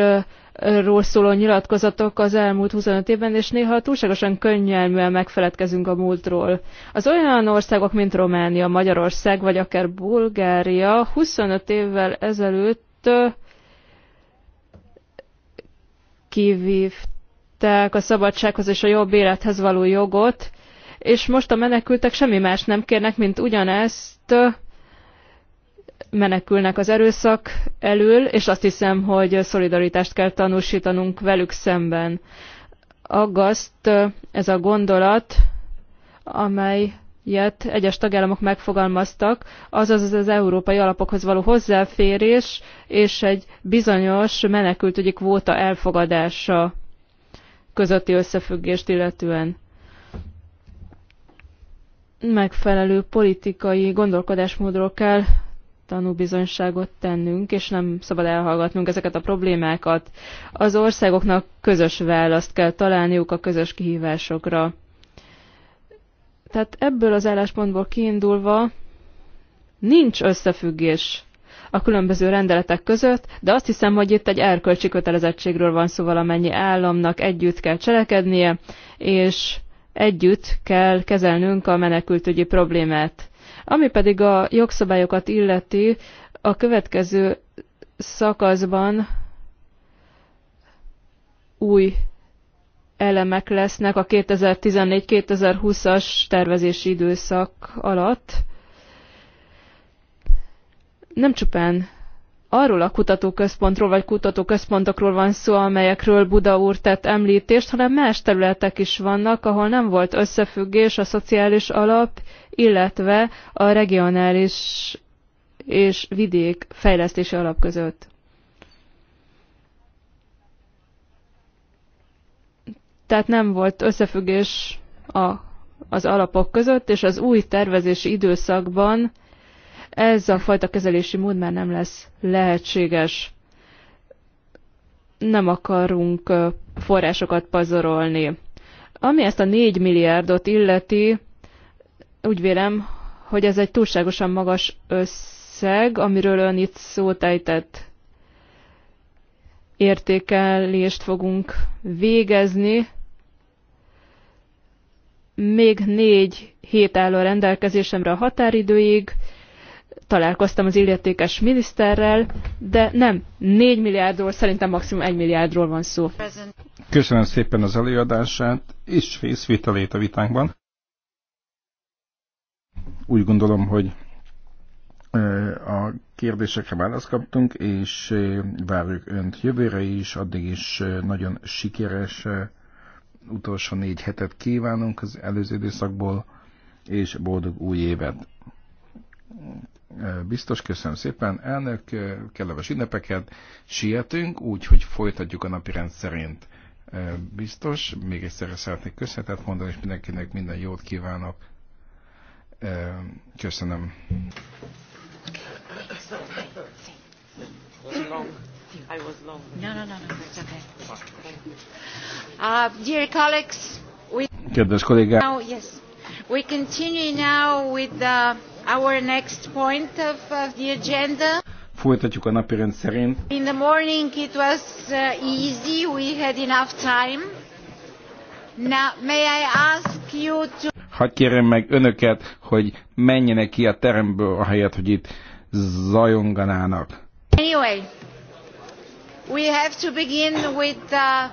ról szóló nyilatkozatok az elmúlt 25 évben, és néha túlságosan könnyelműen megfeledkezünk a múltról. Az olyan országok, mint Románia, Magyarország, vagy akár Bulgária 25 évvel ezelőtt kivívták a szabadsághoz és a jobb élethez való jogot, és most a menekültek semmi más nem kérnek, mint ugyanezt menekülnek az erőszak elől, és azt hiszem, hogy szolidaritást kell tanúsítanunk velük szemben. Aggaszt ez a gondolat, amelyet egyes tagállamok megfogalmaztak, azaz az európai alapokhoz való hozzáférés és egy bizonyos menekültügyi kvóta elfogadása közötti összefüggést illetően megfelelő politikai gondolkodásmódról kell tanúbizonyságot tennünk, és nem szabad elhallgatnunk ezeket a problémákat. Az országoknak közös választ kell találniuk a közös kihívásokra. Tehát ebből az álláspontból kiindulva nincs összefüggés a különböző rendeletek között, de azt hiszem, hogy itt egy erkölcsi kötelezettségről van szó valamennyi államnak, együtt kell cselekednie, és együtt kell kezelnünk a menekültügyi problémát. Ami pedig a jogszabályokat illeti, a következő szakaszban új elemek lesznek a 2014-2020-as tervezési időszak alatt. Nem csupán arról a kutatóközpontról vagy kutatóközpontokról van szó, amelyekről Buda úr tett említést, hanem más területek is vannak, ahol nem volt összefüggés a szociális alap, illetve a regionális és vidék fejlesztési alap között. Tehát nem volt összefüggés a, az alapok között, és az új tervezési időszakban ez a fajta kezelési mód már nem lesz lehetséges. Nem akarunk forrásokat pazarolni. Ami ezt a 4 milliárdot illeti, úgy vélem, hogy ez egy túlságosan magas összeg, amiről ön itt szótejtett értékelést fogunk végezni. Még négy hét áll a rendelkezésemre a határidőig, találkoztam az illetékes miniszterrel, de nem 4 milliárdról, szerintem maximum 1 milliárdról van szó.
Köszönöm szépen az előadását és részvételét a vitánkban. Úgy gondolom, hogy a kérdésekre választ kaptunk, és várjuk Önt jövőre is, addig is nagyon sikeres utolsó négy hetet kívánunk az előző időszakból, és boldog új évet! Biztos, köszönöm szépen. Elnök, kellemes ünnepeket. Sietünk, úgy, hogy folytatjuk a napi rend szerint. Biztos, még egyszer szeretnék köszönetet mondani, és mindenkinek minden jót kívánok. Köszönöm.
No, no, no, no, it's okay. dear colleagues, we... Kedves kollégák! yes. We continue now with the, uh, our next point of, of uh, the agenda.
Folytatjuk a napi rend szerint.
In the morning it was uh, easy, we had enough time. Now, may I ask you to...
Hadd kérem meg önöket, hogy menjenek ki a teremből, ahelyett, hogy itt zajonganának.
Anyway, we have to begin with the,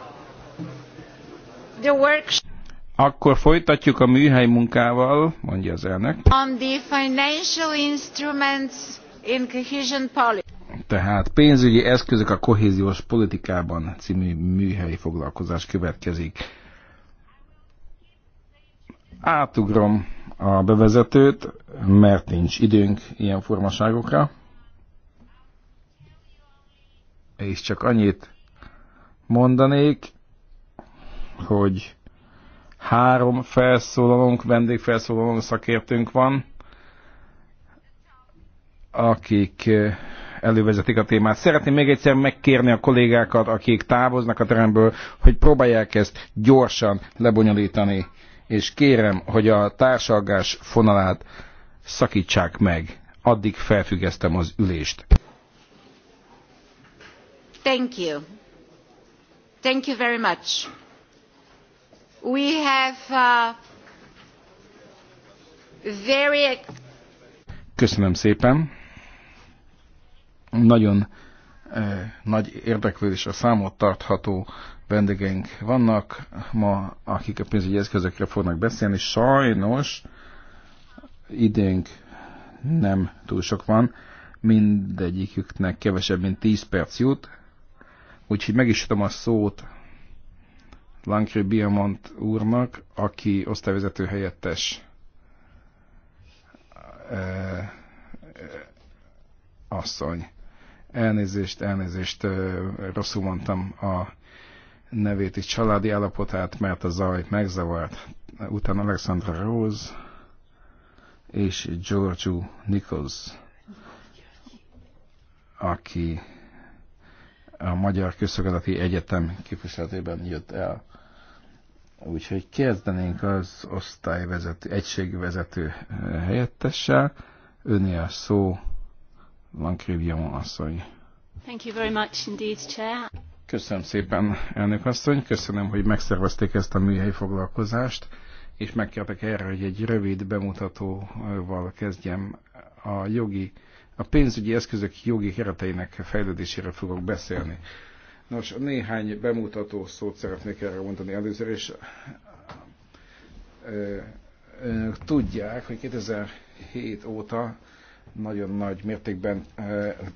the workshop.
Akkor folytatjuk a műhely munkával, mondja az elnök.
On the financial instruments in cohesion policy.
Tehát pénzügyi eszközök a kohéziós politikában című műhelyi foglalkozás következik. Átugrom a bevezetőt, mert nincs időnk ilyen formaságokra. És csak annyit mondanék, hogy Három felszólalónk, vendégfelszólalónk, szakértőnk van, akik eh, elővezetik a témát. Szeretném még egyszer megkérni a kollégákat, akik távoznak a teremből, hogy próbálják ezt gyorsan lebonyolítani, és kérem, hogy a társalgás fonalát szakítsák meg. Addig felfüggesztem az ülést.
Thank you. Thank you very much. We have uh, very...
Köszönöm szépen. Nagyon eh, nagy a számot tartható vendégeink vannak ma, akik a pénzügyi eszközökre fognak beszélni. Sajnos időnk nem túl sok van, mindegyiküknek kevesebb, mint 10 perc jut, úgyhogy meg is a szót Lankré Biamont úrnak, aki osztályvezető helyettes e, e, asszony. Elnézést, elnézést, e, rosszul mondtam a nevét és családi állapotát, mert a zaj megzavart. Utána Alexandra Rose és Giorgio Nichols, aki a Magyar Közszolgálati Egyetem képviseletében jött el. Úgyhogy kezdenénk az osztályvezető, vezető eh, helyettessel. Öné a szó, Lancrivion asszony.
Thank you very much indeed, Chair.
Köszönöm szépen, elnök asszony. Köszönöm, hogy megszervezték ezt a műhely foglalkozást, és megkértek erre, hogy egy rövid bemutatóval kezdjem a jogi, a pénzügyi eszközök jogi kereteinek fejlődéséről fogok beszélni. Nos, néhány bemutató szót szeretnék erre mondani először, és önök tudják, hogy 2007 óta nagyon nagy mértékben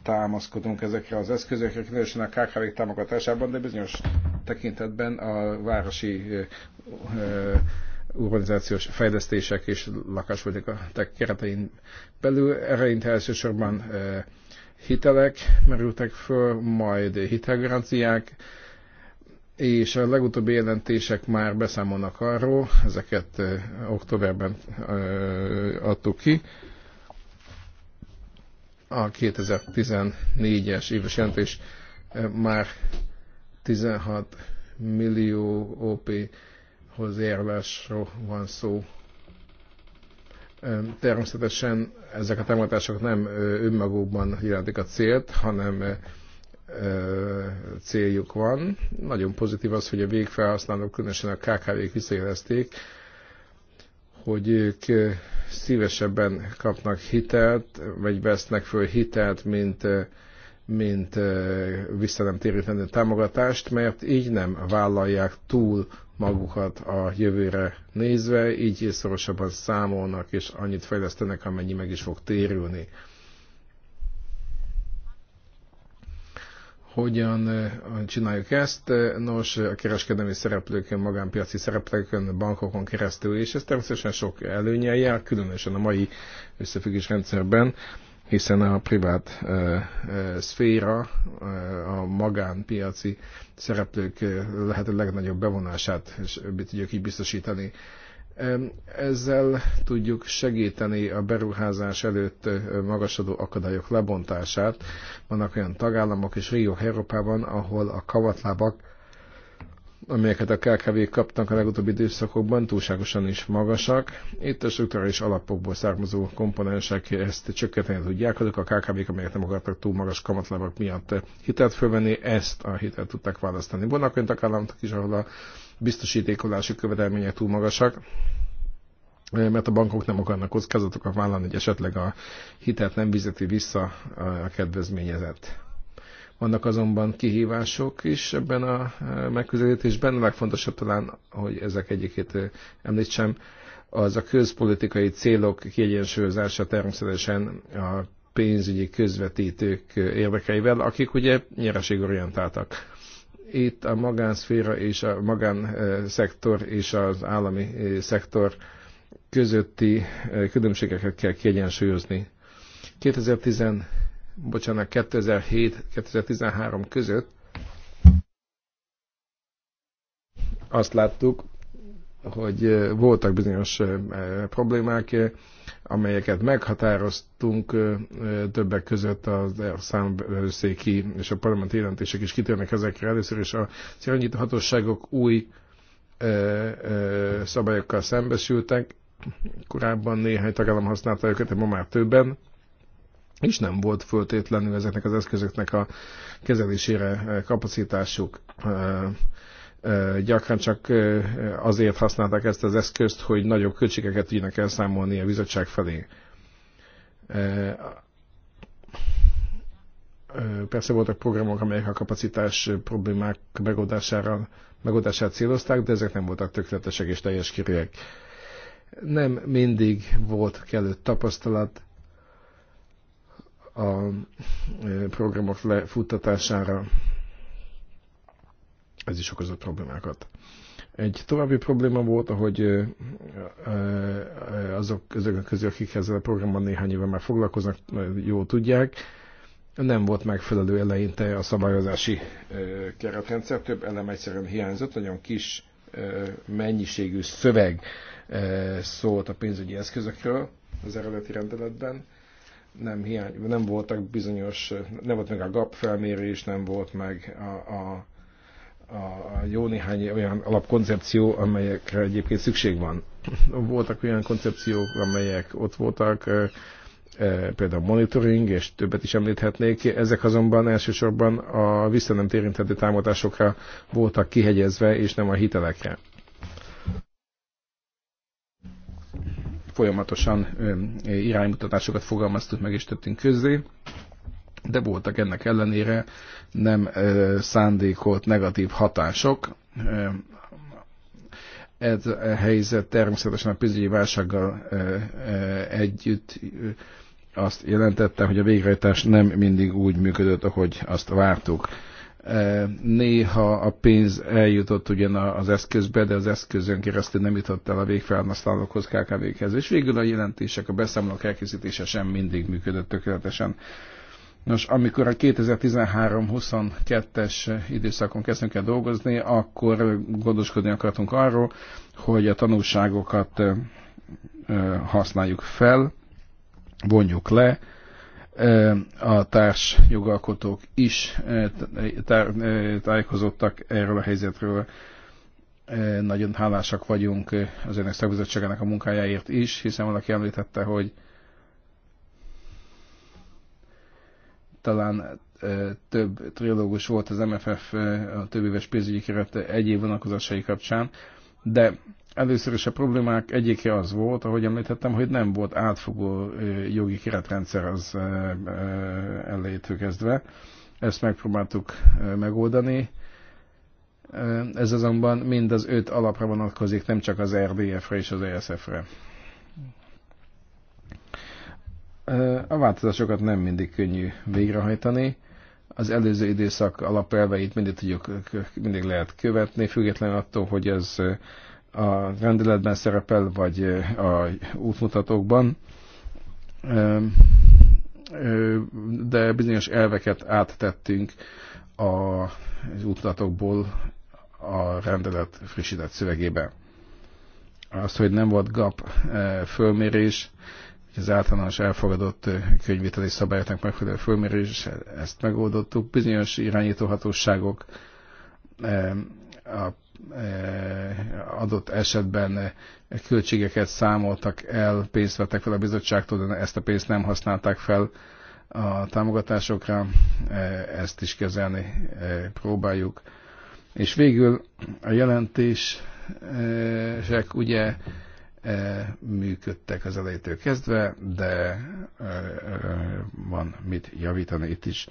támaszkodunk ezekre az eszközökre, különösen a kkv támogatásában, de bizonyos tekintetben a városi urbanizációs fejlesztések és lakáspolitika keretein belül. Erre elsősorban hitelek merültek föl, majd hitelgaranciák, és a legutóbbi jelentések már beszámolnak arról, ezeket októberben adtuk ki, a 2014-es éves jelentés már 16 millió OP hozzájárulásról van szó Természetesen ezek a támogatások nem önmagukban jelentik a célt, hanem céljuk van. Nagyon pozitív az, hogy a végfelhasználók, különösen a KKV-k visszajelezték, hogy ők szívesebben kapnak hitelt, vagy vesznek föl hitelt, mint mint vissza nem térítendő támogatást, mert így nem vállalják túl magukat a jövőre nézve, így szorosabban számolnak, és annyit fejlesztenek, amennyi meg is fog térülni. Hogyan csináljuk ezt? Nos, a kereskedelmi szereplőkön, magánpiaci szereplőkön, bankokon keresztül, és ez természetesen sok előnye, jár, különösen a mai összefüggés rendszerben hiszen a privát szféra, a magánpiaci szereplők lehető legnagyobb bevonását tudjuk így biztosítani. Ezzel tudjuk segíteni a beruházás előtt magasodó akadályok lebontását. Vannak olyan tagállamok és régiók Európában, ahol a kavatlábak amelyeket a kkv kaptak a legutóbbi időszakokban, túlságosan is magasak. Itt a strukturális alapokból származó komponensek ezt csökkenteni tudják, azok a kkv k amelyek nem akartak túl magas kamatlábak miatt hitelt fölvenni, ezt a hitelt tudták választani. Vannak olyan tagállamok is, ahol a biztosítékolási követelmények túl magasak, mert a bankok nem akarnak kockázatokat vállalni, hogy esetleg a hitelt nem fizeti vissza a kedvezményezett. Vannak azonban kihívások is ebben a e, megközelítésben. A legfontosabb talán, hogy ezek egyikét e, említsem, az a közpolitikai célok kiegyensúlyozása természetesen a pénzügyi közvetítők érdekeivel, akik ugye nyereségorientáltak. Itt a magánszféra és a magánszektor e, és az állami szektor közötti különbségeket kell kiegyensúlyozni. 2010 bocsánat, 2007-2013 között azt láttuk, hogy voltak bizonyos problémák, amelyeket meghatároztunk többek között a számvevőszéki és a parlamenti jelentések is kitérnek ezekre először, és a irányító hatóságok új szabályokkal szembesültek. Korábban néhány tagállam használta őket, de ma már többen és nem volt föltétlenül ezeknek az eszközöknek a kezelésére eh, kapacitásuk. Eh, eh, gyakran csak azért használták ezt az eszközt, hogy nagyobb költségeket tudjanak elszámolni a bizottság felé. Persze voltak programok, amelyek a kapacitás problémák megoldására, megoldását célozták, de ezek nem voltak tökéletesek és teljes kirőek. Nem mindig volt kellő tapasztalat, a e, programok lefuttatására. Ez is okozott problémákat. Egy további probléma volt, hogy e, e, azok, azok közül, akik ezzel a programmal néhány éve már foglalkoznak, jól tudják, nem volt megfelelő eleinte a szabályozási keretrendszer, több elem egyszerűen hiányzott, nagyon kis mennyiségű szöveg szólt a pénzügyi eszközökről az eredeti rendeletben, nem, hiány, nem voltak bizonyos, nem volt meg a GAP felmérés, nem volt meg a, a, a jó néhány olyan alapkoncepció, amelyekre egyébként szükség van. Voltak olyan koncepciók, amelyek ott voltak, például monitoring, és többet is említhetnék. Ezek azonban elsősorban a vissza nem voltak kihegyezve, és nem a hitelekre. folyamatosan iránymutatásokat fogalmaztuk meg és tettünk közzé, de voltak ennek ellenére nem szándékolt negatív hatások. Ez a helyzet természetesen a pénzügyi válsággal együtt azt jelentette, hogy a végrehajtás nem mindig úgy működött, ahogy azt vártuk. Eh, néha a pénz eljutott ugyan az eszközbe, de az eszközön keresztül nem jutott el a végfelhasználókhoz, KKV-khez. És végül a jelentések, a beszámolók elkészítése sem mindig működött tökéletesen. Nos, amikor a 2013-22-es időszakon kezdtünk el dolgozni, akkor gondoskodni akartunk arról, hogy a tanulságokat eh, eh, használjuk fel, vonjuk le, a társ jogalkotók is tájékozottak erről a helyzetről. Nagyon hálásak vagyunk az önök szakbizottságának a munkájáért is, hiszen valaki említette, hogy talán több trilógus volt az MFF, a több éves pénzügyi keret egyéb vonalkozásai kapcsán, de Először is a problémák egyike az volt, ahogy említettem, hogy nem volt átfogó jogi keretrendszer az elejétől kezdve. Ezt megpróbáltuk megoldani. Ez azonban mind az öt alapra vonatkozik, nem csak az RDF-re és az ESF-re. A változásokat nem mindig könnyű végrehajtani. Az előző időszak alapelveit mindig, tudjuk, mindig lehet követni, függetlenül attól, hogy ez a rendeletben szerepel, vagy a útmutatókban, de bizonyos elveket áttettünk az útmutatókból a rendelet frissített szövegébe. Az, hogy nem volt GAP fölmérés, az általános elfogadott könyvételi szabályoknak megfelelő fölmérés, ezt megoldottuk. Bizonyos irányítóhatóságok a Eh, adott esetben eh, költségeket számoltak el, pénzt vettek fel a bizottságtól, de ezt a pénzt nem használták fel a támogatásokra, eh, ezt is kezelni próbáljuk. És végül a jelentések ugye működtek az elejétől kezdve, de van mit javítani itt is.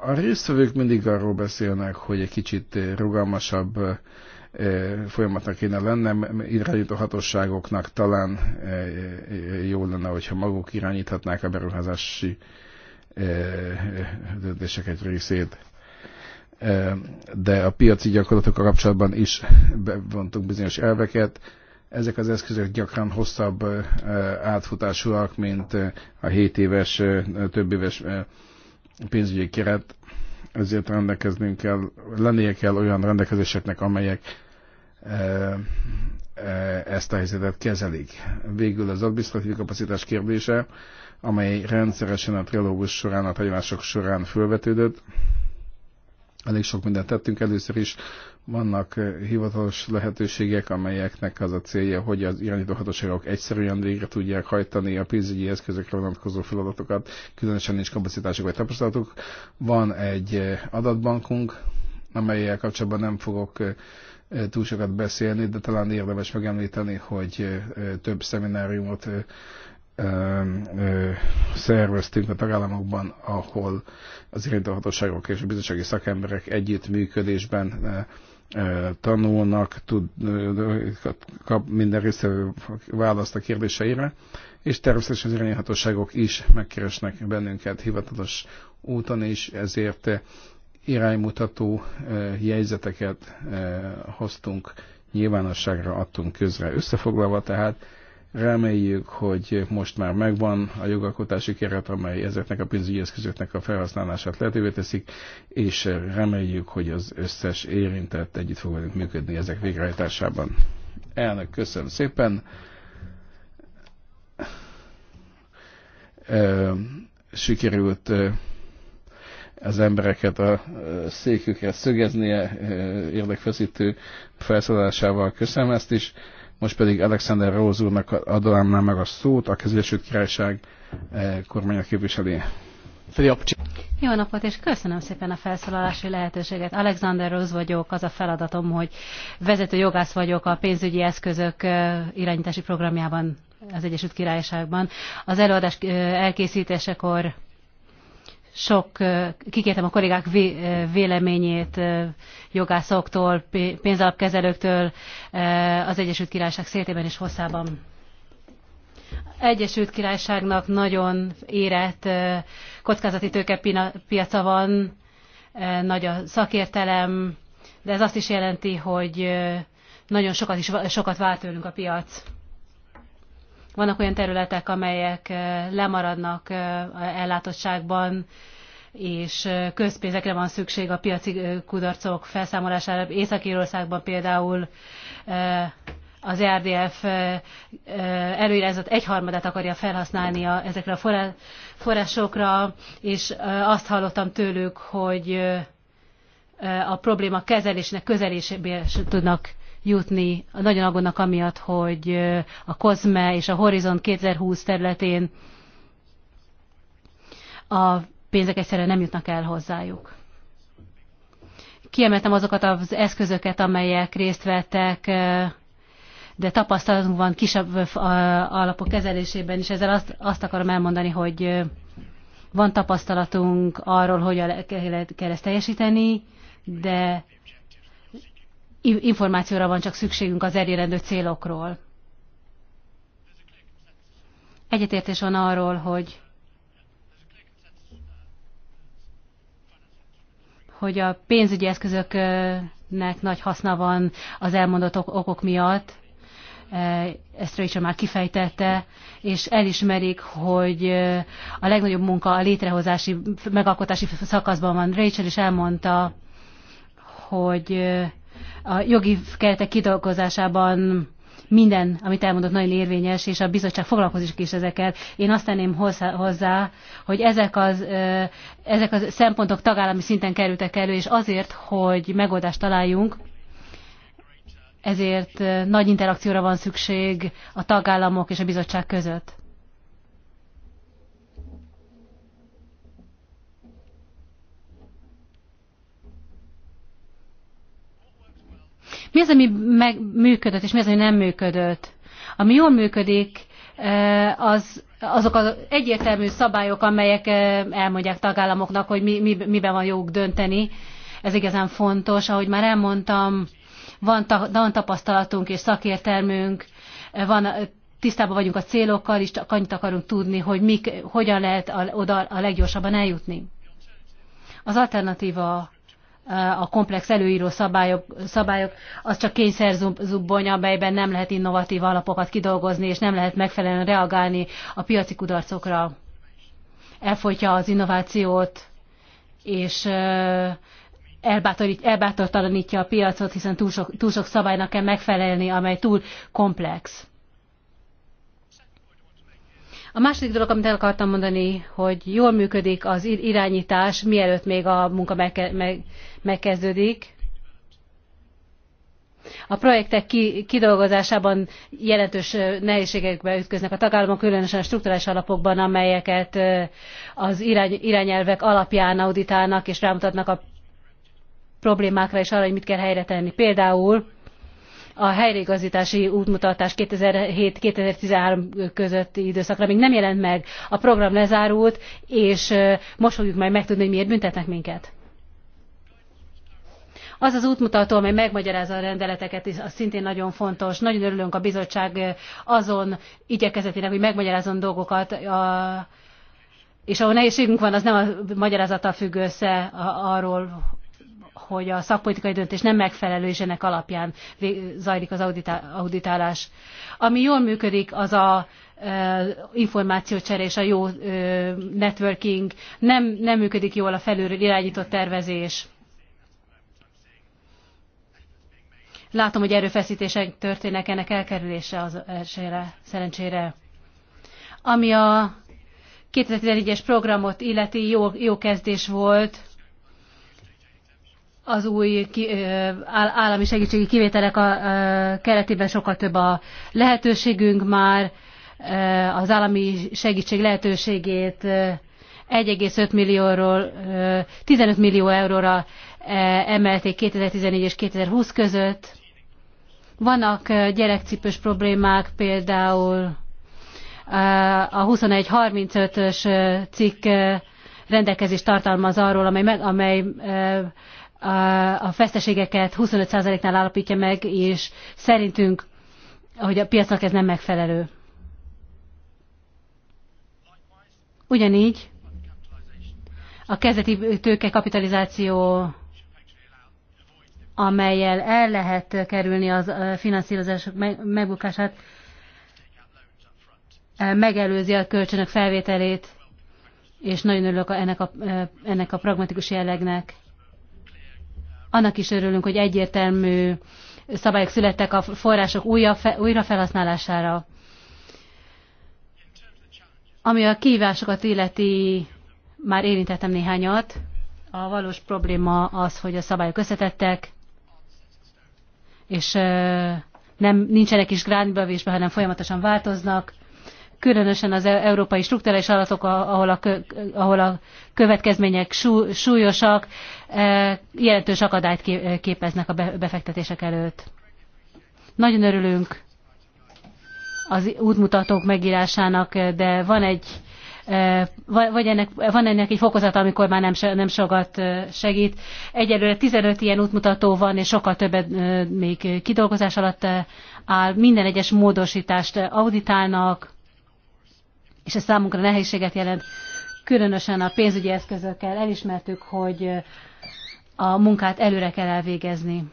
A résztvevők mindig arról beszélnek, hogy egy kicsit rugalmasabb folyamatnak kéne lennem, irányító hatóságoknak talán jó lenne, hogyha maguk irányíthatnák a beruházási döntések egy részét. De a piaci gyakorlatok kapcsolatban is bevontunk bizonyos elveket. Ezek az eszközök gyakran hosszabb átfutásúak, mint a 7 éves, több éves pénzügyi keret, ezért rendelkeznünk kell, lennie kell olyan rendelkezéseknek, amelyek e, e, ezt a helyzetet kezelik. Végül az adminisztratív kapacitás kérdése, amely rendszeresen a trilógus során, a tagyalások során fölvetődött. Elég sok mindent tettünk először is. Vannak eh, hivatalos lehetőségek, amelyeknek az a célja, hogy az irányítóhatóságok egyszerűen végre tudják hajtani a pénzügyi eszközökre vonatkozó feladatokat, különösen nincs kapacitásuk vagy tapasztalatuk. Van egy eh, adatbankunk, amelyel kapcsolatban nem fogok eh, túl sokat beszélni, de talán érdemes megemlíteni, hogy több szemináriumot szerveztünk a tagállamokban, ahol az irányítóhatóságok és a bizottsági szakemberek együttműködésben tanulnak, tud, kap minden része választ a kérdéseire, és természetesen az irányhatóságok is megkeresnek bennünket hivatalos úton, is, ezért iránymutató jegyzeteket hoztunk, nyilvánosságra adtunk közre. Összefoglalva tehát Reméljük, hogy most már megvan a jogalkotási keret, amely ezeknek a pénzügyi eszközöknek a felhasználását lehetővé teszik, és reméljük, hogy az összes érintett együtt fog velünk működni ezek végrehajtásában. Elnök, köszönöm szépen! Sikerült az embereket a székükre szögeznie érdekfeszítő felszólásával. Köszönöm ezt is! Most pedig Alexander Rose úrnak adalámnál meg a szót, a Egyesült Királyság eh, kormánya képviselé.
Jó napot, és köszönöm szépen a felszólalási lehetőséget. Alexander Rose vagyok, az a feladatom, hogy vezető jogász vagyok a pénzügyi eszközök eh, irányítási programjában az Egyesült Királyságban. Az előadás eh, elkészítésekor sok, kikértem a kollégák véleményét jogászoktól, pénzalapkezelőktől az Egyesült Királyság széltében és hosszában. Egyesült Királyságnak nagyon érett kockázati tőkepiaca van, nagy a szakértelem, de ez azt is jelenti, hogy nagyon sokat, is, sokat vár tőlünk a piac. Vannak olyan területek, amelyek eh, lemaradnak eh, ellátottságban, és eh, közpénzekre van szükség a piaci kudarcok felszámolására. Észak-Írországban például az e RDF előirányzat egyharmadát akarja felhasználni ezekre a forrásokra, és azt hallottam tőlük, hogy a probléma kezelésének közelésébe tudnak jutni. Nagyon aggódnak amiatt, hogy a COSME és a Horizon 2020 területén a pénzek egyszerűen nem jutnak el hozzájuk. Kiemeltem azokat az eszközöket, amelyek részt vettek, de tapasztalatunk van kisebb alapok kezelésében is. Ezzel azt, azt akarom elmondani, hogy van tapasztalatunk arról, hogy kell ezt teljesíteni, de információra van csak szükségünk az elérendő célokról. Egyetértés van arról, hogy hogy a pénzügyi eszközöknek nagy haszna van az elmondott okok miatt, e, ezt Rachel már kifejtette, és elismerik, hogy e, a legnagyobb munka a létrehozási, megalkotási szakaszban van. Rachel is elmondta, hogy e, a jogi keretek kidolgozásában minden, amit elmondott, nagyon érvényes, és a bizottság foglalkozik is ezekkel. Én azt tenném hozzá, hogy ezek az, ezek az szempontok tagállami szinten kerültek elő, és azért, hogy megoldást találjunk, ezért nagy interakcióra van szükség a tagállamok és a bizottság között. Mi az, ami meg, működött, és mi az, ami nem működött? Ami jól működik, eh, az, azok az egyértelmű szabályok, amelyek eh, elmondják tagállamoknak, hogy mi, mi, miben van jók dönteni. Ez igazán fontos. Ahogy már elmondtam, van, ta, van tapasztalatunk és szakértelmünk, eh, van tisztában vagyunk a célokkal, és csak annyit akarunk tudni, hogy mik, hogyan lehet a, oda a leggyorsabban eljutni. Az alternatíva a komplex előíró szabályok, szabályok az csak zubbonya, amelyben nem lehet innovatív alapokat kidolgozni, és nem lehet megfelelően reagálni a piaci kudarcokra. Elfolytja az innovációt, és elbátorít, elbátortalanítja a piacot, hiszen túl sok, túl sok szabálynak kell megfelelni, amely túl komplex. A második dolog, amit el akartam mondani, hogy jól működik az irányítás, mielőtt még a munka megke- meg- megkezdődik. A projektek ki- kidolgozásában jelentős nehézségekbe ütköznek a tagállamok, különösen a strukturális alapokban, amelyeket az irány- irányelvek alapján auditálnak és rámutatnak a problémákra és arra, hogy mit kell helyre tenni. Például a helyreigaztási útmutatás 2007-2013 közötti időszakra még nem jelent meg, a program lezárult, és most fogjuk majd megtudni, hogy miért büntetnek minket. Az az útmutató, amely megmagyarázza a rendeleteket, az szintén nagyon fontos. Nagyon örülünk a bizottság azon igyekezetének, hogy megmagyarázzon dolgokat, a, és ahol nehézségünk van, az nem a magyarázattal függ össze a, arról, hogy a szakpolitikai döntés nem megfelelő, és ennek alapján zajlik az auditálás. Ami jól működik, az a információcsere és a jó networking, nem, nem működik jól a felülről irányított tervezés. Látom, hogy erőfeszítések történnek ennek elkerülése az esére, szerencsére. Ami a 2014-es programot illeti jó, jó kezdés volt, az új állami segítségi kivételek a, keretében sokkal több a lehetőségünk már, az állami segítség lehetőségét 1,5 millióról 15 millió euróra emelték 2014 és 2020 között. Vannak gyerekcipős problémák, például a 21 35 ös cikk rendelkezés tartalmaz arról, amely, amely a veszteségeket 25%-nál állapítja meg, és szerintünk, hogy a piacnak ez nem megfelelő. Ugyanígy a kezdeti tőke kapitalizáció, amelyel el lehet kerülni az finanszírozás megbukását, megelőzi a kölcsönök felvételét, és nagyon örülök ennek a, ennek a pragmatikus jellegnek. Annak is örülünk, hogy egyértelmű szabályok születtek a források újrafelhasználására. Ami a kívásokat illeti, már érintettem néhányat. A valós probléma az, hogy a szabályok összetettek, és nem, nincsenek is gránibavésbe, hanem folyamatosan változnak különösen az e- európai strukturális alatok, ahol a, ahol a következmények súlyosak, e, jelentős akadályt képeznek a befektetések előtt. Nagyon örülünk az útmutatók megírásának, de van egy e, vagy ennek, van ennek egy fokozata, amikor már nem, nem sokat segít. Egyelőre 15 ilyen útmutató van, és sokkal többet még kidolgozás alatt áll. Minden egyes módosítást auditálnak, és ez számunkra nehézséget jelent, különösen a pénzügyi eszközökkel elismertük, hogy eh, a munkát előre kell elvégezni.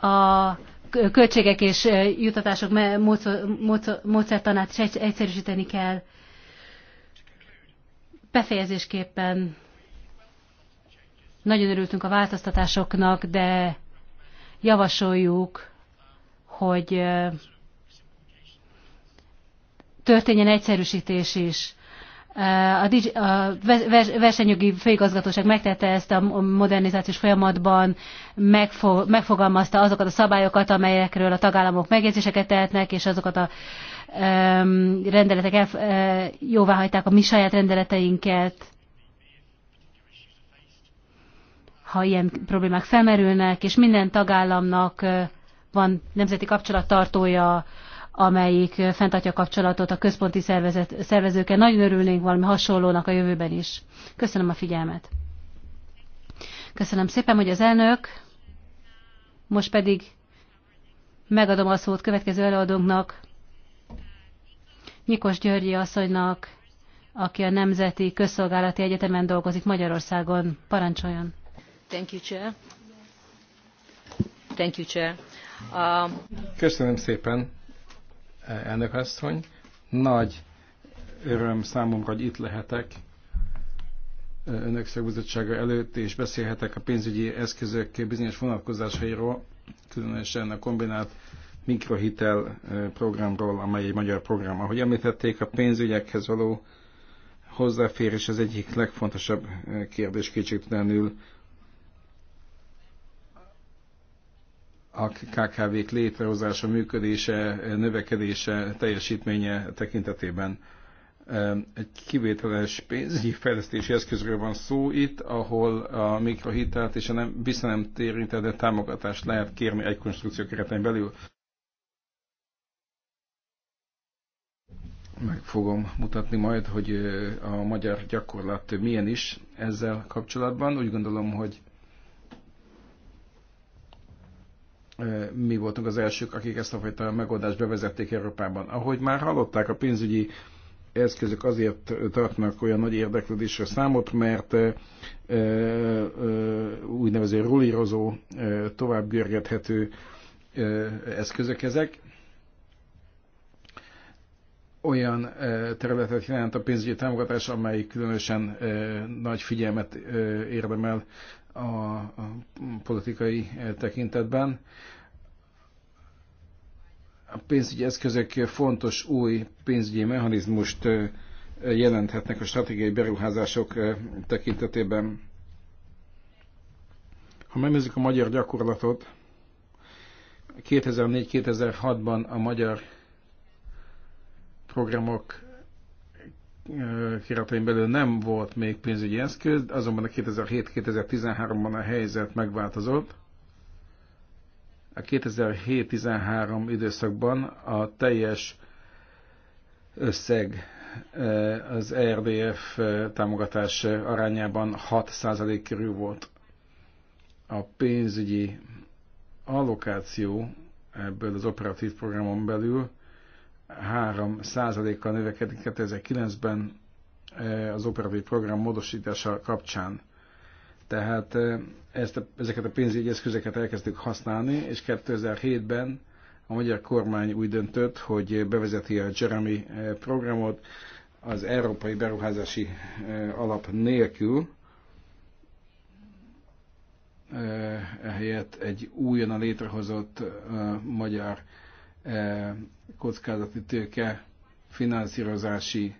A költségek és eh, jutatások módszertanát is egyszerűsíteni kell. Befejezésképpen nagyon örültünk a változtatásoknak, de javasoljuk, hogy eh, történjen egyszerűsítés is. A, a versenyjogi főigazgatóság megtette ezt a modernizációs folyamatban, megfog, megfogalmazta azokat a szabályokat, amelyekről a tagállamok megjegyzéseket tehetnek, és azokat a um, rendeletek el, uh, jóvá hagyták a mi saját rendeleteinket. Ha ilyen problémák felmerülnek, és minden tagállamnak uh, van nemzeti kapcsolattartója, amelyik fenntartja a kapcsolatot a központi szervezet, szervezőkkel. Nagyon örülnénk valami hasonlónak a jövőben is. Köszönöm a figyelmet. Köszönöm szépen, hogy az elnök, most pedig megadom a szót következő előadónknak, Nyikos Györgyi asszonynak, aki a Nemzeti Közszolgálati Egyetemen dolgozik Magyarországon. Parancsoljon! Thank you, Chair. Thank you, Chair. Uh...
Köszönöm szépen! elnök asszony. Nagy öröm számomra, hogy itt lehetek önök szakbizottsága előtt, és beszélhetek a pénzügyi eszközök bizonyos vonatkozásairól, különösen a kombinált mikrohitel programról, amely egy magyar program. Ahogy említették, a pénzügyekhez való hozzáférés az egyik legfontosabb kérdés kétségtelenül a KKV-k létrehozása, működése, növekedése, teljesítménye tekintetében. Egy kivételes pénzügyi fejlesztési eszközről van szó itt, ahol a mikrohitelt és a nem, nem térített támogatást lehet kérni egy konstrukció keretein belül. Meg fogom mutatni majd, hogy a magyar gyakorlat milyen is ezzel kapcsolatban. Úgy gondolom, hogy mi voltunk az elsők, akik ezt a fajta megoldást bevezették Európában. Ahogy már hallották, a pénzügyi eszközök azért tartnak olyan nagy érdeklődésre számot, mert úgynevező rulírozó, tovább görgethető eszközök ezek. Olyan területet jelent a pénzügyi támogatás, amely különösen nagy figyelmet érdemel a politikai eh, tekintetben. A pénzügyi eszközök fontos új pénzügyi mechanizmust eh, jelenthetnek a stratégiai beruházások eh, tekintetében. Ha megnézzük a magyar gyakorlatot, 2004-2006-ban a magyar programok keretein belül nem volt még pénzügyi eszköz, azonban a 2007-2013-ban a helyzet megváltozott. A 2007-13 időszakban a teljes összeg e, az ERDF e, támogatás arányában 6% körül volt. A pénzügyi allokáció ebből az operatív programon belül 3 kal növekedik 2009-ben eh, az operatív program módosítása kapcsán. Tehát eh, ezt a, ezeket a pénzügyi eszközeket elkezdtük használni, és 2007-ben a magyar kormány úgy döntött, hogy bevezeti a Jeremy eh, programot az Európai Beruházási Alap nélkül, ehelyett egy újonnan létrehozott magyar E, kockázati tőke finanszírozási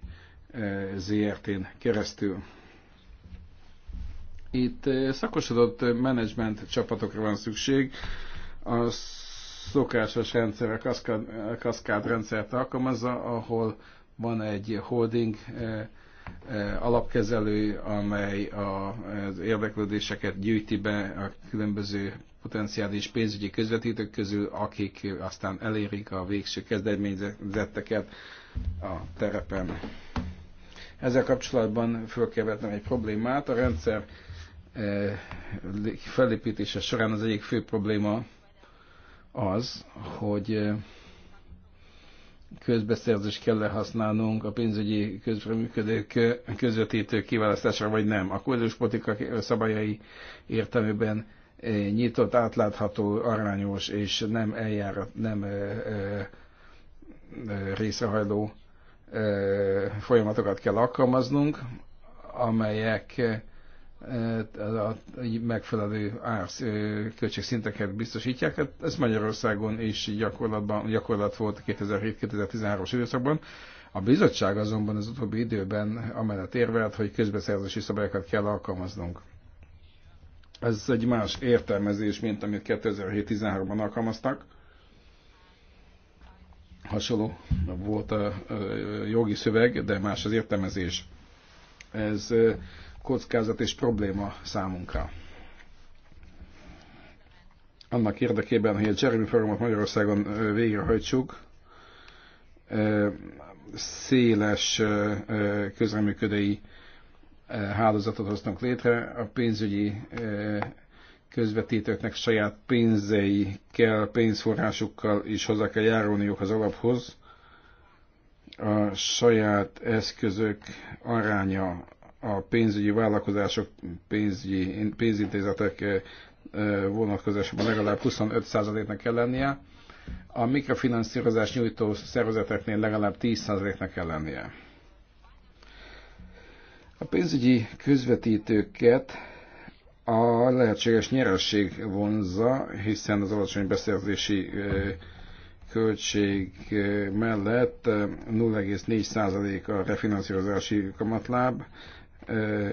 e, ZRT-n keresztül. Itt e, szakosodott menedzsment csapatokra van szükség. A szokásos rendszer, a kaszkád, a kaszkád rendszert alkalmazza, ahol van egy holding alapkezelő, amely az érdeklődéseket gyűjti be a különböző potenciális pénzügyi közvetítők közül, akik aztán elérik a végső kezdeményezetteket a terepen. Ezzel kapcsolatban föl kell egy problémát. A rendszer eh, felépítése során az egyik fő probléma az, hogy eh, közbeszerzést kell használnunk a pénzügyi közreműködők közvetítők kiválasztására, vagy nem. A kohéziós politika szabályai értelmében nyitott, átlátható, arányos és nem eljárat, nem részrehajló folyamatokat kell alkalmaznunk, amelyek a megfelelő ár költségszinteket biztosítják. Hát ez Magyarországon is gyakorlatban, gyakorlat volt 2007 2013 os időszakban. A bizottság azonban az utóbbi időben amellett érvelt, hogy közbeszerzési szabályokat kell alkalmaznunk. Ez egy más értelmezés, mint amit 2007-13-ban alkalmaztak. Hasonló volt a jogi szöveg, de más az értelmezés. Ez kockázat és probléma számunkra annak érdekében, hogy a Jeremy programot Magyarországon végrehajtsuk, széles közreműködői hálózatot hoztunk létre, a pénzügyi közvetítőknek saját pénzeikkel, pénzforrásukkal is hozzá kell járulniuk az alaphoz. A saját eszközök aránya a pénzügyi vállalkozások, pénzügyi, pénzintézetek vonatkozásában legalább 25%-nak kell lennie, a mikrofinanszírozás nyújtó szervezeteknél legalább 10%-nak kell lennie. A pénzügyi közvetítőket a lehetséges nyeresség vonzza, hiszen az alacsony beszerzési költség mellett 0,4% a refinanszírozási kamatláb,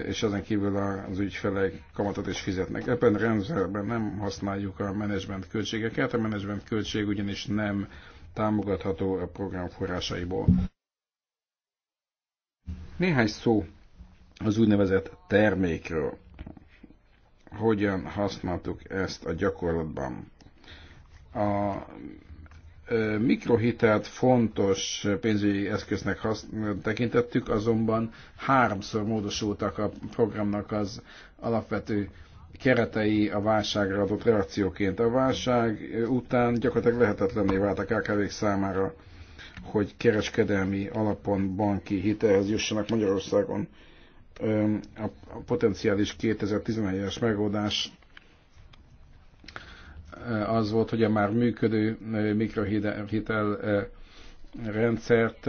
és ezen kívül az ügyfelek kamatot is fizetnek. Ebben rendszerben nem használjuk a menedzsment költségeket, a menedzsment költség ugyanis nem támogatható a program forrásaiból. Néhány szó az úgynevezett termékről. Hogyan használtuk ezt a gyakorlatban? A mikrohitelt fontos pénzügyi eszköznek tekintettük, azonban háromszor módosultak a programnak az alapvető keretei a válságra adott reakcióként. A válság után gyakorlatilag lehetetlenné vált a kkv számára, hogy kereskedelmi alapon banki hitelhez jussanak Magyarországon a potenciális 2011-es megoldás az volt, hogy a már működő mikrohitel rendszert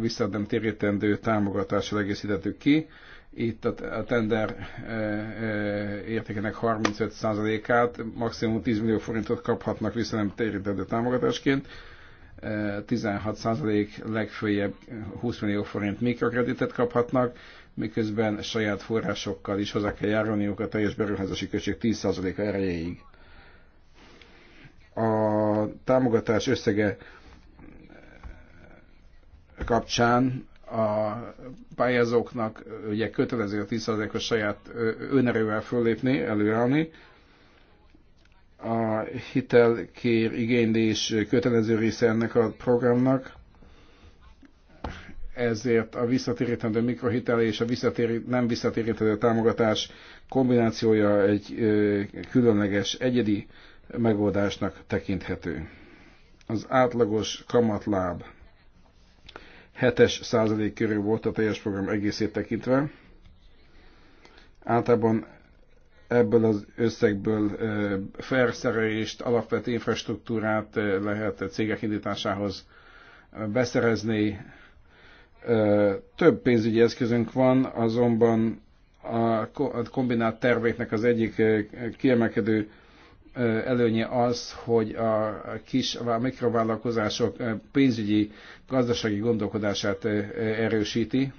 vissza térítendő támogatással egészítettük ki. Itt a tender értékenek 35%-át, maximum 10 millió forintot kaphatnak vissza nem térítendő támogatásként. 16% legfőjebb 20 millió forint mikrokreditet kaphatnak, miközben saját forrásokkal is hozzá kell járulniuk a teljes beruházási költség 10%-a erejéig. A támogatás összege kapcsán a pályázóknak ugye kötelező a 10%-os saját önerővel föllépni, előállni. A hitelkér igénylés kötelező része ennek a programnak ezért a visszatérítendő mikrohitel és a visszatéri, nem visszatérítendő támogatás kombinációja egy különleges, egyedi megoldásnak tekinthető. Az átlagos kamatláb 7-es százalék körül volt a teljes program egészét tekintve. Általában ebből az összegből felszerelést, alapvető infrastruktúrát lehet cégek indításához beszerezni, több pénzügyi eszközünk van, azonban a kombinált tervéknek az egyik kiemelkedő előnye az, hogy a kis a mikrovállalkozások pénzügyi, gazdasági gondolkodását erősíti.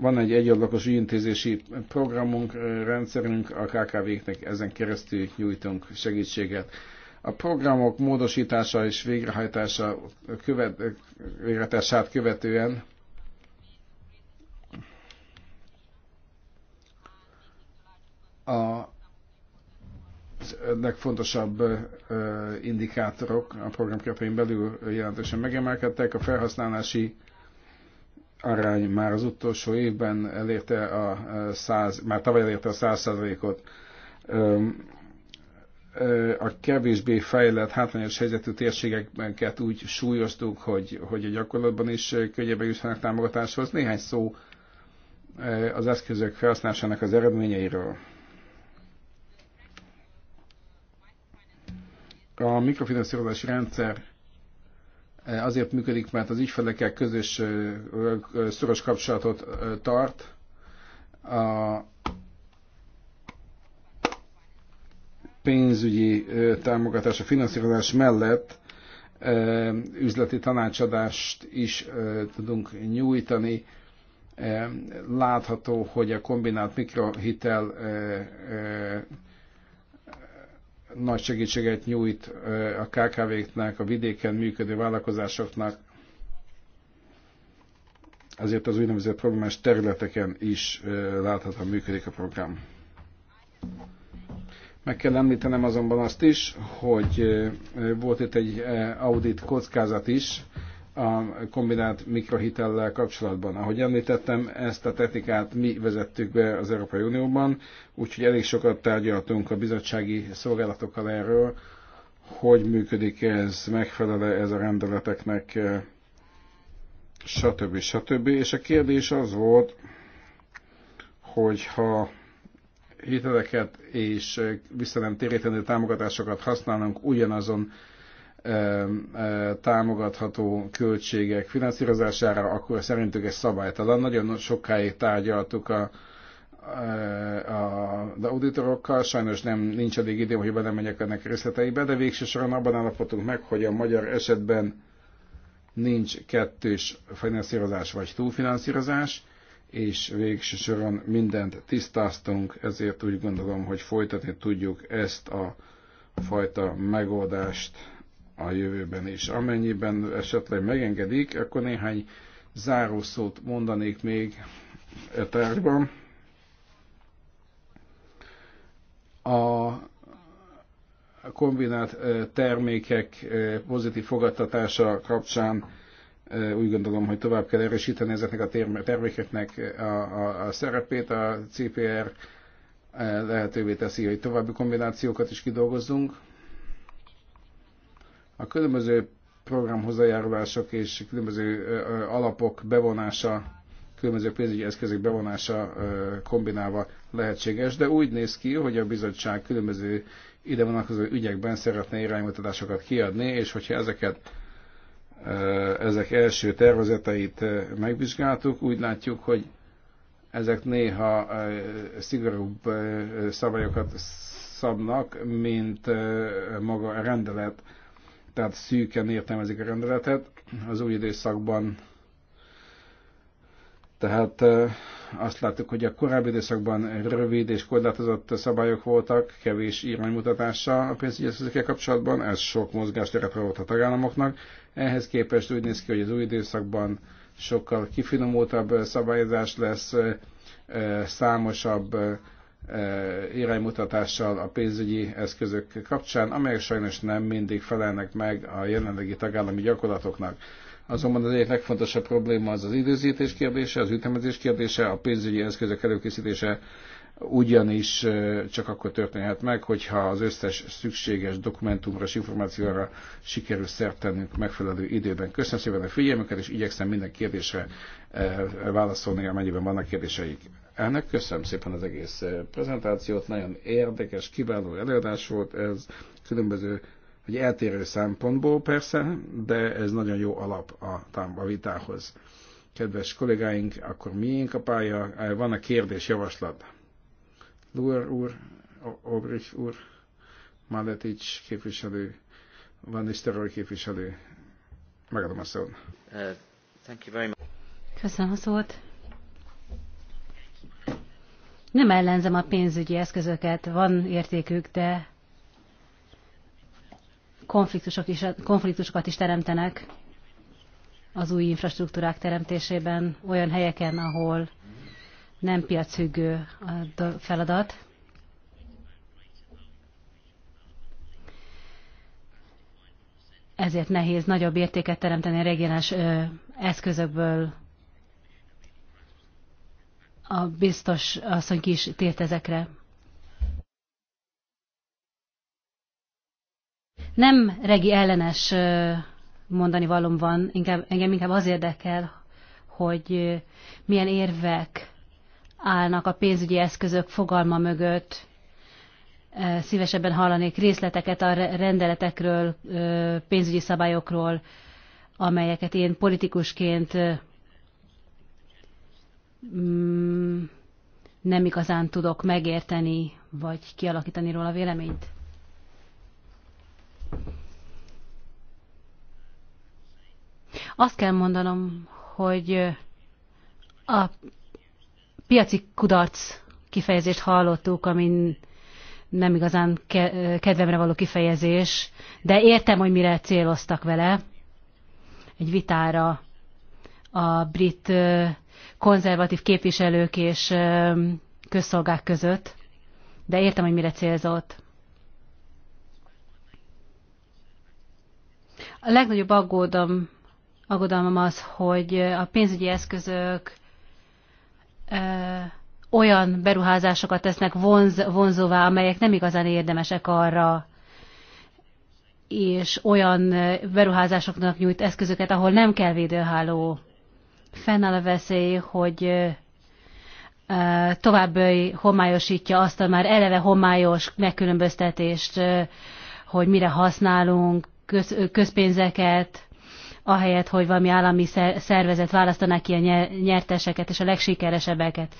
Van egy egyablakos ügyintézési programunk, rendszerünk, a KKV-knek ezen keresztül nyújtunk segítséget. A programok módosítása és végrehajtása követ, végrehajtását követően a legfontosabb indikátorok a programkeretein belül jelentősen megemelkedtek. A felhasználási arány már az utolsó évben elérte a 100, már tavaly elérte a 100%-ot a kevésbé fejlett, hátrányos helyzetű térségeket úgy súlyoztuk, hogy, hogy a gyakorlatban is könnyebben jussanak támogatáshoz. Néhány szó az eszközök felhasználásának az eredményeiről. A mikrofinanszírozási rendszer azért működik, mert az ügyfelekkel közös szoros kapcsolatot tart, a pénzügyi támogatás, a finanszírozás mellett üzleti tanácsadást is tudunk nyújtani. Látható, hogy a kombinált mikrohitel nagy segítséget nyújt a KKV-knek, a vidéken működő vállalkozásoknak, azért az úgynevezett problémás területeken is láthatóan működik a program. Meg kell említenem azonban azt is, hogy volt itt egy audit kockázat is a kombinált mikrohitellel kapcsolatban. Ahogy említettem, ezt a technikát mi vezettük be az Európai Unióban, úgyhogy elég sokat tárgyaltunk a bizottsági szolgálatokkal erről, hogy működik ez, megfelele ez a rendeleteknek, stb. stb. És a kérdés az volt, hogy ha hiteleket és térítendő támogatásokat használunk ugyanazon támogatható költségek finanszírozására, akkor szerintük ez szabálytalan. Nagyon sokáig tárgyaltuk a, a, a auditorokkal, sajnos nem nincs elég idő, hogy belemegyek ennek részleteibe, de végső soron abban állapotunk meg, hogy a magyar esetben nincs kettős finanszírozás vagy túlfinanszírozás, és végső soron mindent tisztáztunk, ezért úgy gondolom, hogy folytatni tudjuk ezt a fajta megoldást a jövőben is. Amennyiben esetleg megengedik, akkor néhány zárószót mondanék még e tárgyban. A kombinált e, termékek e, pozitív fogadtatása kapcsán úgy gondolom, hogy tovább kell erősíteni ezeknek a termékeknek a, a, a szerepét. A CPR lehetővé teszi, hogy további kombinációkat is kidolgozzunk. A különböző programhozajárulások és különböző alapok bevonása, különböző pénzügyi eszközök bevonása kombinálva lehetséges, de úgy néz ki, hogy a bizottság különböző ide vonatkozó ügyekben szeretne iránymutatásokat kiadni, és hogyha ezeket ezek első tervezeteit megvizsgáltuk, úgy látjuk, hogy ezek néha szigorúbb szabályokat szabnak, mint maga a rendelet, tehát szűken értelmezik a rendeletet. Az új időszakban tehát azt láttuk, hogy a korábbi időszakban rövid és korlátozott szabályok voltak, kevés iránymutatással a pénzügyi kapcsolatban, ez sok mozgásteret volt a tagállamoknak, ehhez képest úgy néz ki, hogy az új időszakban sokkal kifinomultabb szabályozás lesz, számosabb iránymutatással a pénzügyi eszközök kapcsán, amelyek sajnos nem mindig felelnek meg a jelenlegi tagállami gyakorlatoknak. Azonban az egyik legfontosabb probléma az az időzítés kérdése, az ütemezés kérdése, a pénzügyi eszközök előkészítése ugyanis csak akkor történhet meg, hogyha az összes szükséges dokumentumra és információra sikerül szert tennünk megfelelő időben. Köszönöm szépen a figyelmüket, és igyekszem minden kérdésre válaszolni, amennyiben vannak kérdéseik. Elnök, köszönöm szépen az egész prezentációt, nagyon érdekes, kiváló előadás volt ez, különböző hogy eltérő szempontból persze, de ez nagyon jó alap a, a vitához. Kedves kollégáink, akkor miénk a pálya? Van a kérdés, javaslat? Luer úr, Obrich úr, Maletics képviselő, Van Nistelrooy képviselő. Megadom a szót.
Uh,
Köszönöm a szót. Nem ellenzem a pénzügyi eszközöket, van értékük, de konfliktusok is, konfliktusokat is teremtenek az új infrastruktúrák teremtésében, olyan helyeken, ahol nem piacfüggő feladat. Ezért nehéz nagyobb értéket teremteni a regionális eszközökből. A biztos asszony ki is tért ezekre. Nem regi ellenes mondani valom van, inkább, engem inkább az érdekel, hogy milyen érvek állnak a pénzügyi eszközök fogalma mögött. Szívesebben hallanék részleteket a rendeletekről, pénzügyi szabályokról, amelyeket én politikusként mm, nem igazán tudok megérteni, vagy kialakítani róla véleményt. Azt kell mondanom, hogy a piaci kudarc kifejezést hallottuk, amin nem igazán ke- kedvemre való kifejezés, de értem, hogy mire céloztak vele. Egy vitára a brit konzervatív képviselők és közszolgák között, de értem, hogy mire célzott. A legnagyobb aggódom, aggodalmam az, hogy a pénzügyi eszközök olyan beruházásokat tesznek vonz, vonzóvá, amelyek nem igazán érdemesek arra, és olyan beruházásoknak nyújt eszközöket, ahol nem kell védőháló. Fennáll a veszély, hogy tovább homályosítja azt a már eleve homályos megkülönböztetést, hogy mire használunk közpénzeket, ahelyett, hogy valami állami szervezet választaná ki a nyerteseket és a legsikeresebbeket,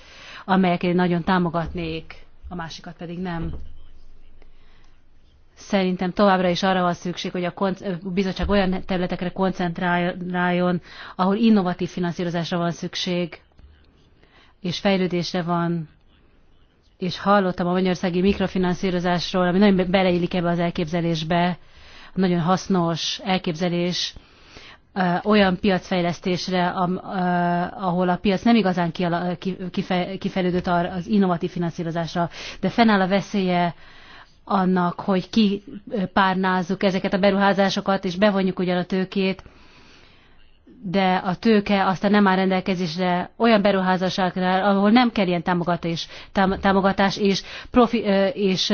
amelyeket nagyon támogatnék, a másikat pedig nem. Szerintem továbbra is arra van szükség, hogy a bizottság olyan területekre koncentráljon, ahol innovatív finanszírozásra van szükség, és fejlődésre van és hallottam a magyarországi mikrofinanszírozásról, ami nagyon beleillik ebbe az elképzelésbe, nagyon hasznos elképzelés, olyan piacfejlesztésre, ahol a piac nem igazán kifejlődött az innovatív finanszírozásra, de fennáll a veszélye annak, hogy kipárnázzuk ezeket a beruházásokat, és bevonjuk ugyan a tőkét, de a tőke aztán nem áll rendelkezésre olyan beruházásokra, ahol nem kell ilyen támogatás, támogatás és, profi, és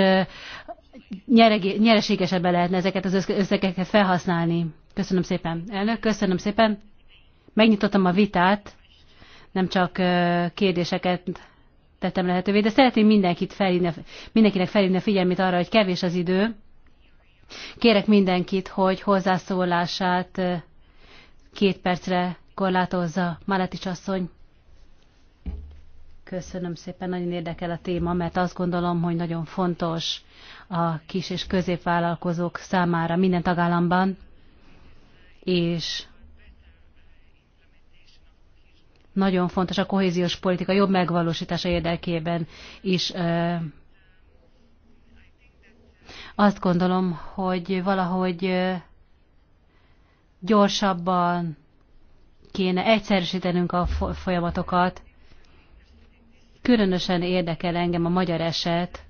nyereségesebben lehetne ezeket az összegeket felhasználni Köszönöm szépen, elnök, köszönöm szépen. Megnyitottam a vitát, nem csak kérdéseket tettem lehetővé, de szeretném mindenkit felhívni, mindenkinek felhívni a figyelmét arra, hogy kevés az idő. Kérek mindenkit, hogy hozzászólását két percre korlátozza Maletics asszony. Köszönöm szépen, nagyon érdekel a téma, mert azt gondolom, hogy nagyon fontos a kis és középvállalkozók számára minden tagállamban és nagyon fontos a kohéziós politika jobb megvalósítása érdekében is. Azt gondolom, hogy valahogy gyorsabban kéne egyszerűsítenünk a folyamatokat. Különösen érdekel engem a magyar eset,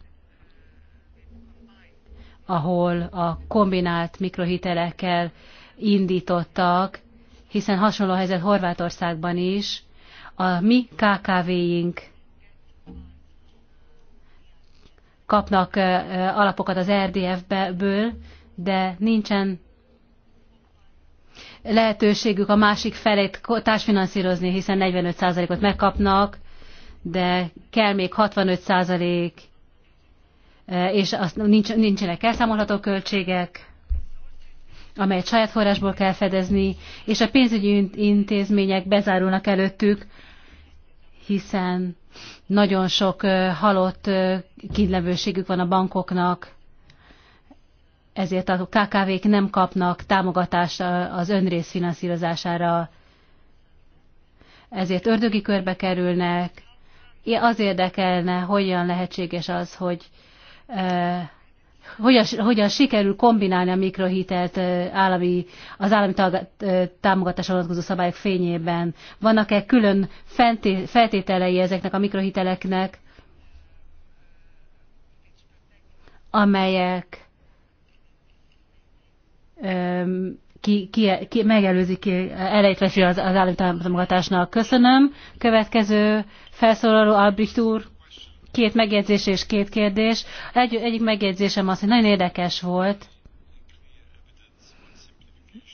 ahol a kombinált mikrohitelekkel indítottak, hiszen hasonló helyzet Horvátországban is. A mi KKV-ink kapnak alapokat az RDF-ből, de nincsen lehetőségük a másik felét társfinanszírozni, hiszen 45%-ot megkapnak, de kell még 65% és azt nincs, nincsenek elszámolható költségek amelyet saját forrásból kell fedezni, és a pénzügyi intézmények bezárulnak előttük, hiszen nagyon sok halott kínlevőségük van a bankoknak, ezért a KKV-k nem kapnak támogatást az önrész finanszírozására, ezért ördögi körbe kerülnek. Az érdekelne, hogyan lehetséges az, hogy hogyan, hogyan sikerül kombinálni a mikrohitelt állami, az állami támogatásra vonatkozó szabályok fényében? Vannak-e külön feltételei ezeknek a mikrohiteleknek, amelyek um, ki, ki, ki megelőzik elejtvesi az, az állami támogatásnak. Köszönöm. Következő felszólaló Albrecht úr. Két megjegyzés és két kérdés. Egy, egyik megjegyzésem az, hogy nagyon érdekes volt,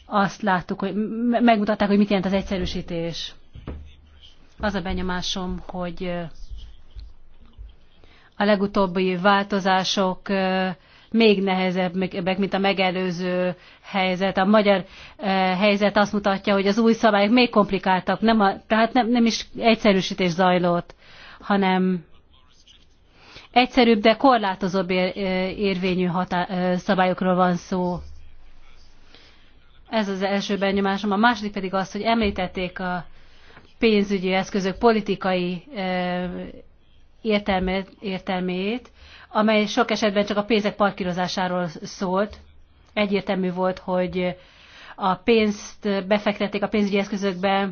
azt láttuk, hogy megmutatták, hogy mit jelent az egyszerűsítés. Az a benyomásom, hogy a legutóbbi változások még nehezebbek, mint a megelőző helyzet. A magyar helyzet azt mutatja, hogy az új szabályok még komplikáltak, nem a, tehát nem, nem is egyszerűsítés zajlott, hanem egyszerűbb, de korlátozóbb érvényű hatá- szabályokról van szó. Ez az első benyomásom. A második pedig az, hogy említették a pénzügyi eszközök politikai értelmét, értelmét, amely sok esetben csak a pénzek parkírozásáról szólt. Egyértelmű volt, hogy a pénzt befektették a pénzügyi eszközökbe,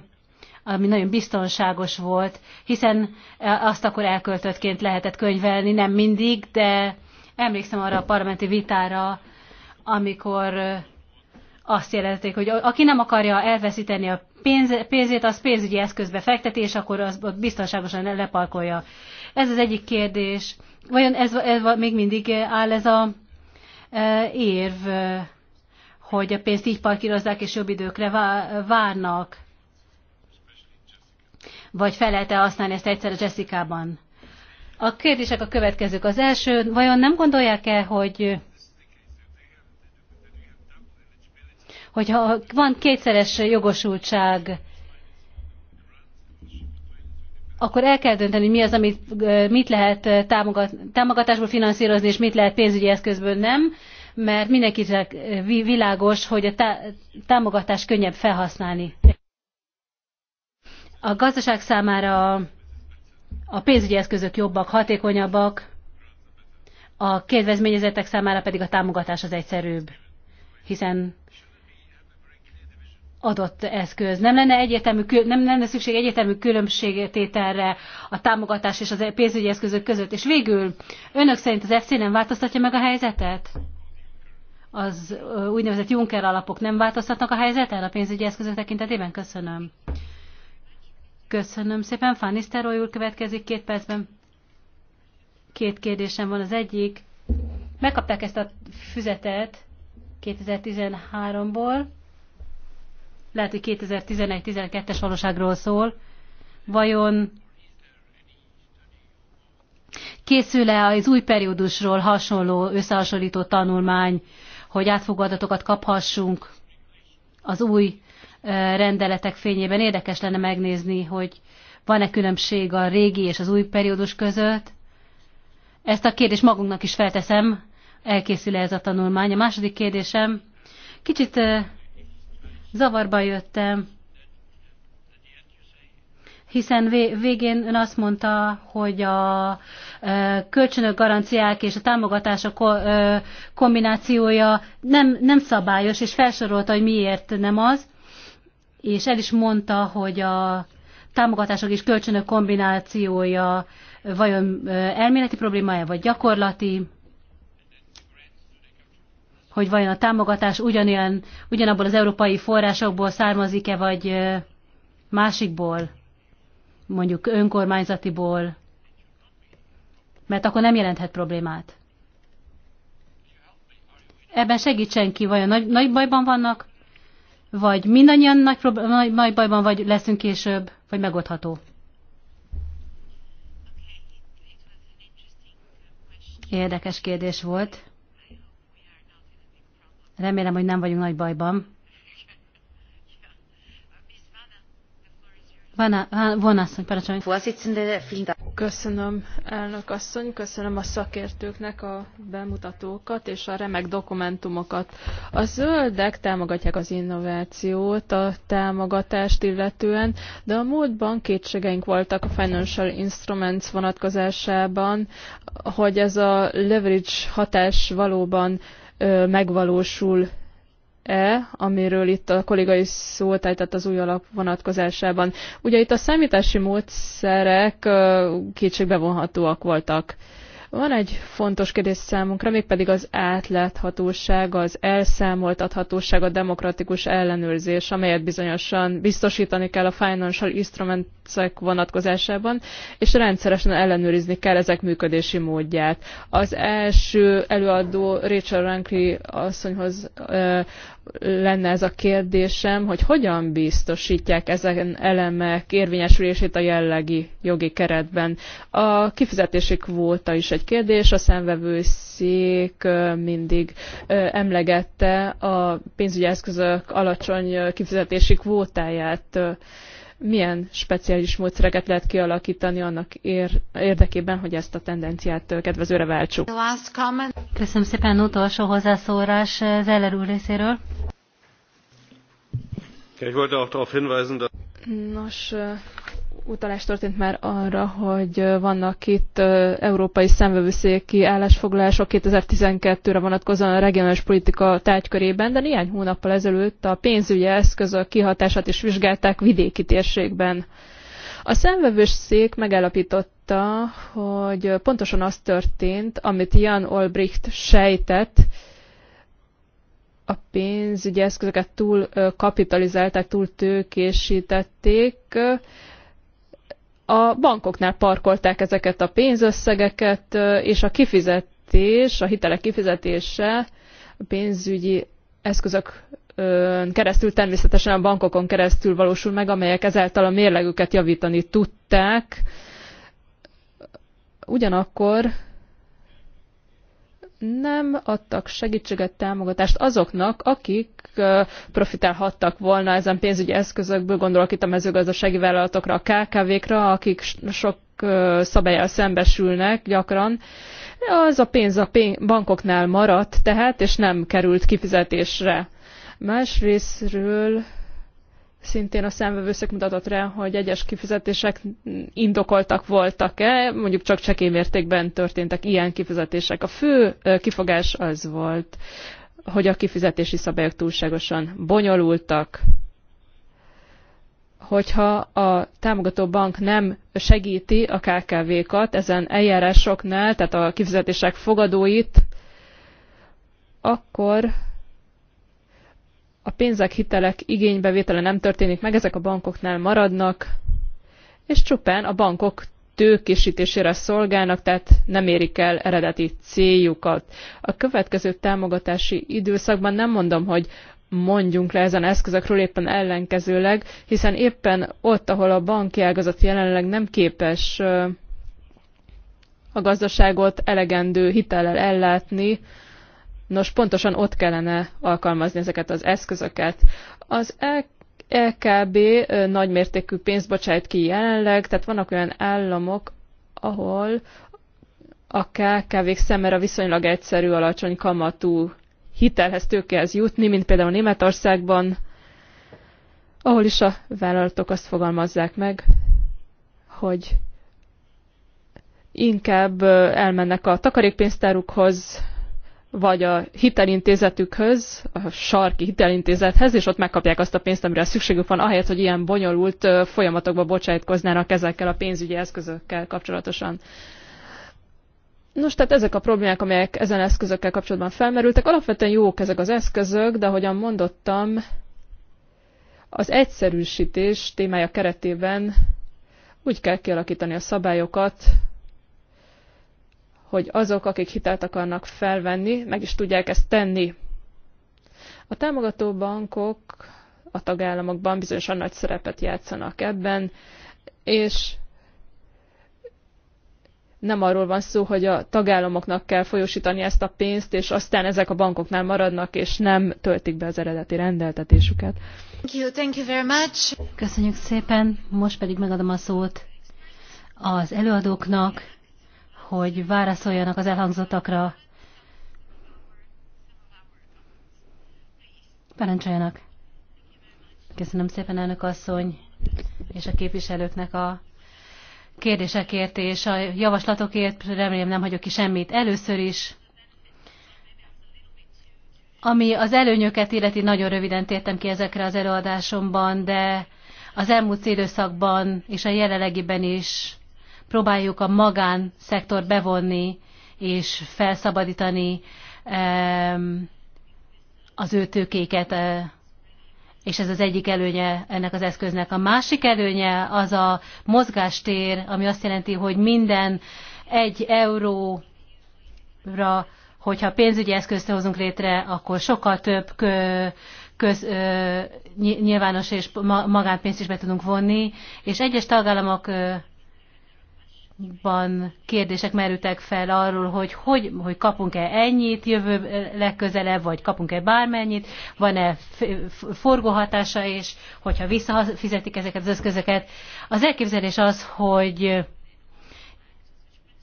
ami nagyon biztonságos volt, hiszen e, azt akkor elköltöttként lehetett könyvelni, nem mindig, de emlékszem arra a parlamenti vitára, amikor e, azt jelezték, hogy aki nem akarja elveszíteni a pénz, pénzét, az pénzügyi eszközbe fekteti, és akkor az biztonságosan leparkolja. Ez az egyik kérdés. Vajon ez, ez még mindig áll ez a e, érv, e, hogy a pénzt így parkírozzák, és jobb időkre várnak? Vagy fel lehet-e használni ezt egyszer a Jessica-ban? A kérdések a következők. Az első, vajon nem gondolják-e, hogy hogyha van kétszeres jogosultság, akkor el kell dönteni, mi az, amit, mit lehet támogat, támogatásból finanszírozni, és mit lehet pénzügyi eszközből nem, mert mindenkinek világos, hogy a támogatást könnyebb felhasználni. A gazdaság számára a pénzügyi eszközök jobbak, hatékonyabbak, a kedvezményezettek számára pedig a támogatás az egyszerűbb, hiszen adott eszköz. Nem lenne, egyértelmű, nem lenne szükség egyértelmű különbségtételre a támogatás és a pénzügyi eszközök között. És végül, önök szerint az FC nem változtatja meg a helyzetet? Az úgynevezett Juncker alapok nem változtatnak a helyzeten a pénzügyi eszközök tekintetében? Köszönöm. Köszönöm szépen. Steroy úr következik két percben. Két kérdésem van. Az egyik, megkapták ezt a füzetet 2013-ból, lehet, hogy 2011-12-es valóságról szól. Vajon készül-e az új periódusról hasonló, összehasonlító tanulmány, hogy átfogó adatokat kaphassunk az új rendeletek fényében érdekes lenne megnézni, hogy van-e különbség a régi és az új periódus között. Ezt a kérdést magunknak is felteszem, elkészül -e ez a tanulmány. A második kérdésem, kicsit zavarba jöttem, hiszen végén ön azt mondta, hogy a kölcsönök, garanciák és a támogatások kombinációja nem, nem szabályos, és felsorolta, hogy miért nem az és el is mondta, hogy a támogatások és kölcsönök kombinációja vajon elméleti problémája, vagy gyakorlati, hogy vajon a támogatás ugyanilyen, ugyanabból az európai forrásokból származik-e, vagy másikból, mondjuk önkormányzatiból, mert akkor nem jelenthet problémát. Ebben segítsen ki, vajon nagy, nagy bajban vannak, vagy mindannyian nagy, nagy, nagy bajban vagy leszünk később, vagy megoldható? Érdekes kérdés volt. Remélem, hogy nem vagyunk nagy bajban.
Köszönöm, elnök asszony, köszönöm a szakértőknek a bemutatókat és a remek dokumentumokat. A zöldek támogatják az innovációt, a támogatást illetően, de a múltban kétségeink voltak a financial instruments vonatkozásában, hogy ez a leverage hatás valóban megvalósul E, amiről itt a kollégai is szólt, tehát az új alap vonatkozásában. Ugye itt a számítási módszerek vonhatóak voltak. Van egy fontos kérdés számunkra, mégpedig az átláthatóság, az elszámoltathatóság, a demokratikus ellenőrzés, amelyet bizonyosan biztosítani kell a financial instruments vonatkozásában, és rendszeresen ellenőrizni kell ezek működési módját. Az első előadó Rachel Rankley asszonyhoz lenne ez a kérdésem, hogy hogyan biztosítják ezen elemek érvényesülését a jellegi jogi keretben. A kifizetési kvóta is egy kérdés, a szemvevőszék mindig emlegette a pénzügyi eszközök alacsony kifizetési kvótáját milyen speciális módszereket lehet kialakítani annak ér-
érdekében, hogy ezt a tendenciát kedvezőre váltsuk. Köszönöm szépen utolsó hozzászólás Zeller úr részéről.
Nos, utalás történt már arra, hogy vannak itt európai szemvevőszéki állásfoglalások 2012-re vonatkozóan a regionális politika tárgykörében, de néhány hónappal ezelőtt a pénzügyi eszközök kihatását is vizsgálták vidéki térségben. A szék megállapította, hogy pontosan az történt, amit Jan Olbricht sejtett, a pénzügyi eszközöket túl kapitalizálták, túl tőkésítették, a bankoknál parkolták ezeket a pénzösszegeket, és a kifizetés, a hitelek kifizetése a pénzügyi eszközök keresztül, természetesen a bankokon keresztül valósul meg, amelyek ezáltal a mérlegüket javítani tudták. Ugyanakkor nem adtak segítséget, támogatást azoknak, akik profitálhattak volna ezen pénzügyi eszközökből, gondolok itt a mezőgazdasági vállalatokra, a KKV-kra, akik sok szabályjal szembesülnek gyakran. Az a pénz a bankoknál maradt tehát, és nem került kifizetésre. Másrésztről szintén a számvevőszök mutatott rá, hogy egyes kifizetések indokoltak voltak-e, mondjuk csak csekémértékben történtek ilyen kifizetések. A fő kifogás az volt, hogy a kifizetési szabályok túlságosan bonyolultak, hogyha a támogató bank nem segíti a KKV-kat ezen eljárásoknál, tehát a kifizetések fogadóit, akkor a pénzek, hitelek igénybevétele nem történik meg, ezek a bankoknál maradnak, és csupán a bankok tőkésítésére szolgálnak, tehát nem érik el eredeti céljukat. A következő támogatási időszakban nem mondom, hogy mondjunk le ezen eszközökről éppen ellenkezőleg, hiszen éppen ott, ahol a banki ágazat jelenleg nem képes a gazdaságot elegendő hitellel ellátni, Nos, pontosan ott kellene alkalmazni ezeket az eszközöket. Az LKB e nagymértékű pénzt bocsájt ki jelenleg, tehát vannak olyan államok, ahol a kkv szemére viszonylag egyszerű, alacsony kamatú hitelhez tőkehez jutni, mint például Németországban, ahol is a vállalatok azt fogalmazzák meg, hogy inkább elmennek a takarékpénztárukhoz, vagy a hitelintézetükhöz, a sarki hitelintézethez, és ott megkapják azt a pénzt, amire szükségük van, ahelyett, hogy ilyen bonyolult folyamatokba bocsájtkoznának ezekkel a pénzügyi eszközökkel kapcsolatosan. Nos, tehát ezek a problémák, amelyek ezen eszközökkel kapcsolatban felmerültek, alapvetően jók ezek az eszközök, de ahogyan mondottam, az egyszerűsítés témája keretében úgy kell kialakítani a szabályokat, hogy azok, akik hitelt akarnak felvenni, meg is tudják ezt tenni. A támogató bankok a tagállamokban bizonyosan nagy szerepet játszanak ebben, és nem arról van szó, hogy a tagállamoknak kell folyósítani ezt a pénzt, és aztán ezek a bankoknál maradnak, és nem töltik be az eredeti rendeltetésüket.
Thank you, thank you very much. Köszönjük szépen, most pedig megadom a szót az előadóknak, hogy válaszoljanak az elhangzottakra. Parancsoljanak. Köszönöm szépen, elnök asszony, és a képviselőknek a kérdésekért és a javaslatokért. Remélem nem hagyok ki semmit. Először is, ami az előnyöket illeti, nagyon röviden tértem ki ezekre az előadásomban, de az elmúlt időszakban és a jelenlegiben is próbáljuk a magánszektort bevonni és felszabadítani az ő tőkéket, e, és ez az egyik előnye ennek az eszköznek. A másik előnye az a mozgástér, ami azt jelenti, hogy minden egy euróra, hogyha pénzügyi eszközt hozunk létre, akkor sokkal több kö, köz, ö, nyilvános és magánpénzt is be tudunk vonni, és egyes tagállamok ö, ban kérdések merültek fel arról, hogy, hogy, hogy kapunk-e ennyit jövő eh, legközelebb, vagy kapunk-e bármennyit, van-e forgóhatása is, hogyha visszafizetik ezeket az eszközöket. Az elképzelés az, hogy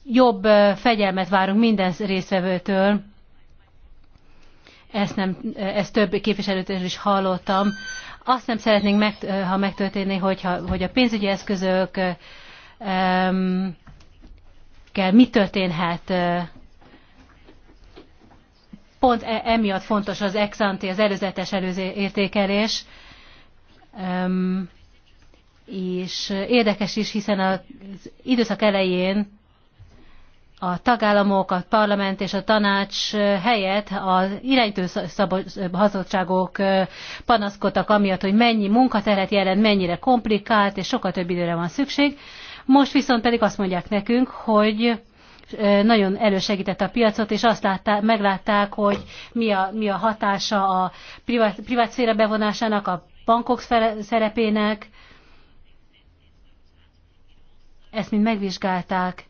jobb eh, fegyelmet várunk minden részvevőtől, ezt, nem, eh, ezt több képviselőtől is hallottam. Azt nem szeretnénk, meg, ha megtörténni, hogyha, hogy a pénzügyi eszközök um, kell, mi történhet. Pont e, emiatt fontos az ex ante, az előzetes előértékelés. És érdekes is, hiszen az időszak elején a tagállamok, a parlament és a tanács helyett az iránytő hazottságok panaszkodtak amiatt, hogy mennyi munkateret jelent, mennyire komplikált, és sokkal több időre van szükség. Most viszont pedig azt mondják nekünk, hogy nagyon elősegítette a piacot, és azt látták, meglátták, hogy mi a, mi a hatása a privát, privát szféra bevonásának, a bankok szerepének. Ezt mind megvizsgálták,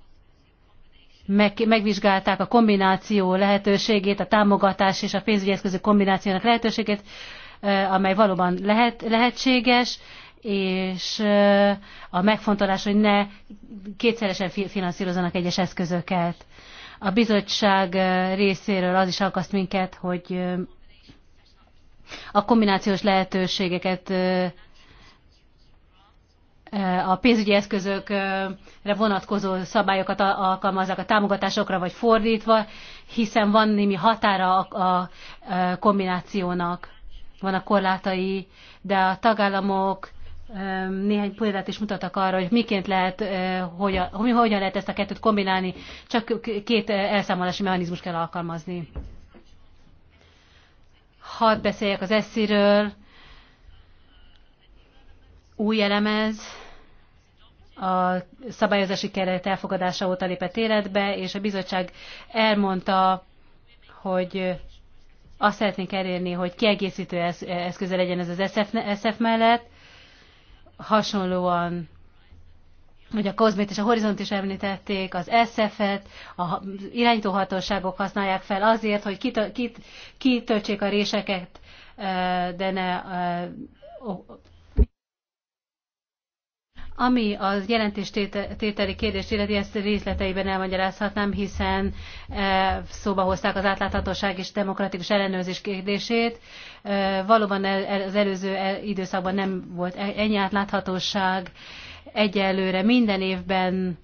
meg, megvizsgálták a kombináció lehetőségét, a támogatás és a pénzügyi eszközök kombinációnak lehetőségét, amely valóban lehet, lehetséges, és a megfontolás, hogy ne kétszeresen finanszírozzanak egyes eszközöket. A bizottság részéről az is akaszt minket, hogy a kombinációs lehetőségeket a pénzügyi eszközökre vonatkozó szabályokat alkalmazzák a támogatásokra, vagy fordítva, hiszen van némi határa a kombinációnak, vannak korlátai, de a tagállamok néhány példát is mutattak arra, hogy miként lehet, eh, hogyan, hogyan lehet ezt a kettőt kombinálni, csak két eh, elszámolási mechanizmus kell alkalmazni. Hadd beszéljek az esziről. Új elemez a szabályozási keret elfogadása óta lépett életbe, és a bizottság elmondta, hogy azt szeretnénk elérni, hogy kiegészítő eszköze legyen ez az SF, SF mellett, hasonlóan hogy a Kozmét és a Horizont is említették, az SF-et, a irányítóhatóságok használják fel azért, hogy kitöltsék a réseket, de ne ami az jelentéstételi kérdést illeti, ezt részleteiben elmagyarázhatnám, hiszen e, szóba hozták az átláthatóság és demokratikus ellenőrzés kérdését. E, valóban az előző e, időszakban nem volt ennyi átláthatóság. Egyelőre minden évben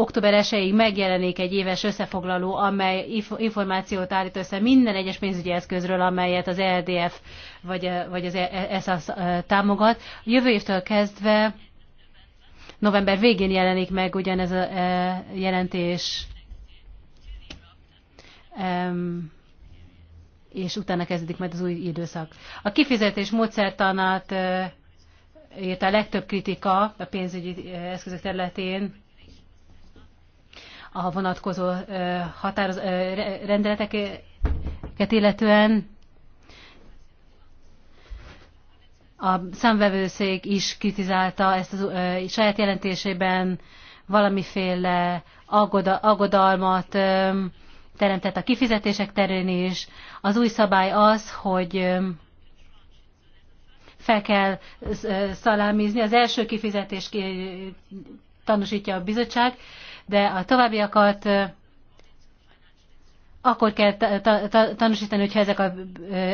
október 1-ig megjelenik egy éves összefoglaló, amely információt állít össze minden egyes pénzügyi eszközről, amelyet az EDF vagy, eh, vagy az ESA e- e eh, támogat. Jövő évtől kezdve november végén jelenik meg ugyanez a eh, jelentés, és utána kezdődik majd az új időszak. A kifizetés módszertanát írt a legtöbb kritika a pénzügyi eszközök területén, a vonatkozó határoz, rendeleteket illetően. A számvevőszék is kritizálta ezt az, saját jelentésében valamiféle aggodalmat teremtett a kifizetések terén is. Az új szabály az, hogy fel kell szalámizni. Az első kifizetés tanúsítja a bizottság, de a továbbiakat akkor kell tanúsítani, hogyha ezek az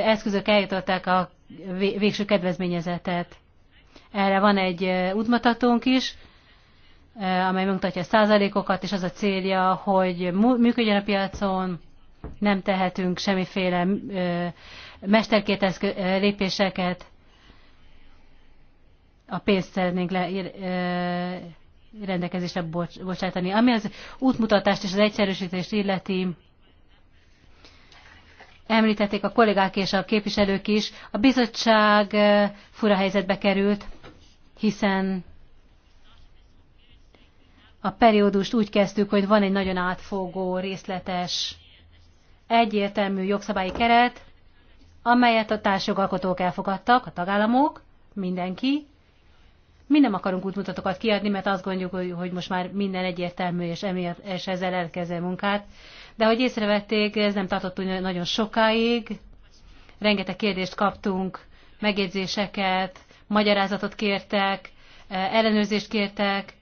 eszközök eljutották a végső kedvezményezetet. Erre van egy útmutatónk is, amely megmutatja a százalékokat, és az a célja, hogy működjön a piacon, nem tehetünk semmiféle mesterkét lépéseket, a pénzt szeretnénk le, rendelkezésre bocsátani. Ami az útmutatást és az egyszerűsítést illeti, említették a kollégák és a képviselők is, a bizottság eh, fura helyzetbe került, hiszen a periódust úgy kezdtük, hogy van egy nagyon átfogó, részletes, egyértelmű jogszabályi keret, amelyet a társjogalkotók elfogadtak, a tagállamok, mindenki, mi nem akarunk útmutatókat kiadni, mert azt gondoljuk, hogy most már minden egyértelmű, és, emiatt, és ezzel elkezdve munkát. De hogy észrevették, ez nem tartott nagyon sokáig. Rengeteg kérdést kaptunk, megjegyzéseket, magyarázatot kértek, eh, ellenőrzést kértek,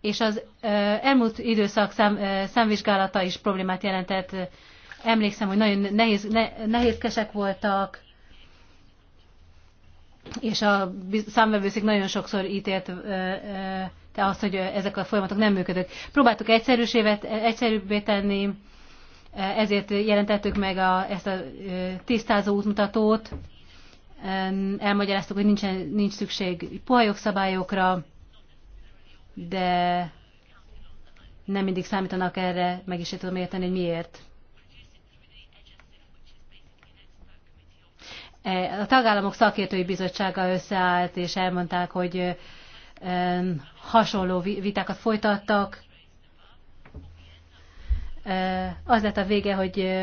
és az eh, elmúlt időszak szám, eh, számvizsgálata is problémát jelentett. Emlékszem, hogy nagyon nehéz, ne, nehézkesek voltak, és a számvevőszék nagyon sokszor ítélt te azt, hogy ezek a folyamatok nem működök. Próbáltuk egyszerűbbé tenni, ezért jelentettük meg a, ezt a tisztázó útmutatót, elmagyaráztuk, hogy nincsen, nincs szükség pohajogszabályokra, szabályokra, de nem mindig számítanak erre, meg is tudom érteni, hogy miért. E, a tagállamok szakértői bizottsága összeállt, és elmondták, hogy e, hasonló vitákat folytattak. E, az lett a vége, hogy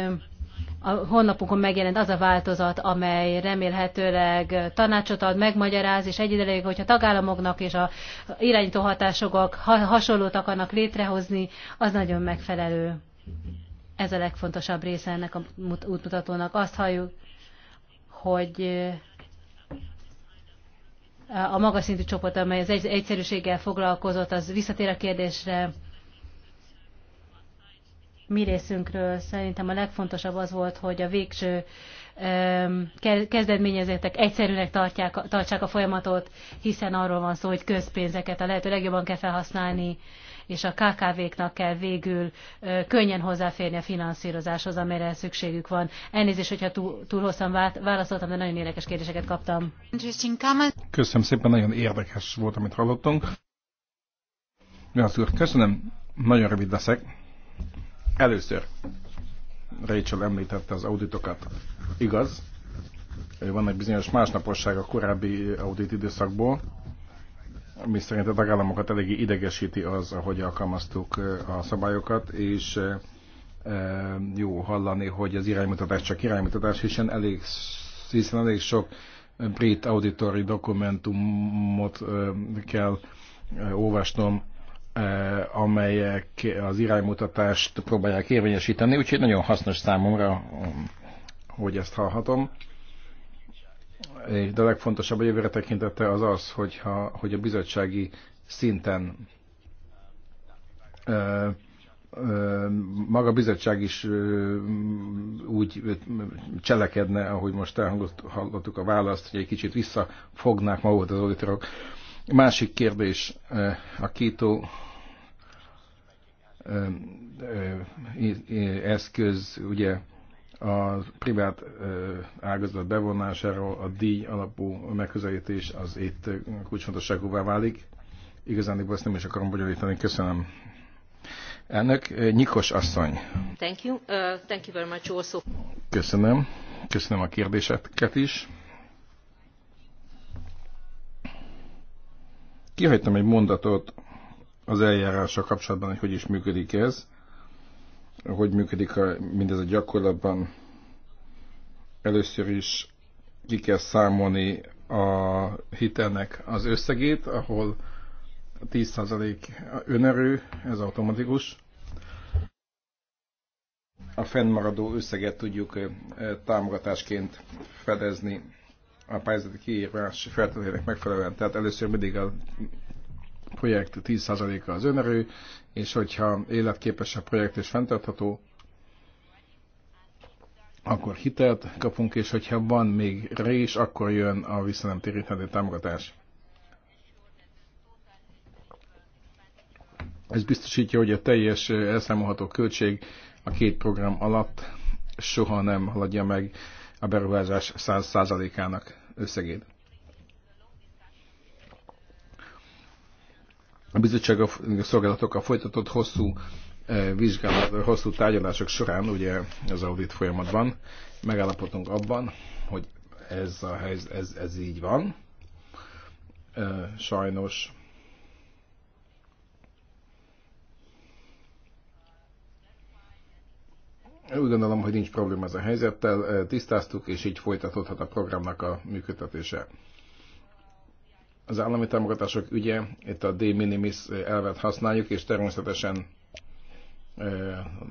a honlapunkon megjelent az a változat, amely remélhetőleg tanácsot ad, megmagyaráz, és egyidejűleg, hogyha tagállamoknak és a irányító hatásokak hasonlót akarnak létrehozni, az nagyon megfelelő. Ez a legfontosabb része ennek a útmutatónak. Azt halljuk, hogy eh, a magas szintű csoport, amely az egyszerűséggel foglalkozott, az visszatér a kérdésre. Mi részünkről szerintem a legfontosabb az volt, hogy a végső kezdeményezetek egyszerűnek tartják, tartsák a folyamatot, hiszen arról van szó, hogy közpénzeket a lehető legjobban kell felhasználni és a KKV-knak kell végül könnyen hozzáférni a finanszírozáshoz, amelyre szükségük van. Elnézést, hogyha túl, túl hosszan válaszoltam, de nagyon érdekes kérdéseket kaptam.
Köszönöm szépen, nagyon érdekes volt, amit hallottunk. úr, köszönöm, nagyon rövid leszek. Először Rachel említette az auditokat. Igaz? Van egy bizonyos másnaposság a korábbi audit időszakból, mi szerint a tagállamokat eléggé idegesíti az, ahogy alkalmaztuk a szabályokat, és jó hallani, hogy az iránymutatás csak iránymutatás, hiszen elég, hiszen elég sok brit auditori dokumentumot kell olvasnom, amelyek az iránymutatást próbálják érvényesíteni, úgyhogy nagyon hasznos számomra, hogy ezt hallhatom de a legfontosabb a jövőre tekintete az az, hogyha, hogy a bizottsági szinten maga a bizottság is úgy cselekedne, ahogy most hallottuk a választ, hogy egy kicsit visszafognák magukat az auditorok. Másik kérdés, a Kito eszköz ugye a privát ágazat bevonásáról a díj alapú megközelítés az itt kulcsfontosságúvá válik. Igazán ezt nem is akarom bonyolítani. Köszönöm. Elnök, Nyikos asszony.
Thank you. Uh, thank you very much also.
Köszönöm. Köszönöm a kérdéseket is. Kihagytam egy mondatot az eljárással kapcsolatban, hogy hogy is működik ez hogy működik a, mindez a gyakorlatban. Először is ki kell számolni a hitelnek az összegét, ahol 10% önerő, ez automatikus. A fennmaradó összeget tudjuk támogatásként fedezni a pályázati kiírás feltételének megfelelően. Tehát először mindig a projekt 10%-a az önerő, és hogyha életképes a projekt és fenntartható, akkor hitelt kapunk, és hogyha van még rés, akkor jön a visszanemtérítendő támogatás. Ez biztosítja, hogy a teljes elszámolható költség a két program alatt soha nem haladja meg a beruházás 100%-ának összegét. A bizottság a szolgálatokkal folytatott hosszú e, vizsgálat, hosszú tárgyalások során, ugye az audit folyamatban megállapodtunk abban, hogy ez, a hely, ez, ez így van. E, sajnos Úgy gondolom, hogy nincs probléma ez a helyzettel, e, tisztáztuk, és így folytatódhat a programnak a működtetése az állami támogatások ügye, itt a de minimis elvet használjuk, és természetesen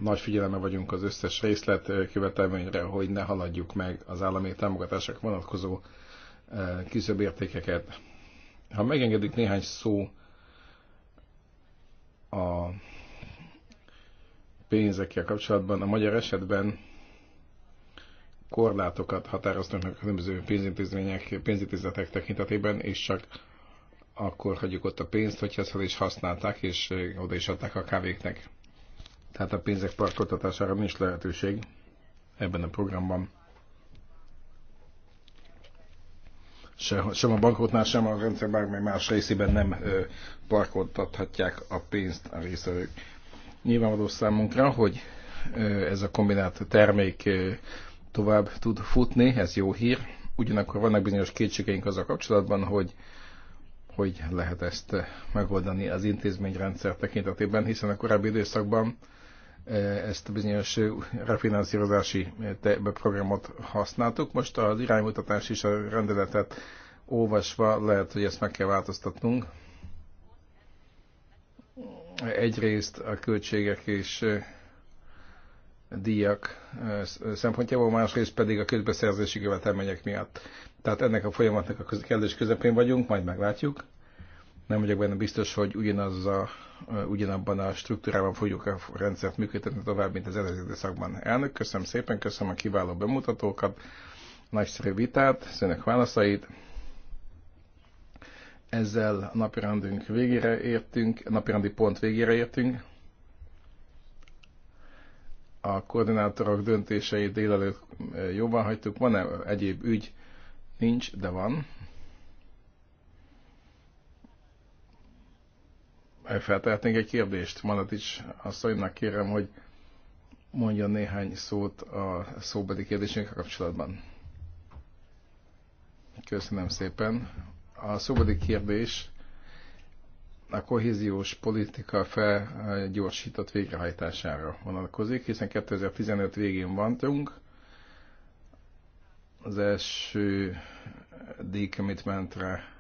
nagy figyelemmel vagyunk az összes részlet követelményre, hogy ne haladjuk meg az állami támogatások vonatkozó értékeket. Ha megengedik néhány szó a pénzekkel kapcsolatban, a magyar esetben korlátokat határoztunk meg a különböző pénzintézmények, pénzintézetek tekintetében, és csak akkor hagyjuk ott a pénzt, hogyha fel is használták, és oda is adták a kávéknek. Tehát a pénzek parkoltatására nincs lehetőség ebben a programban. Se, sem a bankotnál, sem a rendszer bármely más részében nem ö, parkoltathatják a pénzt a részvevők. Nyilvánvaló számunkra, hogy ö, ez a kombinált termék ö, tovább tud futni, ez jó hír. Ugyanakkor vannak bizonyos kétségeink az a kapcsolatban, hogy hogy lehet ezt eh, megoldani az intézményrendszer tekintetében, hiszen a korábbi időszakban eh, ezt a bizonyos eh, refinanszírozási programot használtuk. Most az iránymutatás is a rendeletet olvasva lehet, hogy ezt meg kell változtatnunk. Egyrészt a költségek és díjak szempontjából, másrészt pedig a közbeszerzési követelmények miatt. Tehát ennek a folyamatnak a kellős közepén vagyunk, majd meglátjuk. Nem vagyok benne biztos, hogy ugyanaz a, ugyanabban a struktúrában fogjuk a rendszert működtetni tovább, mint az előző időszakban. Elnök, köszönöm szépen, köszönöm a kiváló bemutatókat, nagyszerű vitát, szönök válaszait. Ezzel a napirendünk végére értünk, a napirendi pont végére értünk a koordinátorok döntéseit délelőtt jóvá hagytuk. Van-e egyéb ügy, Nincs, de van. Feltehetnénk egy kérdést. Malatics asszonynak kérem, hogy mondjon néhány szót a szóbeli kérdésünkkel kapcsolatban. Köszönöm szépen. A szóbeli kérdés a kohéziós politika felgyorsított végrehajtására vonatkozik, hiszen 2015 végén vantunk, az első decommitmentre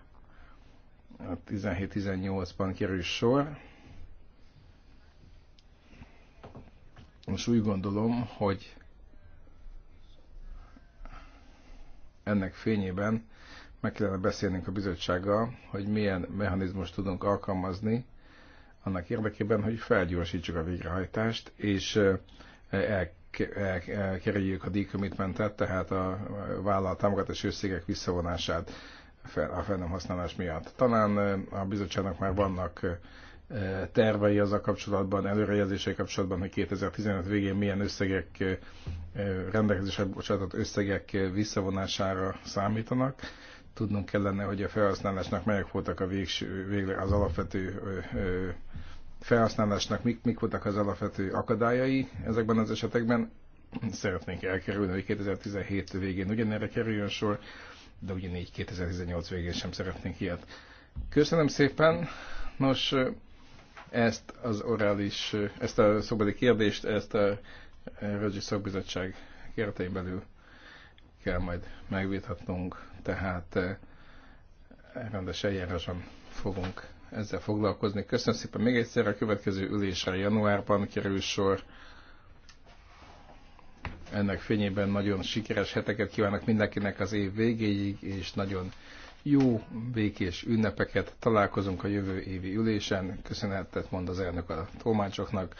17-18-ban kerül sor. Most úgy gondolom, hogy ennek fényében meg kellene beszélnünk a bizottsággal, hogy milyen mechanizmust tudunk alkalmazni annak érdekében, hogy felgyorsítsuk a végrehajtást, és eh, el kerüljük a decommitmentet, tehát a vállalat támogatási összegek visszavonását a fel használás miatt. Talán a bizottságnak már vannak tervei a kapcsolatban, előrejelzései kapcsolatban, hogy 2015 végén milyen összegek, rendelkezésre bocsátott összegek visszavonására számítanak. Tudnunk kellene, hogy a felhasználásnak melyek voltak a végső, végre az alapvető felhasználásnak mik, mik voltak az alapvető akadályai ezekben az esetekben. Szeretnénk elkerülni, hogy 2017 végén ugyanerre kerüljön sor, de ugyanígy 2018 végén sem szeretnénk ilyet. Köszönöm szépen! Nos, ezt az orális, ezt a szobeli kérdést, ezt a Rögyi Szakbizottság keretein belül kell majd megvitatnunk, tehát eh, rendes eljárásban fogunk ezzel foglalkozni. Köszönöm szépen még egyszer, a következő ülésre januárban kerül sor. Ennek fényében nagyon sikeres heteket kívánok mindenkinek az év végéig, és nagyon jó, békés ünnepeket. Találkozunk a jövő évi ülésen. Köszönetet mond az elnök a tolmácsoknak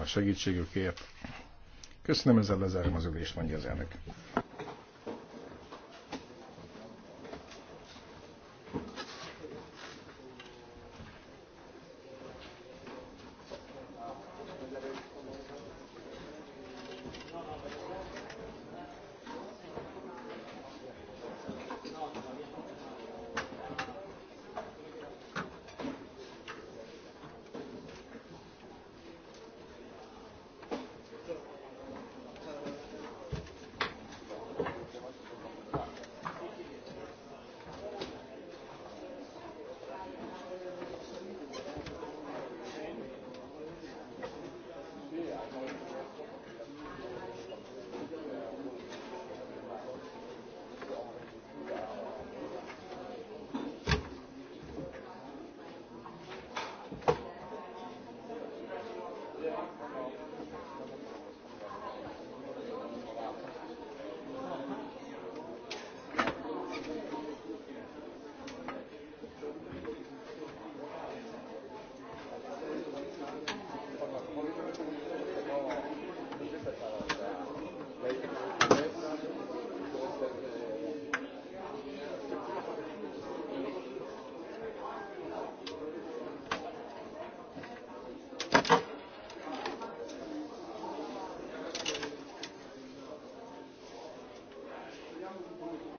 a segítségükért. Köszönöm, ezzel lezárom az ülést, mondja az elnök.